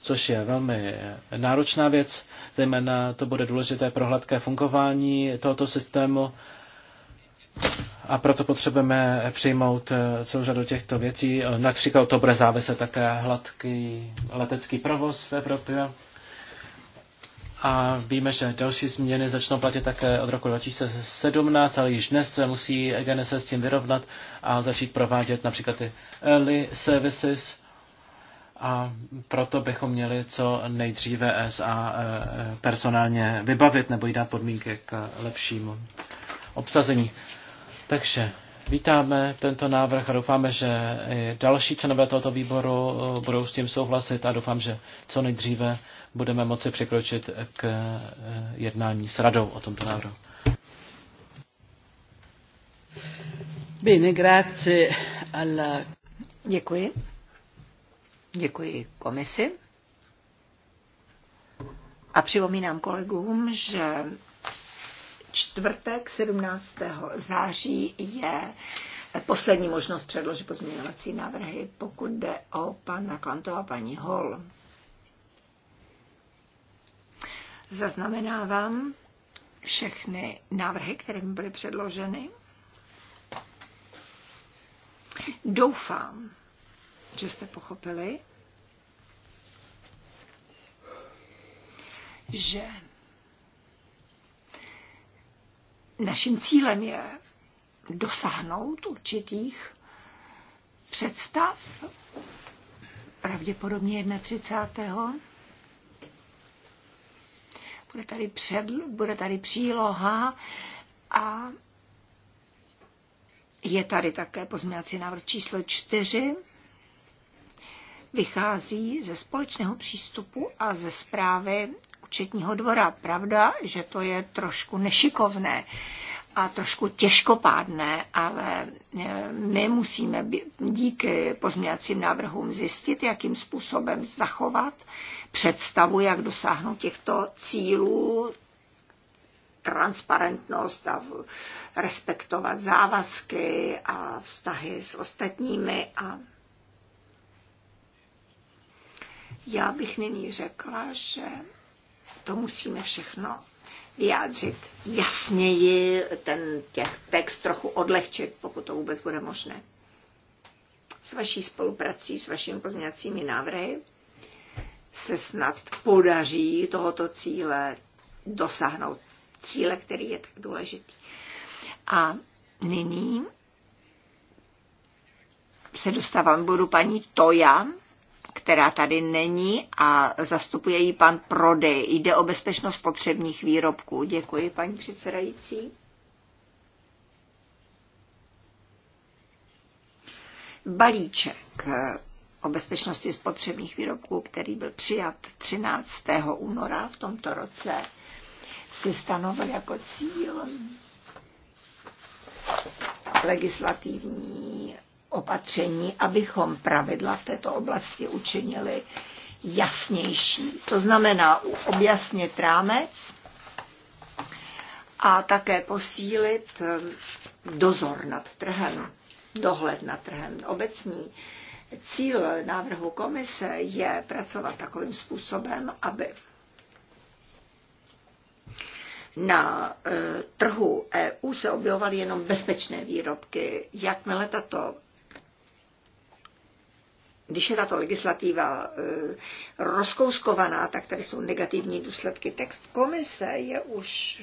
což je velmi náročná věc, zejména to bude důležité pro hladké fungování tohoto systému a proto potřebujeme přijmout celou řadu těchto věcí. Například to bude záviset také hladký letecký provoz v Evropě. A víme, že další změny začnou platit také od roku 2017, ale již dnes se musí EGNS s tím vyrovnat a začít provádět například ty early services, a proto bychom měli co nejdříve SA e, e, personálně vybavit nebo jít dát podmínky k lepšímu obsazení. Takže vítáme tento návrh a doufáme, že i další členové tohoto výboru e, budou s tím souhlasit a doufám, že co nejdříve budeme moci překročit k jednání s radou o tomto návrhu. Bene, grazie alla... Děkuji. Děkuji komisi. A připomínám kolegům, že čtvrtek 17. září je poslední možnost předložit pozměňovací návrhy, pokud jde o pana Klantova a paní Hol. Zaznamenávám všechny návrhy, které mi byly předloženy. Doufám, že jste pochopili, že naším cílem je dosáhnout určitých představ, pravděpodobně 31. Bude tady, před, bude tady příloha a je tady také pozměňovací návrh číslo 4 vychází ze společného přístupu a ze zprávy účetního dvora. Pravda, že to je trošku nešikovné a trošku těžkopádné, ale eh, my musíme díky pozměňacím návrhům zjistit, jakým způsobem zachovat představu, jak dosáhnout těchto cílů, transparentnost a respektovat závazky a vztahy s ostatními a Já bych nyní řekla, že to musíme všechno vyjádřit jasněji, ten těch text trochu odlehčit, pokud to vůbec bude možné. S vaší spoluprací, s vašimi pozměňovacími návrhy se snad podaří tohoto cíle dosáhnout. Cíle, který je tak důležitý. A nyní se dostávám k bodu paní Toja, která tady není a zastupuje ji pan Prodej. Jde o bezpečnost potřebních výrobků. Děkuji, paní předsedající. Balíček eh, o bezpečnosti spotřebních výrobků, který byl přijat 13. února v tomto roce, si stanovil jako cíl legislativní opatření, abychom pravidla v této oblasti učinili jasnější. To znamená objasnit rámec a také posílit ehm, dozor nad trhem, dohled nad trhem obecní. Cíl návrhu komise je pracovat takovým způsobem, aby na eh, trhu EU se objevovaly jenom bezpečné výrobky. Jakmile tato když je tato legislativa eh, rozkouskovaná, tak tady jsou negativní důsledky. Text komise je už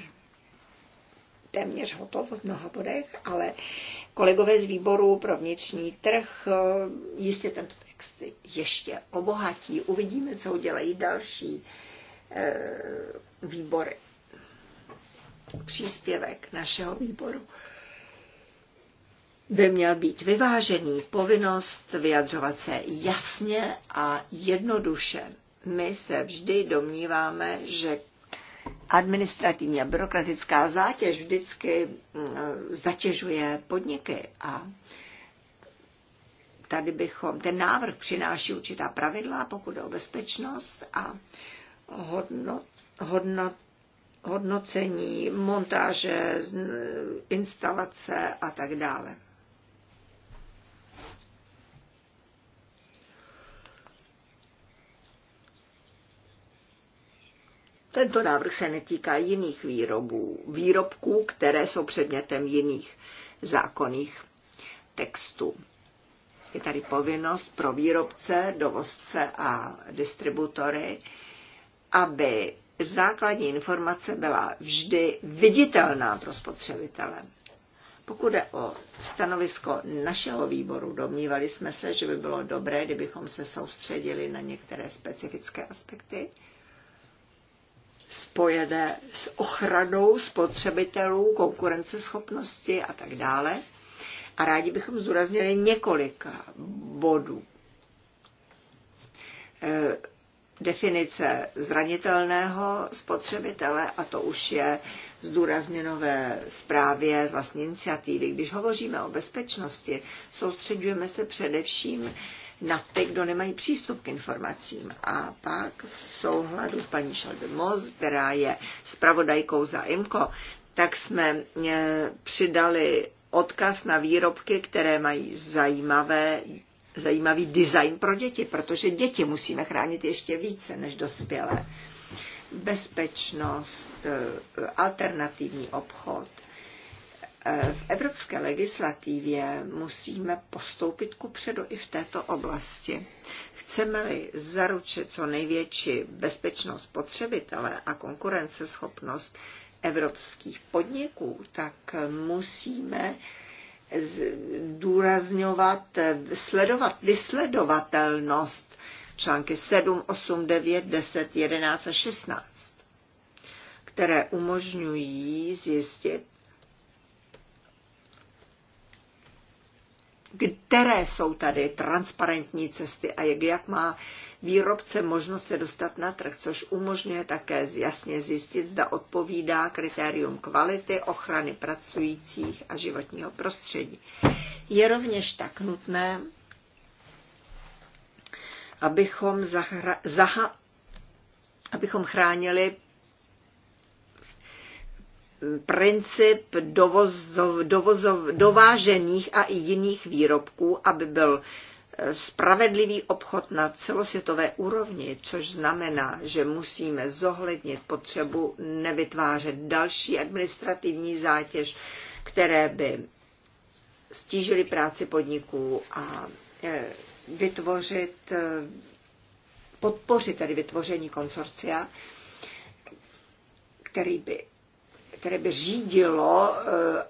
téměř hotov v mnoha bodech, ale kolegové z výboru pro vnitřní trh eh, jistě tento text ještě obohatí. Uvidíme, co udělají další eh, výbory. Příspěvek našeho výboru by měl být vyvážený. Povinnost vyjadřovat se jasně a jednoduše. My se vždy domníváme, že administrativní a byrokratická zátěž vždycky mm, zatěžuje podniky a tady bychom, ten návrh přináší určitá pravidla, pokud je o bezpečnost a hodno, hodnot, hodnocení, montáže, instalace a tak dále. Tento návrh se netýká jiných výrobů, výrobků, které jsou předmětem jiných zákonných textů. Je tady povinnost pro výrobce, dovozce a distributory, aby základní informace byla vždy viditelná pro spotřebitele. Pokud je o stanovisko našeho výboru, domnívali jsme se, že by bylo dobré, kdybychom se soustředili na některé specifické aspekty spojené s ochranou spotřebitelů, konkurenceschopnosti a tak dále. A rádi bychom zdůraznili několik bodů. E, definice zranitelného spotřebitele, a to už je zdůrazněno ve zprávě vlastní iniciativy. Když hovoříme o bezpečnosti, soustředujeme se především na ty, kdo nemají přístup k informacím. A pak v souhladu s paní Šaldemoz, která je spravodajkou za IMCO, tak jsme e, přidali odkaz na výrobky, které mají zajímavé, zajímavý design pro děti, protože děti musíme chránit ještě více než dospělé. Bezpečnost, e, alternativní obchod – v evropské legislativě musíme postoupit ku předu i v této oblasti. Chceme-li zaručit co největší bezpečnost spotřebitele a konkurenceschopnost evropských podniků, tak musíme důrazňovat, sledovat, vysledovatelnost články 7, 8, 9, 10, 11 a 16, které umožňují zjistit, které jsou tady transparentní cesty a jak, jak má výrobce možnost se dostat na trh, což umožňuje také jasně zjistit, zda odpovídá kritérium kvality, ochrany pracujících a životního prostředí. Je rovněž tak nutné, abychom, zahra, zaha, abychom chránili princip dovozov, dovozov, dovážených a i jiných výrobků, aby byl eh, spravedlivý obchod na celosvětové úrovni, což znamená, že musíme zohlednit potřebu nevytvářet další administrativní zátěž, které by stížily práci podniků a eh, vytvořit, eh, podpořit tedy vytvoření konsorcia, který by které by řídilo eh,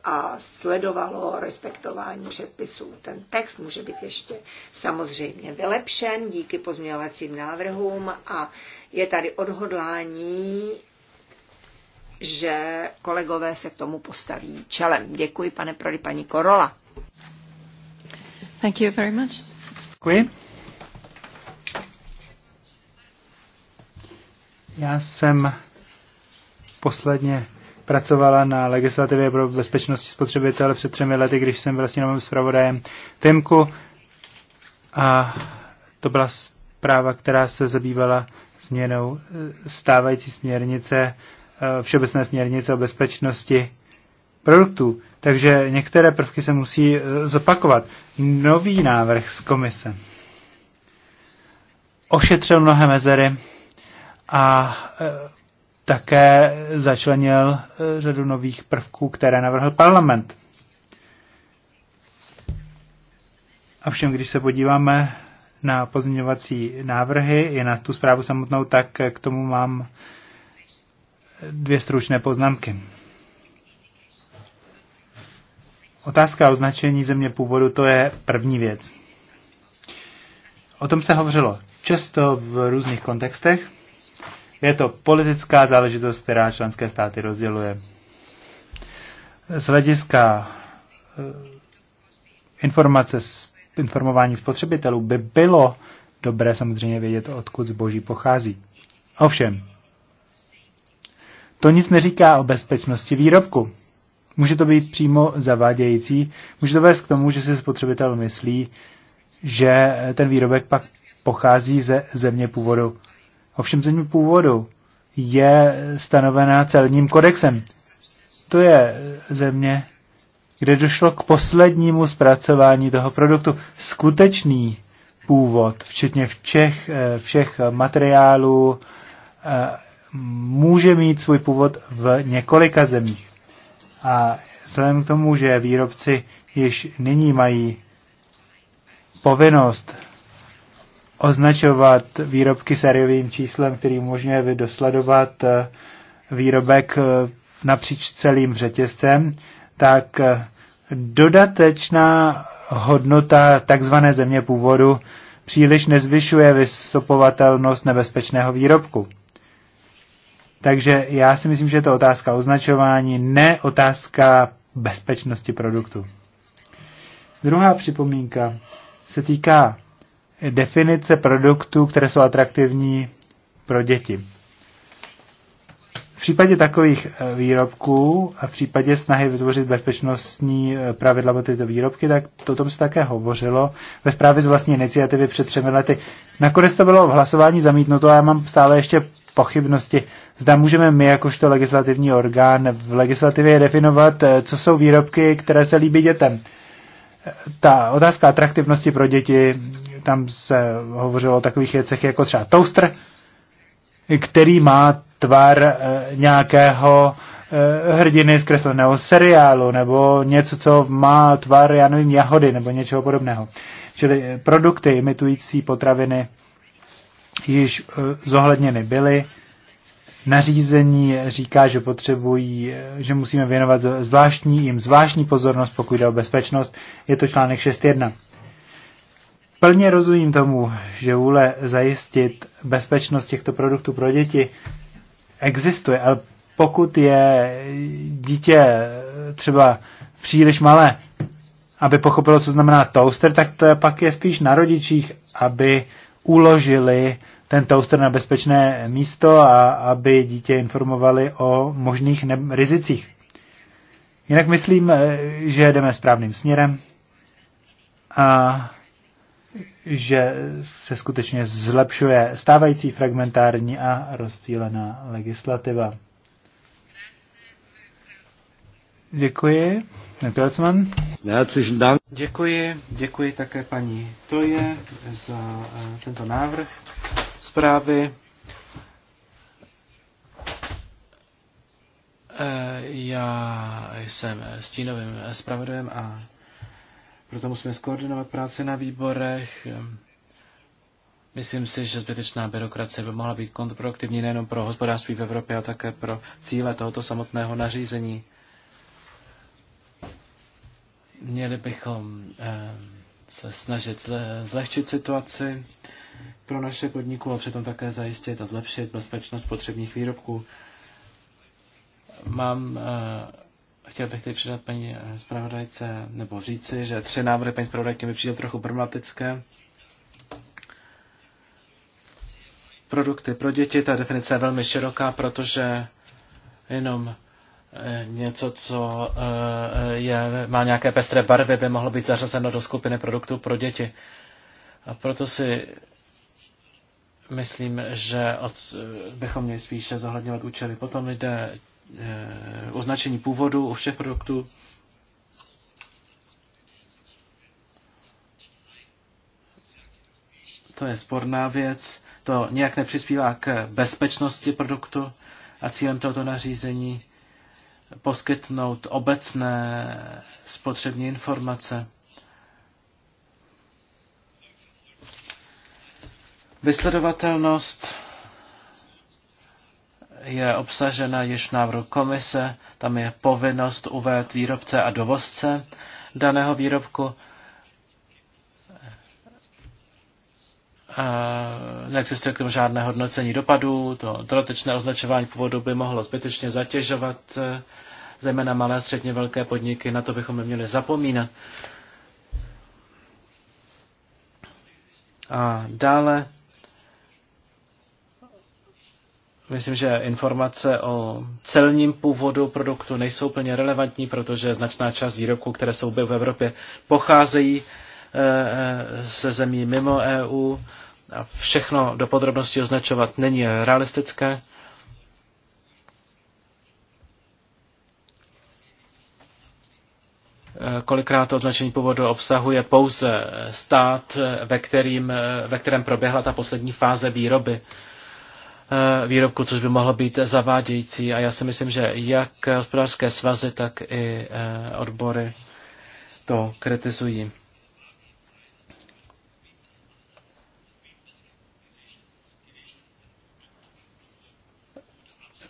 a sledovalo respektování předpisů. Ten text může být ještě samozřejmě vylepšen díky pozměňovacím návrhům a je tady odhodlání, že kolegové se k tomu postaví čelem. Děkuji, pane Prody, paní Korola. Thank you very much. Děkuji. Já jsem posledně pracovala na legislativě pro bezpečnost spotřebitele před třemi lety, když jsem byl novým zpravodajem Timku. A to byla zpráva, která se zabývala změnou eh, stávající směrnice, eh, všeobecné směrnice o bezpečnosti produktů. Takže některé prvky se musí eh, zopakovat. Nový návrh z komise ošetřil mnohé mezery a také začlenil eh, řadu nových prvků, které navrhl parlament. A všem, když se podíváme na pozměňovací návrhy i na tu zprávu samotnou, tak eh, k tomu mám eh, dvě stručné poznámky. Otázka označení země původu, to je první věc. O tom se hovořilo často v různých kontextech. Je to politická záležitost, která členské státy rozděluje. Z hlediska eh, informace, informování spotřebitelů by bylo dobré samozřejmě vědět, odkud zboží pochází. Ovšem, to nic neříká o bezpečnosti výrobku. Může to být přímo zavádějící, může to vést k tomu, že si spotřebitel myslí, že ten výrobek pak pochází ze země původu ovšem země původu je stanovená celním kodexem. To je země, kde došlo k poslednímu zpracování toho produktu. Skutečný původ, včetně všech, eh, všech materiálů, eh, může mít svůj původ v několika zemích. A vzhledem k tomu, že výrobci již nyní mají povinnost označovat výrobky sériovým číslem, který umožňuje dosledovat eh, výrobek eh, napříč celým řetězcem, tak eh, dodatečná hodnota takzvané země původu příliš nezvyšuje vystupovatelnost nebezpečného výrobku. Takže já si myslím, že je to otázka označování, ne otázka bezpečnosti produktu. Druhá připomínka se týká definice produktů, které jsou atraktivní pro děti. V případě takových eh, výrobků a v případě snahy vytvořit bezpečnostní eh, pravidla pro tyto výrobky, tak to tom se také hovořilo ve zprávě z vlastní iniciativy před třemi lety. Nakonec to bylo v hlasování zamítnuto a já mám stále ještě pochybnosti. Zda můžeme my, jakožto legislativní orgán, v legislativě definovat, eh, co jsou výrobky, které se líbí dětem. Ta otázka atraktivnosti pro děti tam se hovořilo o takových věcech jako třeba toaster, který má tvar eh, nějakého eh, hrdiny z kresleného seriálu, nebo něco, co má tvar, já nevím, jahody, nebo něčeho podobného. Čili eh, produkty imitující potraviny již zohledněny byly. Nařízení říká, že potřebují, že musíme věnovat zvláštní, jim zvláštní pozornost, pokud jde o bezpečnost. Je to článek Plně rozumím tomu, že vůle zajistit bezpečnost těchto produktů pro děti existuje, ale pokud je dítě třeba příliš malé, aby pochopilo, co znamená toaster, tak to pak je spíš na rodičích, aby uložili ten toaster na bezpečné místo a aby dítě informovali o možných rizicích. Jinak myslím, že jdeme správným směrem a že se skutečně zlepšuje stávající fragmentární a rozpílená legislativa. Děkuji. Pilcman. Děkuji, děkuji také paní Toje za eh, tento návrh zprávy. Eh, já jsem stínovým zpravodajem a proto musíme skoordinovat práci na výborech. Myslím si, že zbytečná byrokracie by mohla být kontraproduktivní nejenom pro hospodářství v Evropě, ale také pro cíle tohoto samotného nařízení. Měli bychom eh, se snažit zlehčit situaci pro naše podniku a přitom také zajistit a zlepšit bezpečnost potřebních výrobků. Mám eh, Chtěl bych tady předat paní eh, zpravodajce, nebo říci, že tři návrhy paní zpravodajky mi přijde trochu problematické. Produkty pro děti, ta definice je velmi široká, protože jenom eh, něco, co eh, je, má nějaké pestré barvy, by mohlo být zařazeno do skupiny produktů pro děti. A proto si myslím, že od, bychom měli spíše zohledňovat účely. Potom jde Eh, označení původu u všech produktů. To je sporná věc. To nějak nepřispívá k bezpečnosti produktu a cílem tohoto nařízení poskytnout obecné spotřební informace. Vysledovatelnost je obsažena již v návrhu komise. Tam je povinnost uvést výrobce a dovozce daného výrobku. neexistuje k tomu žádné hodnocení dopadů, to dodatečné označování původu by mohlo zbytečně zatěžovat eh, zejména malé a středně velké podniky, na to bychom měli zapomínat. A dále Myslím, že informace o celním původu produktu nejsou plně relevantní, protože značná část výrobků, které jsou v Evropě, pocházejí eh, eh, ze zemí mimo EU a všechno do podrobností označovat není realistické. Eh, kolikrát to označení původu obsahuje pouze stát, ve, kterým, ve kterém proběhla ta poslední fáze výroby Eh, výrobku, což by mohlo být zavádějící. A já si myslím, že jak hospodářské svazy, tak i eh, odbory to kritizují.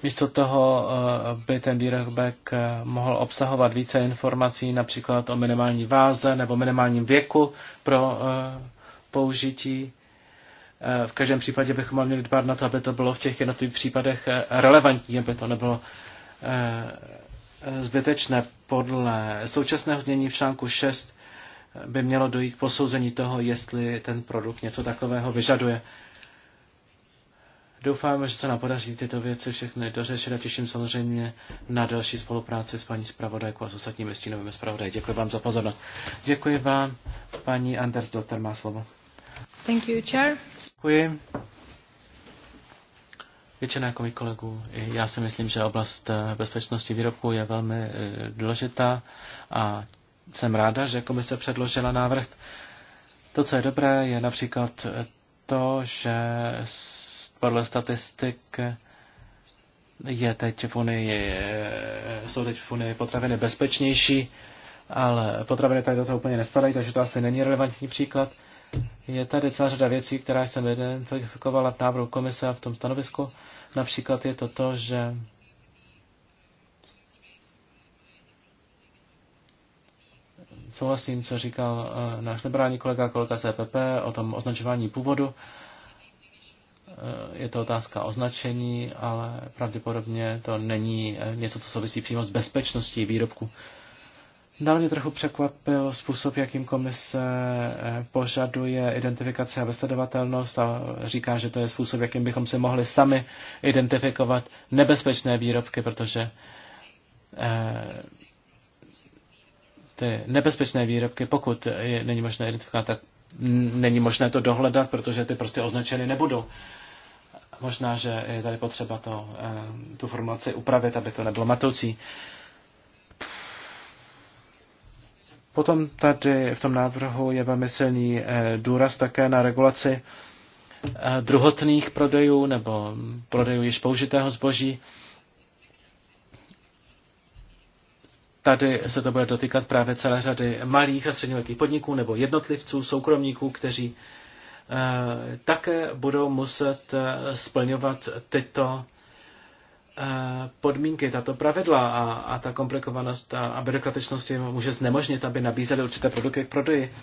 Místo toho eh, by ten výrobek mohl obsahovat více informací, například o minimální váze nebo minimálním věku pro použití Eh, v každém případě bychom měli dbát na to, aby to bylo v těch jednotlivých případech eh, relevantní, aby to nebylo eh, zbytečné. Podle současného znění v článku 6 by mělo dojít k posouzení toho, jestli ten produkt něco takového vyžaduje. Doufám, že se nám podaří tyto věci všechny dořešit a těším samozřejmě na další spolupráci s paní zpravodajkou a s ostatními stínovými zpravodaji. Děkuji vám za pozornost. Děkuji vám. Paní Anders Dotter má slovo. Thank you, chair. Děkuji. Většina jako mých kolegů, já si myslím, že oblast eh, bezpečnosti výrobků je velmi eh, důležitá a jsem ráda, že komise předložila návrh. To, co je dobré, je například eh, to, že podle statistik je teď v Unii, jsou teď v Unii potraviny bezpečnější, ale potraviny tady do toho úplně nespadají, takže to asi není relevantní příklad. Je tady celá řada věcí, která jsem identifikovala v návrhu komise a v tom stanovisku. Například je to to, že souhlasím, co říkal eh, náš liberální kolega, kolega CPP e o tom označování původu. Eh, je to otázka označení, ale pravděpodobně to není eh, něco, co souvisí přímo s bezpečností výrobku. Dále mě trochu překvapil způsob, jakým komise eh, požaduje identifikaci a vysledovatelnost a říká, že to je způsob, jakým bychom si mohli sami identifikovat nebezpečné výrobky, protože eh, ty nebezpečné výrobky, pokud je není možné identifikovat, tak není možné to dohledat, protože ty prostě označeny nebudou. Možná, že je tady potřeba to, eh, tu formulaci upravit, aby to nebylo matoucí. Potom tady v tom návrhu je velmi silný eh, důraz také na regulaci eh, druhotných prodejů nebo prodejů již použitého zboží. Tady se to bude dotýkat právě celé řady malých a středně velkých podniků nebo jednotlivců, soukromníků, kteří eh, také budou muset splňovat tyto Eh, podmínky, tato pravidla a, a ta komplikovanost a, a byrokratičnost jim může znemožnit, aby nabízeli určité produkty k prodeji.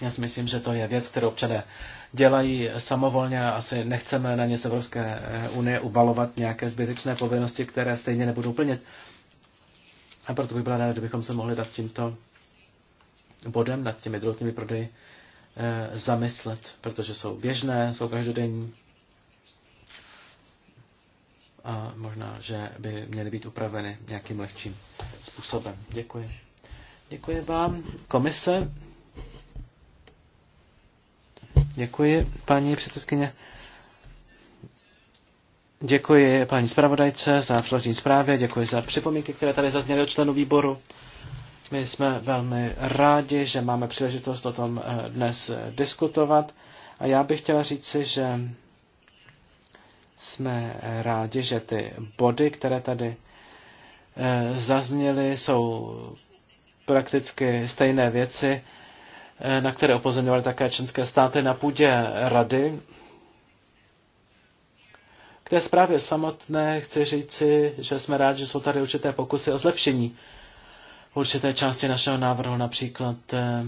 Já si myslím, že to je věc, kterou občané dělají samovolně a asi nechceme na ně z Evropské eh, unie ubalovat nějaké zbytečné povinnosti, které stejně nebudou plnit. A proto bych byla ráda, kdybychom se mohli nad tímto bodem, nad těmi druhými prodeji, eh, zamyslet, protože jsou běžné, jsou každodenní a možná, že by měly být upraveny nějakým lehčím způsobem. Děkuji. Děkuji vám. Komise. Děkuji, paní předsedkyně. Děkuji paní zpravodajce za vložení zprávě, děkuji za připomínky, které tady zazněly od členů výboru. My jsme velmi rádi, že máme příležitost o tom eh, dnes eh, diskutovat. A já bych chtěla říci, že jsme rádi, že ty body, které tady eh, zazněly, jsou prakticky stejné věci, eh, na které upozorňovaly také členské státy na půdě rady. K té zprávě samotné chci říci, že jsme rádi, že jsou tady určité pokusy o zlepšení určité části našeho návrhu, například eh,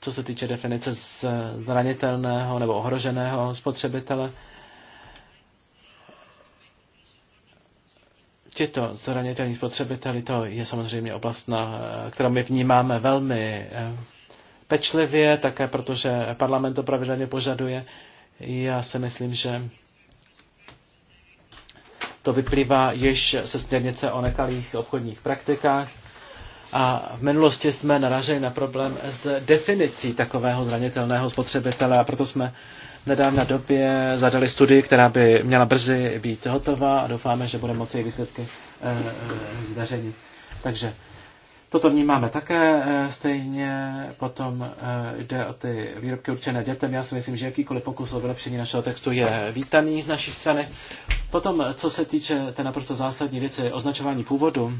co se týče definice zranitelného nebo ohroženého spotřebitele. Těto zranitelní spotřebiteli, to je samozřejmě oblast, na, kterou my vnímáme velmi eh, pečlivě, také protože parlament to pravidelně požaduje. Já si myslím, že to vyplývá již se směrnice o nekalých obchodních praktikách. A v minulosti jsme naraželi na problém s definicí takového zranitelného spotřebitele a proto jsme nedávna nedávné době zadali studii, která by měla brzy být hotová a doufáme, že bude moci její výsledky eh, eh, zveřejnit. Takže toto vnímáme také. Eh, stejně potom jde o ty výrobky určené dětem. Já si myslím, že jakýkoliv pokus o vylepšení našeho textu je vítaný z naší strany. Potom, co se týče té naprosto zásadní věci označování původu,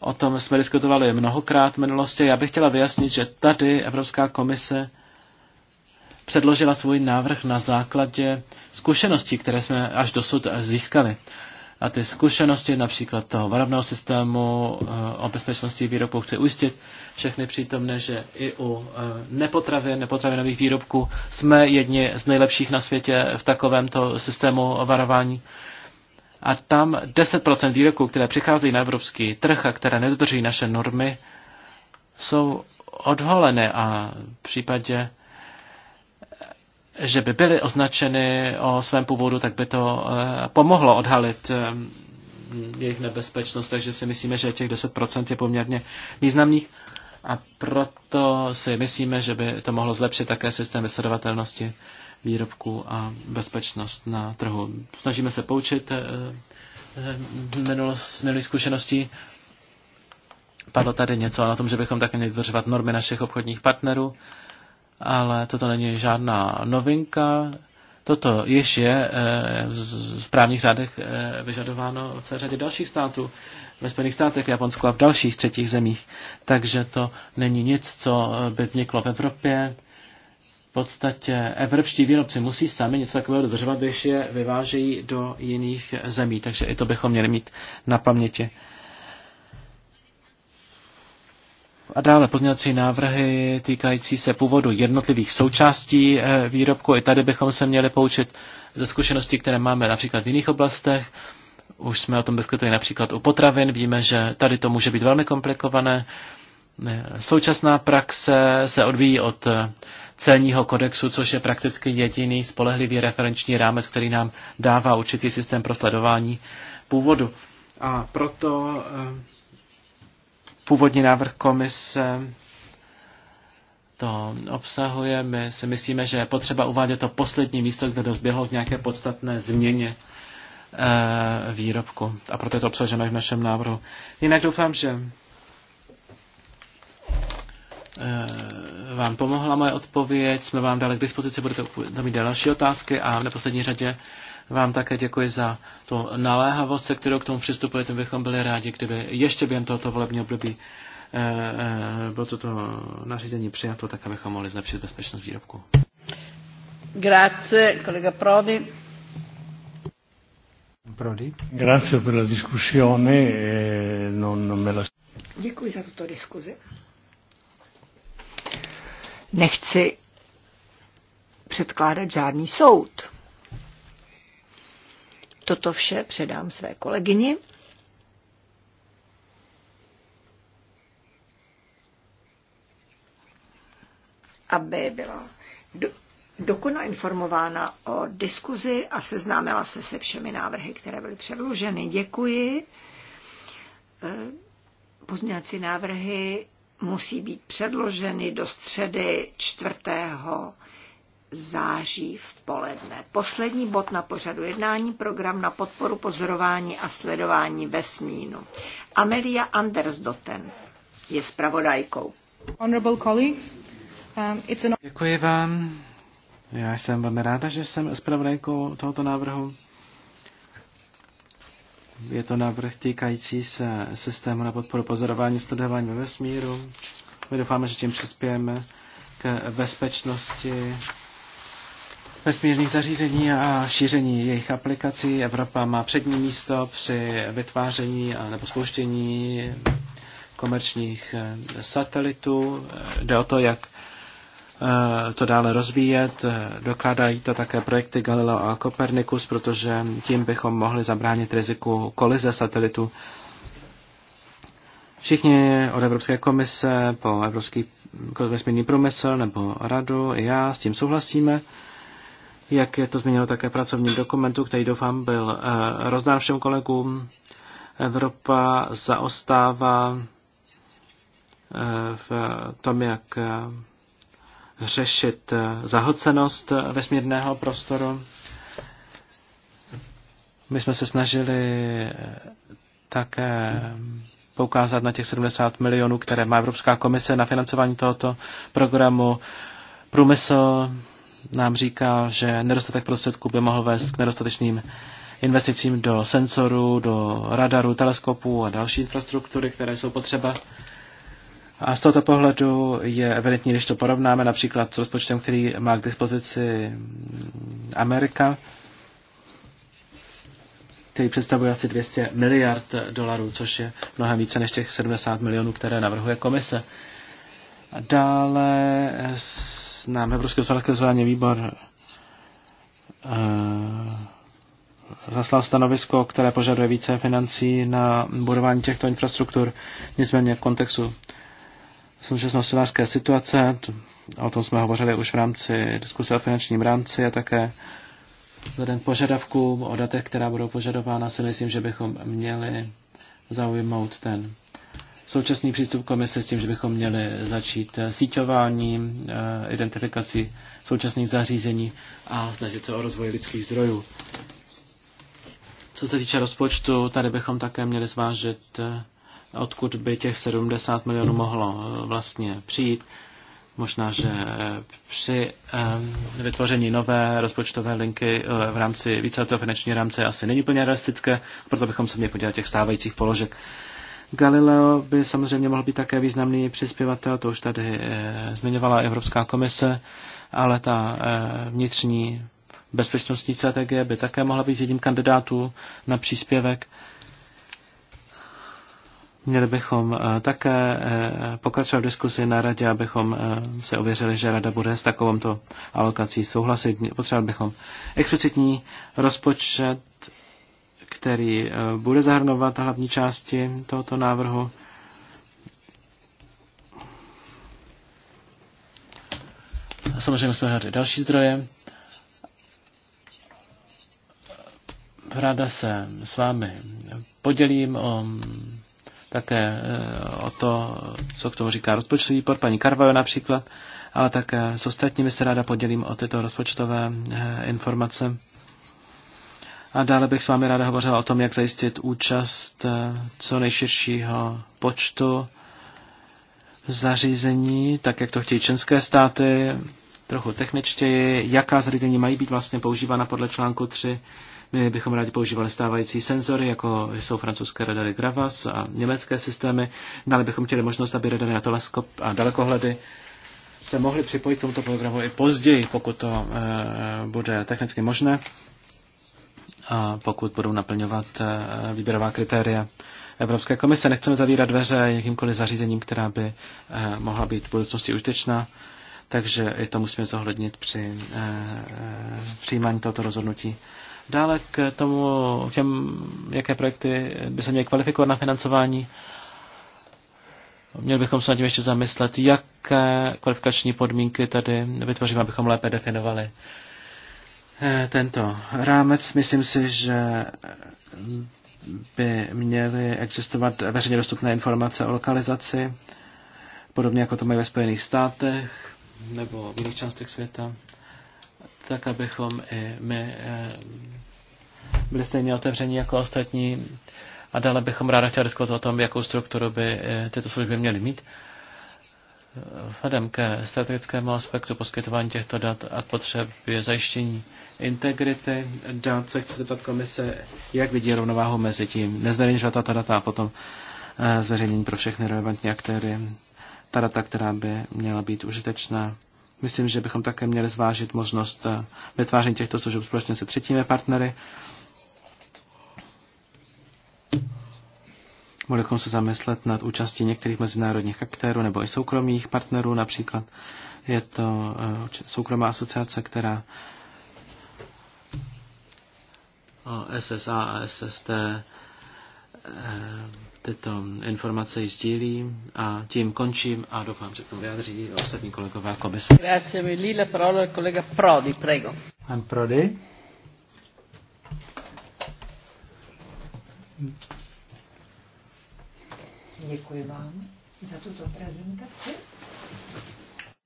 o tom jsme diskutovali mnohokrát v minulosti. Já bych chtěla vyjasnit, že tady Evropská komise předložila svůj návrh na základě zkušeností, které jsme až dosud získali. A ty zkušenosti například toho varovného systému eh, o bezpečnosti výrobků chci ujistit všechny přítomné, že i u eh, nepotravin, nepotravinových výrobků jsme jedni z nejlepších na světě v takovémto systému varování. A tam 10% výrobků, které přicházejí na evropský trh a které nedodržují naše normy, jsou odholeny a v případě že by byly označeny o svém původu, tak by to eh, pomohlo odhalit eh, jejich nebezpečnost, takže si myslíme, že těch 10% je poměrně významných a proto si myslíme, že by to mohlo zlepšit také systém vysledovatelnosti výrobků a bezpečnost na trhu. Snažíme se poučit eh, minulost, minulých zkušeností. Padlo tady něco na tom, že bychom také měli dodržovat normy našich obchodních partnerů ale toto není žádná novinka. Toto již je v eh, právních řádech eh, vyžadováno v celé řadě dalších států, ve Spojených státech, Japonsku a v dalších třetích zemích. Takže to není nic, co eh, by vniklo v Evropě. V podstatě evropští výrobci musí sami něco takového dodržovat, když je vyvážejí do jiných zemí. Takže i to bychom měli mít na paměti. A dále pozměňovací návrhy týkající se původu jednotlivých součástí eh, výrobku. I tady bychom se měli poučit ze zkušeností, které máme například v jiných oblastech. Už jsme o tom diskutovali například u potravin. Víme, že tady to může být velmi komplikované. Eh, současná praxe se odvíjí od eh, celního kodexu, což je prakticky jediný spolehlivý referenční rámec, který nám dává určitý systém pro sledování původu. A proto původní návrh komise to obsahuje. My si myslíme, že je potřeba uvádět to poslední místo, kde dozběhlo k nějaké podstatné změně e, výrobku. A proto je to obsaženo i v našem návrhu. Jinak doufám, že e, vám pomohla moje odpověď, jsme vám dali k dispozici, budete mít další otázky a v neposlední řadě vám také děkuji za tu naléhavost, se kterou k tomu přistupujete. Bychom byli rádi, kdyby ještě během tohoto volebního období eh, eh, bylo toto nařízení přijato, tak abychom mohli zlepšit bezpečnost výrobku. Grazie, kolega Prodi. Prodi. Grazie per la discussione, eh, non, non me la... Děkuji za tuto diskuzi. Nechci předkládat žádný soud. Toto vše předám své kolegyni. aby byla do, dokona informována o diskuzi a seznámila se se všemi návrhy, které byly předloženy. Děkuji. E, pozměňovací návrhy musí být předloženy do středy 4 září v poledne. Poslední bod na pořadu jednání, program na podporu pozorování a sledování vesmínu. Amelia Andersdotten je zpravodajkou. Honorable colleagues, um, it's an... Děkuji vám. Já jsem velmi ráda, že jsem zpravodajkou tohoto návrhu. Je to návrh týkající se systému na podporu pozorování a sledování ve vesmíru. My doufáme, že tím přispějeme k bezpečnosti vesmírných zařízení a šíření jejich aplikací. Evropa má přední místo při vytváření a nebo spouštění komerčních eh, satelitů. Jde o to, jak eh, to dále rozvíjet. Dokládají to také projekty Galileo a Copernicus, protože tím bychom mohli zabránit riziku kolize satelitu. Všichni od Evropské komise po Evropský vesmírný průmysl nebo radu i já s tím souhlasíme jak je to změnilo také pracovním dokumentu, který doufám byl eh, rozdán všem kolegům. Evropa zaostává eh, v tom, jak eh, řešit zahlcenost vesmírného prostoru. My jsme se snažili také poukázat na těch 70 milionů, které má Evropská komise na financování tohoto programu. Průmysl nám říká, že nedostatek prostředků by mohl vést k nedostatečným investicím do sensorů, do radarů, teleskopů a další infrastruktury, které jsou potřeba. A z tohoto pohledu je evidentní, když to porovnáme například s rozpočtem, který má k dispozici Amerika, který představuje asi 200 miliard dolarů, což je mnohem více než těch 70 milionů, které navrhuje komise. Dále nám Evropské hospodářský sociální výbor e, zaslal stanovisko, které požaduje více financí na budování těchto infrastruktur, nicméně v kontextu současné hospodářské situace, o tom jsme hovořili už v rámci diskuse o finančním rámci a také vzhledem k požadavkům o datech, která budou požadována, si myslím, že bychom měli zaujmout ten současný přístup komise s tím, že bychom měli začít eh, síťování, eh, identifikaci současných zařízení a snažit se o rozvoj lidských zdrojů. Co se týče rozpočtu, tady bychom také měli zvážit, eh, odkud by těch 70 milionů mohlo vlastně přijít. Možná, že při vytvoření nové rozpočtové linky v rámci víceletého finanční rámce asi není úplně realistické, proto bychom se měli podívat těch stávajících položek. Galileo by samozřejmě mohl být také významný přispěvatel, to už tady eh, zmiňovala Evropská komise, ale ta eh, vnitřní bezpečnostní strategie by také mohla být jedním kandidátů na příspěvek. Měli bychom eh, také pokračovat v diskusi na radě, abychom se ověřili, že rada bude s takovouto alokací souhlasit. Potřebovali bychom explicitní rozpočet který eh, bude zahrnovat hlavní části tohoto návrhu. A samozřejmě jsme hledali další zdroje. Ráda se s vámi podělím o, také eh, o to, co k tomu říká rozpočtový výbor, paní Karvajo například, ale také s ostatními se ráda podělím o tyto rozpočtové eh, informace. A dále bych s vámi ráda hovořila o tom, jak zajistit účast eh, co nejširšího počtu zařízení, tak jak to chtějí členské státy, trochu techničtěji, jaká zařízení mají být vlastně používána podle článku 3. My bychom rádi používali stávající senzory, jako jsou francouzské radary Gravas a německé systémy. Dále bychom chtěli možnost, aby radary na teleskop a dalekohledy se mohly připojit k tomuto programu i později, pokud to e, bude technicky možné a pokud budou naplňovat eh, výběrová kritéria Evropské komise. Nechceme zavírat dveře jakýmkoliv zařízením, která by eh, mohla být v budoucnosti užitečná, takže i to musíme zohlednit při eh, přijímání tohoto rozhodnutí. Dále k tomu, k těm, jaké projekty by se měly kvalifikovat na financování, měli bychom se nad tím ještě zamyslet, jaké kvalifikační podmínky tady vytvoříme, abychom lépe definovali Eh, tento rámec. Myslím si, že by měly existovat veřejně dostupné informace o lokalizaci, podobně jako to mají ve Spojených státech nebo v jiných částech světa, tak abychom i my eh, byli stejně otevření jako ostatní. A dále bychom ráda chtěli diskutovat o tom, jakou strukturu by eh, tyto služby měly mít. Vzhledem ke strategickému aspektu poskytování těchto dat a potřebě zajištění integrity dat se chci zeptat komise, jak vidí rovnováhu mezi tím nezveřejňovat tato data a potom eh, zveřejnění pro všechny relevantní aktéry, ta data, která by měla být užitečná. Myslím, že bychom také měli zvážit možnost eh, vytváření těchto služeb společně se třetími partnery. Mohli bychom se zamyslet nad účastí některých mezinárodních aktérů nebo i soukromých partnerů. Například je to eh, soukromá asociace, která eh, SSA a SST eh, tyto informace již sdílí a tím končím a doufám, že to vyjádří ostatní kolegové komise. Jako Grazie mille, la parola kolega Prodi, prego. Pan Prodi. Děkuji vám za tuto prezentaci.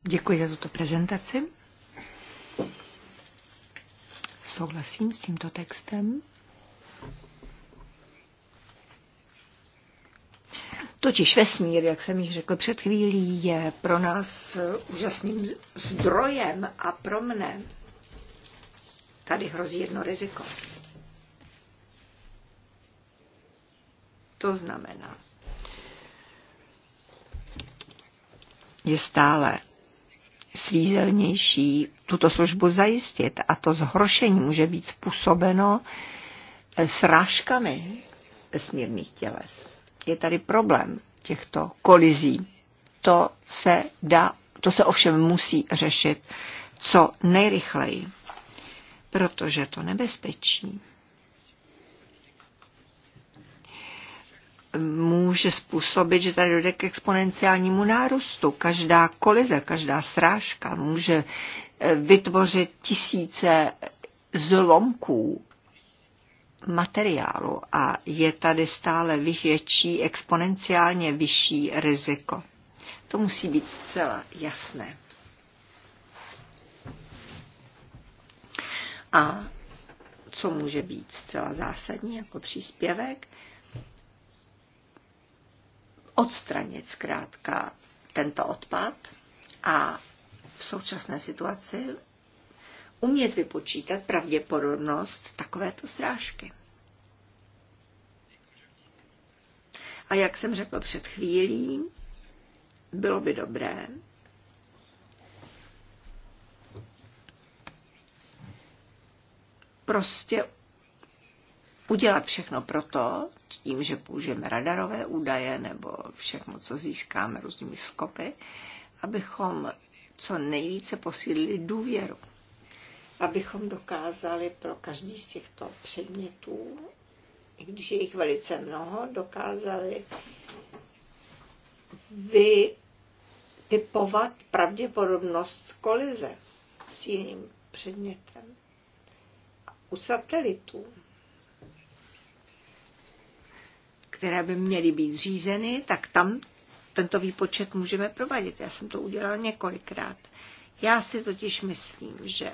Děkuji za tuto prezentaci. Souhlasím s tímto textem. Totiž vesmír, jak jsem již řekl před chvílí, je pro nás úžasným zdrojem a pro mne tady hrozí jedno riziko. To znamená, je stále svízelnější tuto službu zajistit a to zhoršení může být způsobeno eh, srážkami vesmírných těles. Je tady problém těchto kolizí. To se, dá, to se ovšem musí řešit co nejrychleji, protože to nebezpečí může způsobit, že tady dojde k exponenciálnímu nárůstu. Každá kolize, každá srážka může eh, vytvořit tisíce zlomků materiálu a je tady stále větší, exponenciálně vyšší riziko. To musí být zcela jasné. A co může být zcela zásadní jako příspěvek, odstranit zkrátka tento odpad a v současné situaci umět vypočítat pravděpodobnost takovéto srážky. A jak jsem řekl před chvílí, bylo by dobré, prostě udělat všechno pro to, tím, že použijeme radarové údaje nebo všechno, co získáme různými skopy, abychom co nejvíce posílili důvěru. Abychom dokázali pro každý z těchto předmětů, i když je jich velice mnoho, dokázali vytipovat pravděpodobnost kolize s jiným předmětem. U satelitů které by měly být zřízeny, tak tam tento výpočet můžeme provádět. Já jsem to udělala několikrát. Já si totiž myslím, že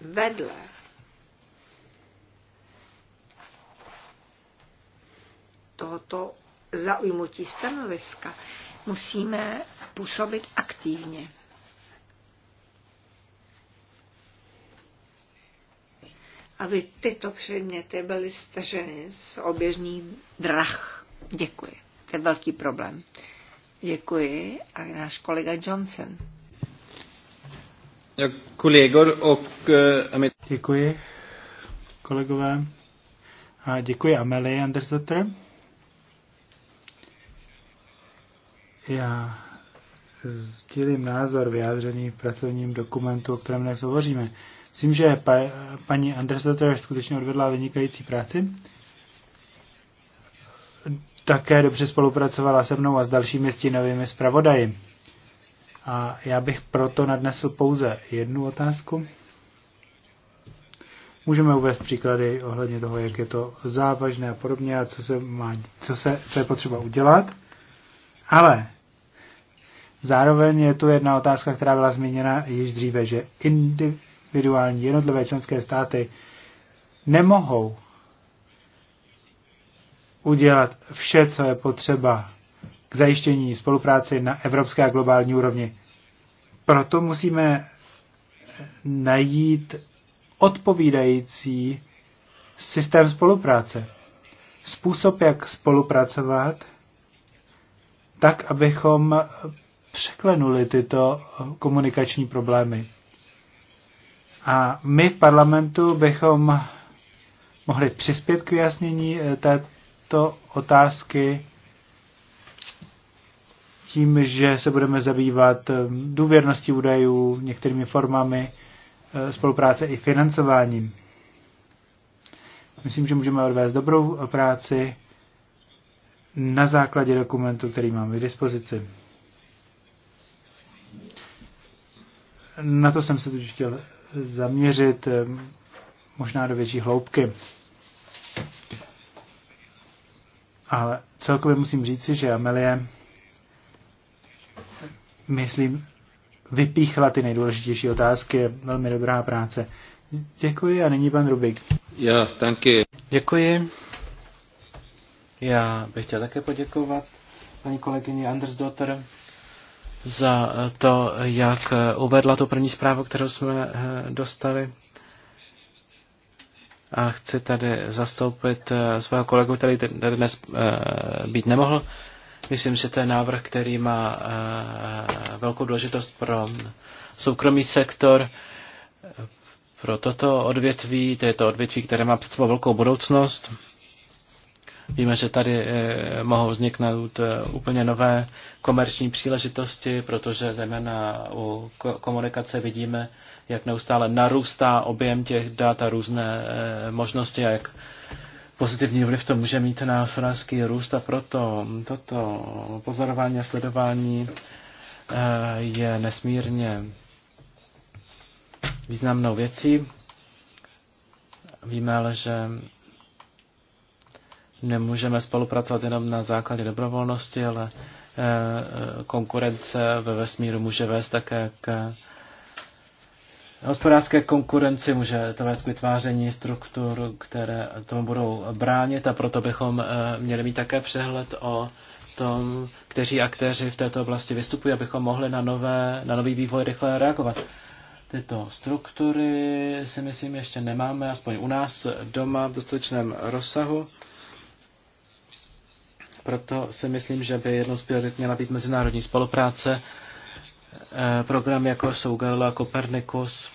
vedle tohoto zaujmutí stanoviska musíme působit aktivně. aby tyto předměty byly staženy z oběžných drah. Děkuji. To je velký problém. Děkuji. A náš kolega Johnson. Eh, děkuji, kolegové. A děkuji Amelie Andersdotter. Já sdílím názor vyjádřený v pracovním dokumentu, o kterém dnes hovoříme. Myslím, že pa, paní Andresdotter skutečně odvedla vynikající práci. Také dobře spolupracovala se mnou a s dalšími stínovými zpravodaji. A já bych proto nadnesl pouze jednu otázku. Můžeme uvést příklady ohledně toho, jak je to závažné a podobně a co se, má, co se co je potřeba udělat. Ale zároveň je tu jedna otázka, která byla zmíněna již dříve, že indiv, individuální jednotlivé členské státy nemohou udělat vše, co je potřeba k zajištění spolupráce na evropské a globální úrovni. Proto musíme najít odpovídající systém spolupráce. Způsob, jak spolupracovat, tak, abychom překlenuli tyto komunikační problémy. A my v parlamentu bychom mohli přispět k vyjasnění eh, této otázky tím, že se budeme zabývat eh, důvěrností údajů, některými formami eh, spolupráce i financováním. Myslím, že můžeme odvést dobrou práci na základě dokumentu, který máme k dispozici. Na to jsem se tu chtěl zaměřit eh, možná do větší hloubky. Ale celkově musím říci, že Amelie, myslím, vypíchla ty nejdůležitější otázky. Velmi dobrá práce. Děkuji a nyní pan Rubik. Já, děkuji. Děkuji. Já bych chtěl také poděkovat paní kolegyni Anders Dotter za to, jak uvedla tu první zprávu, kterou jsme eh, dostali. A chci tady zastoupit eh, svého kolegu, který dnes eh, být nemohl. Myslím, že to je návrh, který má velkou důležitost pro soukromý sektor, pro toto odvětví, to je to odvětví, které má před sebou velkou budoucnost. Víme, že tady eh, mohou vzniknout eh, úplně nové komerční příležitosti, protože zejména u komunikace vidíme, jak neustále narůstá objem těch dat a různé eh, možnosti a jak pozitivní vliv to může mít na franský růst a proto toto pozorování a sledování je nesmírně významnou věcí. Víme ale, že nemůžeme spolupracovat jenom na základě dobrovolnosti, ale eh, eh, konkurence ve vesmíru může vést také k eh, hospodářské konkurenci, může to vést k vytváření struktur, které tomu budou bránit a proto bychom měli mít také přehled o tom, kteří aktéři v této oblasti vystupují, abychom mohli na, nové, na nový vývoj rychle reagovat. Tyto struktury si myslím ještě nemáme, aspoň u nás doma v dostatečném rozsahu. Proto si myslím, že by jednou z priorit měla být mezinárodní spolupráce. Eh, programy jako jsou Galileo a Copernicus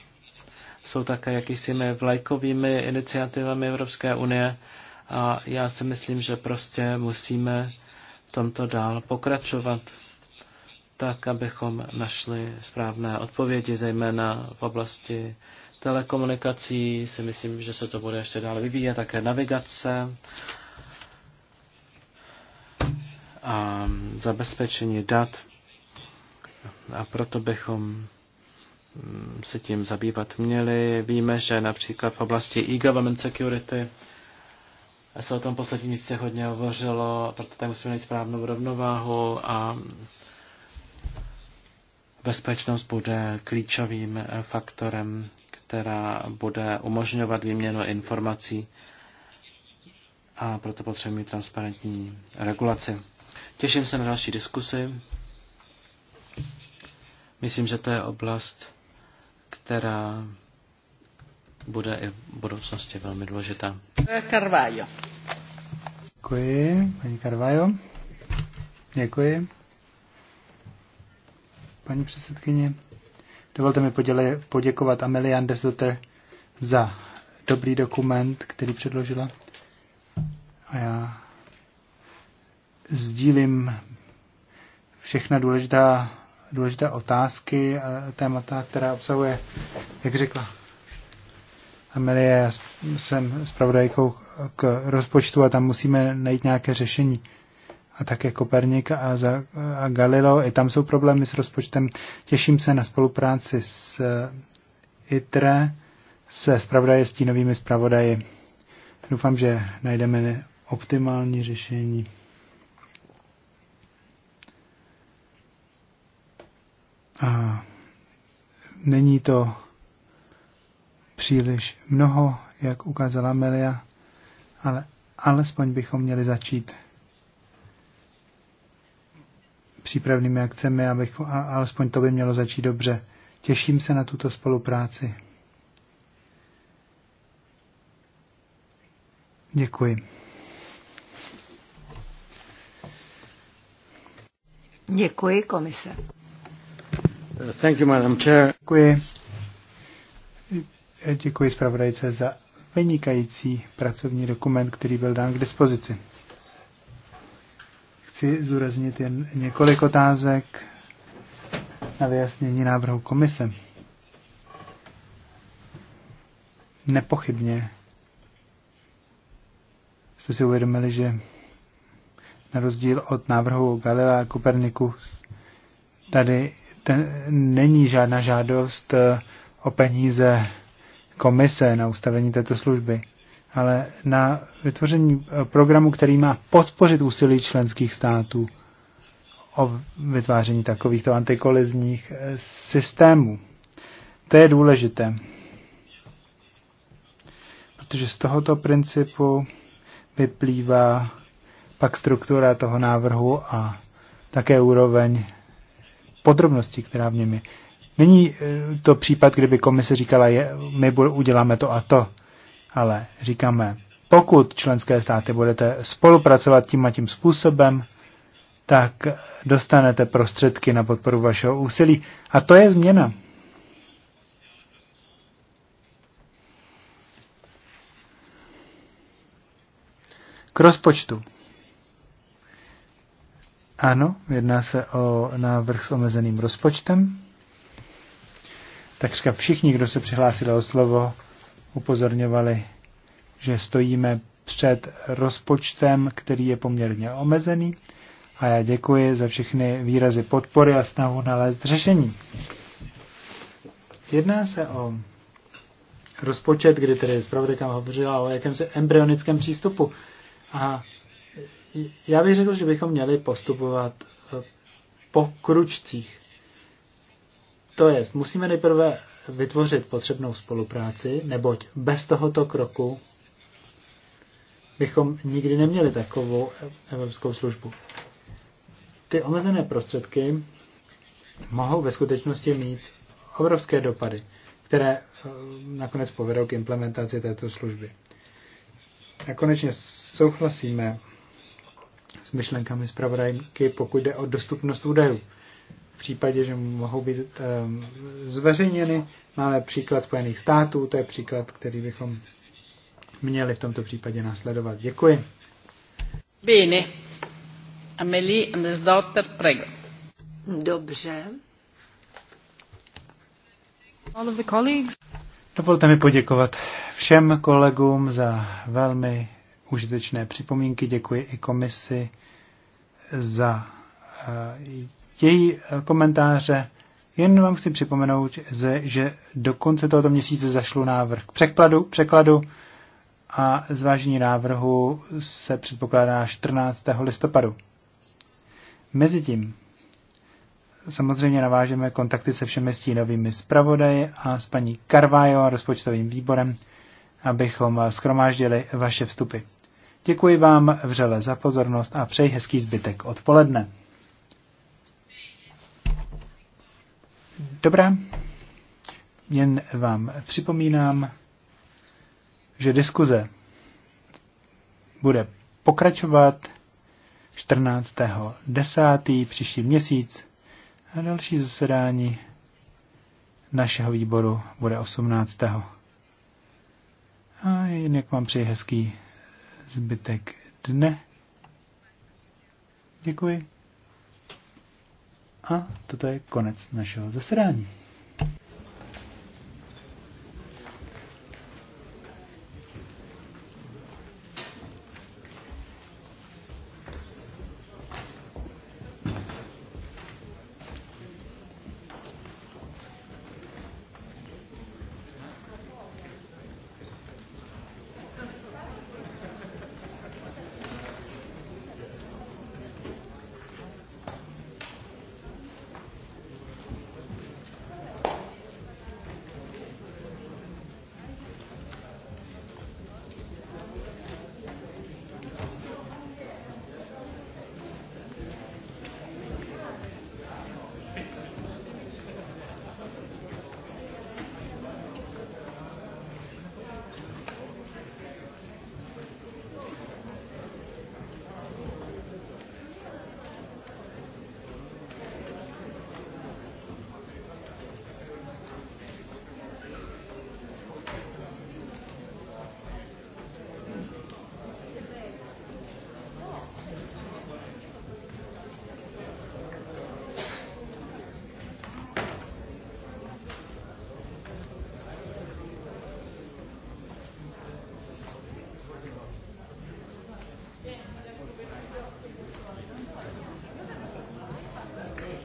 jsou také jakýsimi vlajkovými iniciativami Evropské unie a já si myslím, že prostě musíme v tomto dál pokračovat tak, abychom našli správné odpovědi, zejména v oblasti telekomunikací. Si myslím, že se to bude ještě dále vyvíjet, také navigace a zabezpečení dat. A proto bychom mm, se tím zabývat měli. Víme, že například v oblasti e-government security se o tom poslední měsíce hodně hovořilo, proto tam musíme mít správnou rovnováhu a bezpečnost bude klíčovým faktorem, která bude umožňovat výměnu informací a proto potřebujeme transparentní regulaci. Těším se na další diskusy. Myslím, že to je oblast, která bude i v budoucnosti velmi důležitá. Carvalho. Děkuji, paní Carvalho. Děkuji. Paní předsedkyně, dovolte mi poděle, poděkovat Amelie Andersdotter za dobrý dokument, který předložila. A já sdílím všechna důležitá, důležitá otázky a témata, která obsahuje, jak řekla Amelie, já jsem zpravodajkou k rozpočtu a tam musíme najít nějaké řešení. A také Kopernik a, za, a Galileo, i tam jsou problémy s rozpočtem. Těším se na spolupráci s eh, ITRE, se zpravodaje s tínovými zpravodaji. Doufám, že najdeme optimální řešení. A není to příliš mnoho, jak ukázala Melia, ale alespoň bychom měli začít přípravnými akcemi, abych, a, alespoň to by mělo začít dobře. Těším se na tuto spolupráci. Děkuji. Děkuji komise. Thank you, Madam Chair. Děkuji. Děkuji zpravodajce za vynikající pracovní dokument, který byl dán k dispozici. Chci zúraznit jen několik otázek na vyjasnění návrhu komise. Nepochybně jste si uvědomili, že na rozdíl od návrhu Galilea a Koperniku tady ten, není žádná žádost eh, o peníze komise na ustavení této služby, ale na vytvoření eh, programu, který má podpořit úsilí členských států o vytváření takovýchto antikolizních eh, systémů. To je důležité, protože z tohoto principu vyplývá pak struktura toho návrhu a také úroveň Podrobnosti, která v něm je. Není eh, to případ, kdyby komise říkala, je, my uděláme to a to, ale říkáme, pokud členské státy budete spolupracovat tím a tím způsobem, tak dostanete prostředky na podporu vašeho úsilí. A to je změna. K rozpočtu. Ano, jedná se o návrh s omezeným rozpočtem. Takřka všichni, kdo se přihlásili o slovo, upozorňovali, že stojíme před rozpočtem, který je poměrně omezený. A já děkuji za všechny výrazy podpory a snahu nalézt řešení. Jedná se o rozpočet, kdy tedy zpravodajka hovořila o jakémsi embryonickém přístupu. A já bych řekl, že bychom měli postupovat eh, po kručcích. To je. musíme nejprve vytvořit potřebnou spolupráci, neboť bez tohoto kroku bychom nikdy neměli takovou evropskou službu. Ty omezené prostředky mohou ve skutečnosti mít obrovské dopady, které eh, nakonec povedou k implementaci této služby. A konečně souhlasíme s myšlenkami zpravodajky, pokud jde o dostupnost údajů. V případě, že mohou být um, zveřejněny, máme příklad Spojených států, to je příklad, který bychom měli v tomto případě následovat. Děkuji. Bene. Amelie daughter prego. Dobře. All of the colleagues. Dovolte mi poděkovat všem kolegům za velmi užitečné připomínky. Děkuji i komisi za eh, její eh, komentáře. Jen vám chci připomenout, že do konce tohoto měsíce zašlu návrh k překladu, překladu a zvážení návrhu se předpokládá 14. listopadu. Mezitím samozřejmě navážeme kontakty se všemi stínovými zpravodaji a s paní Carvajo a rozpočtovým výborem, abychom eh, schromáždili vaše vstupy. Děkuji vám vřele za pozornost a přeji hezký zbytek odpoledne. Dobrá, jen vám připomínám, že diskuze bude pokračovat 14.10. příští měsíc a další zasedání našeho výboru bude 18. A jinak vám přeji hezký zbytek dne. Děkuji. A toto je konec našeho zasedání.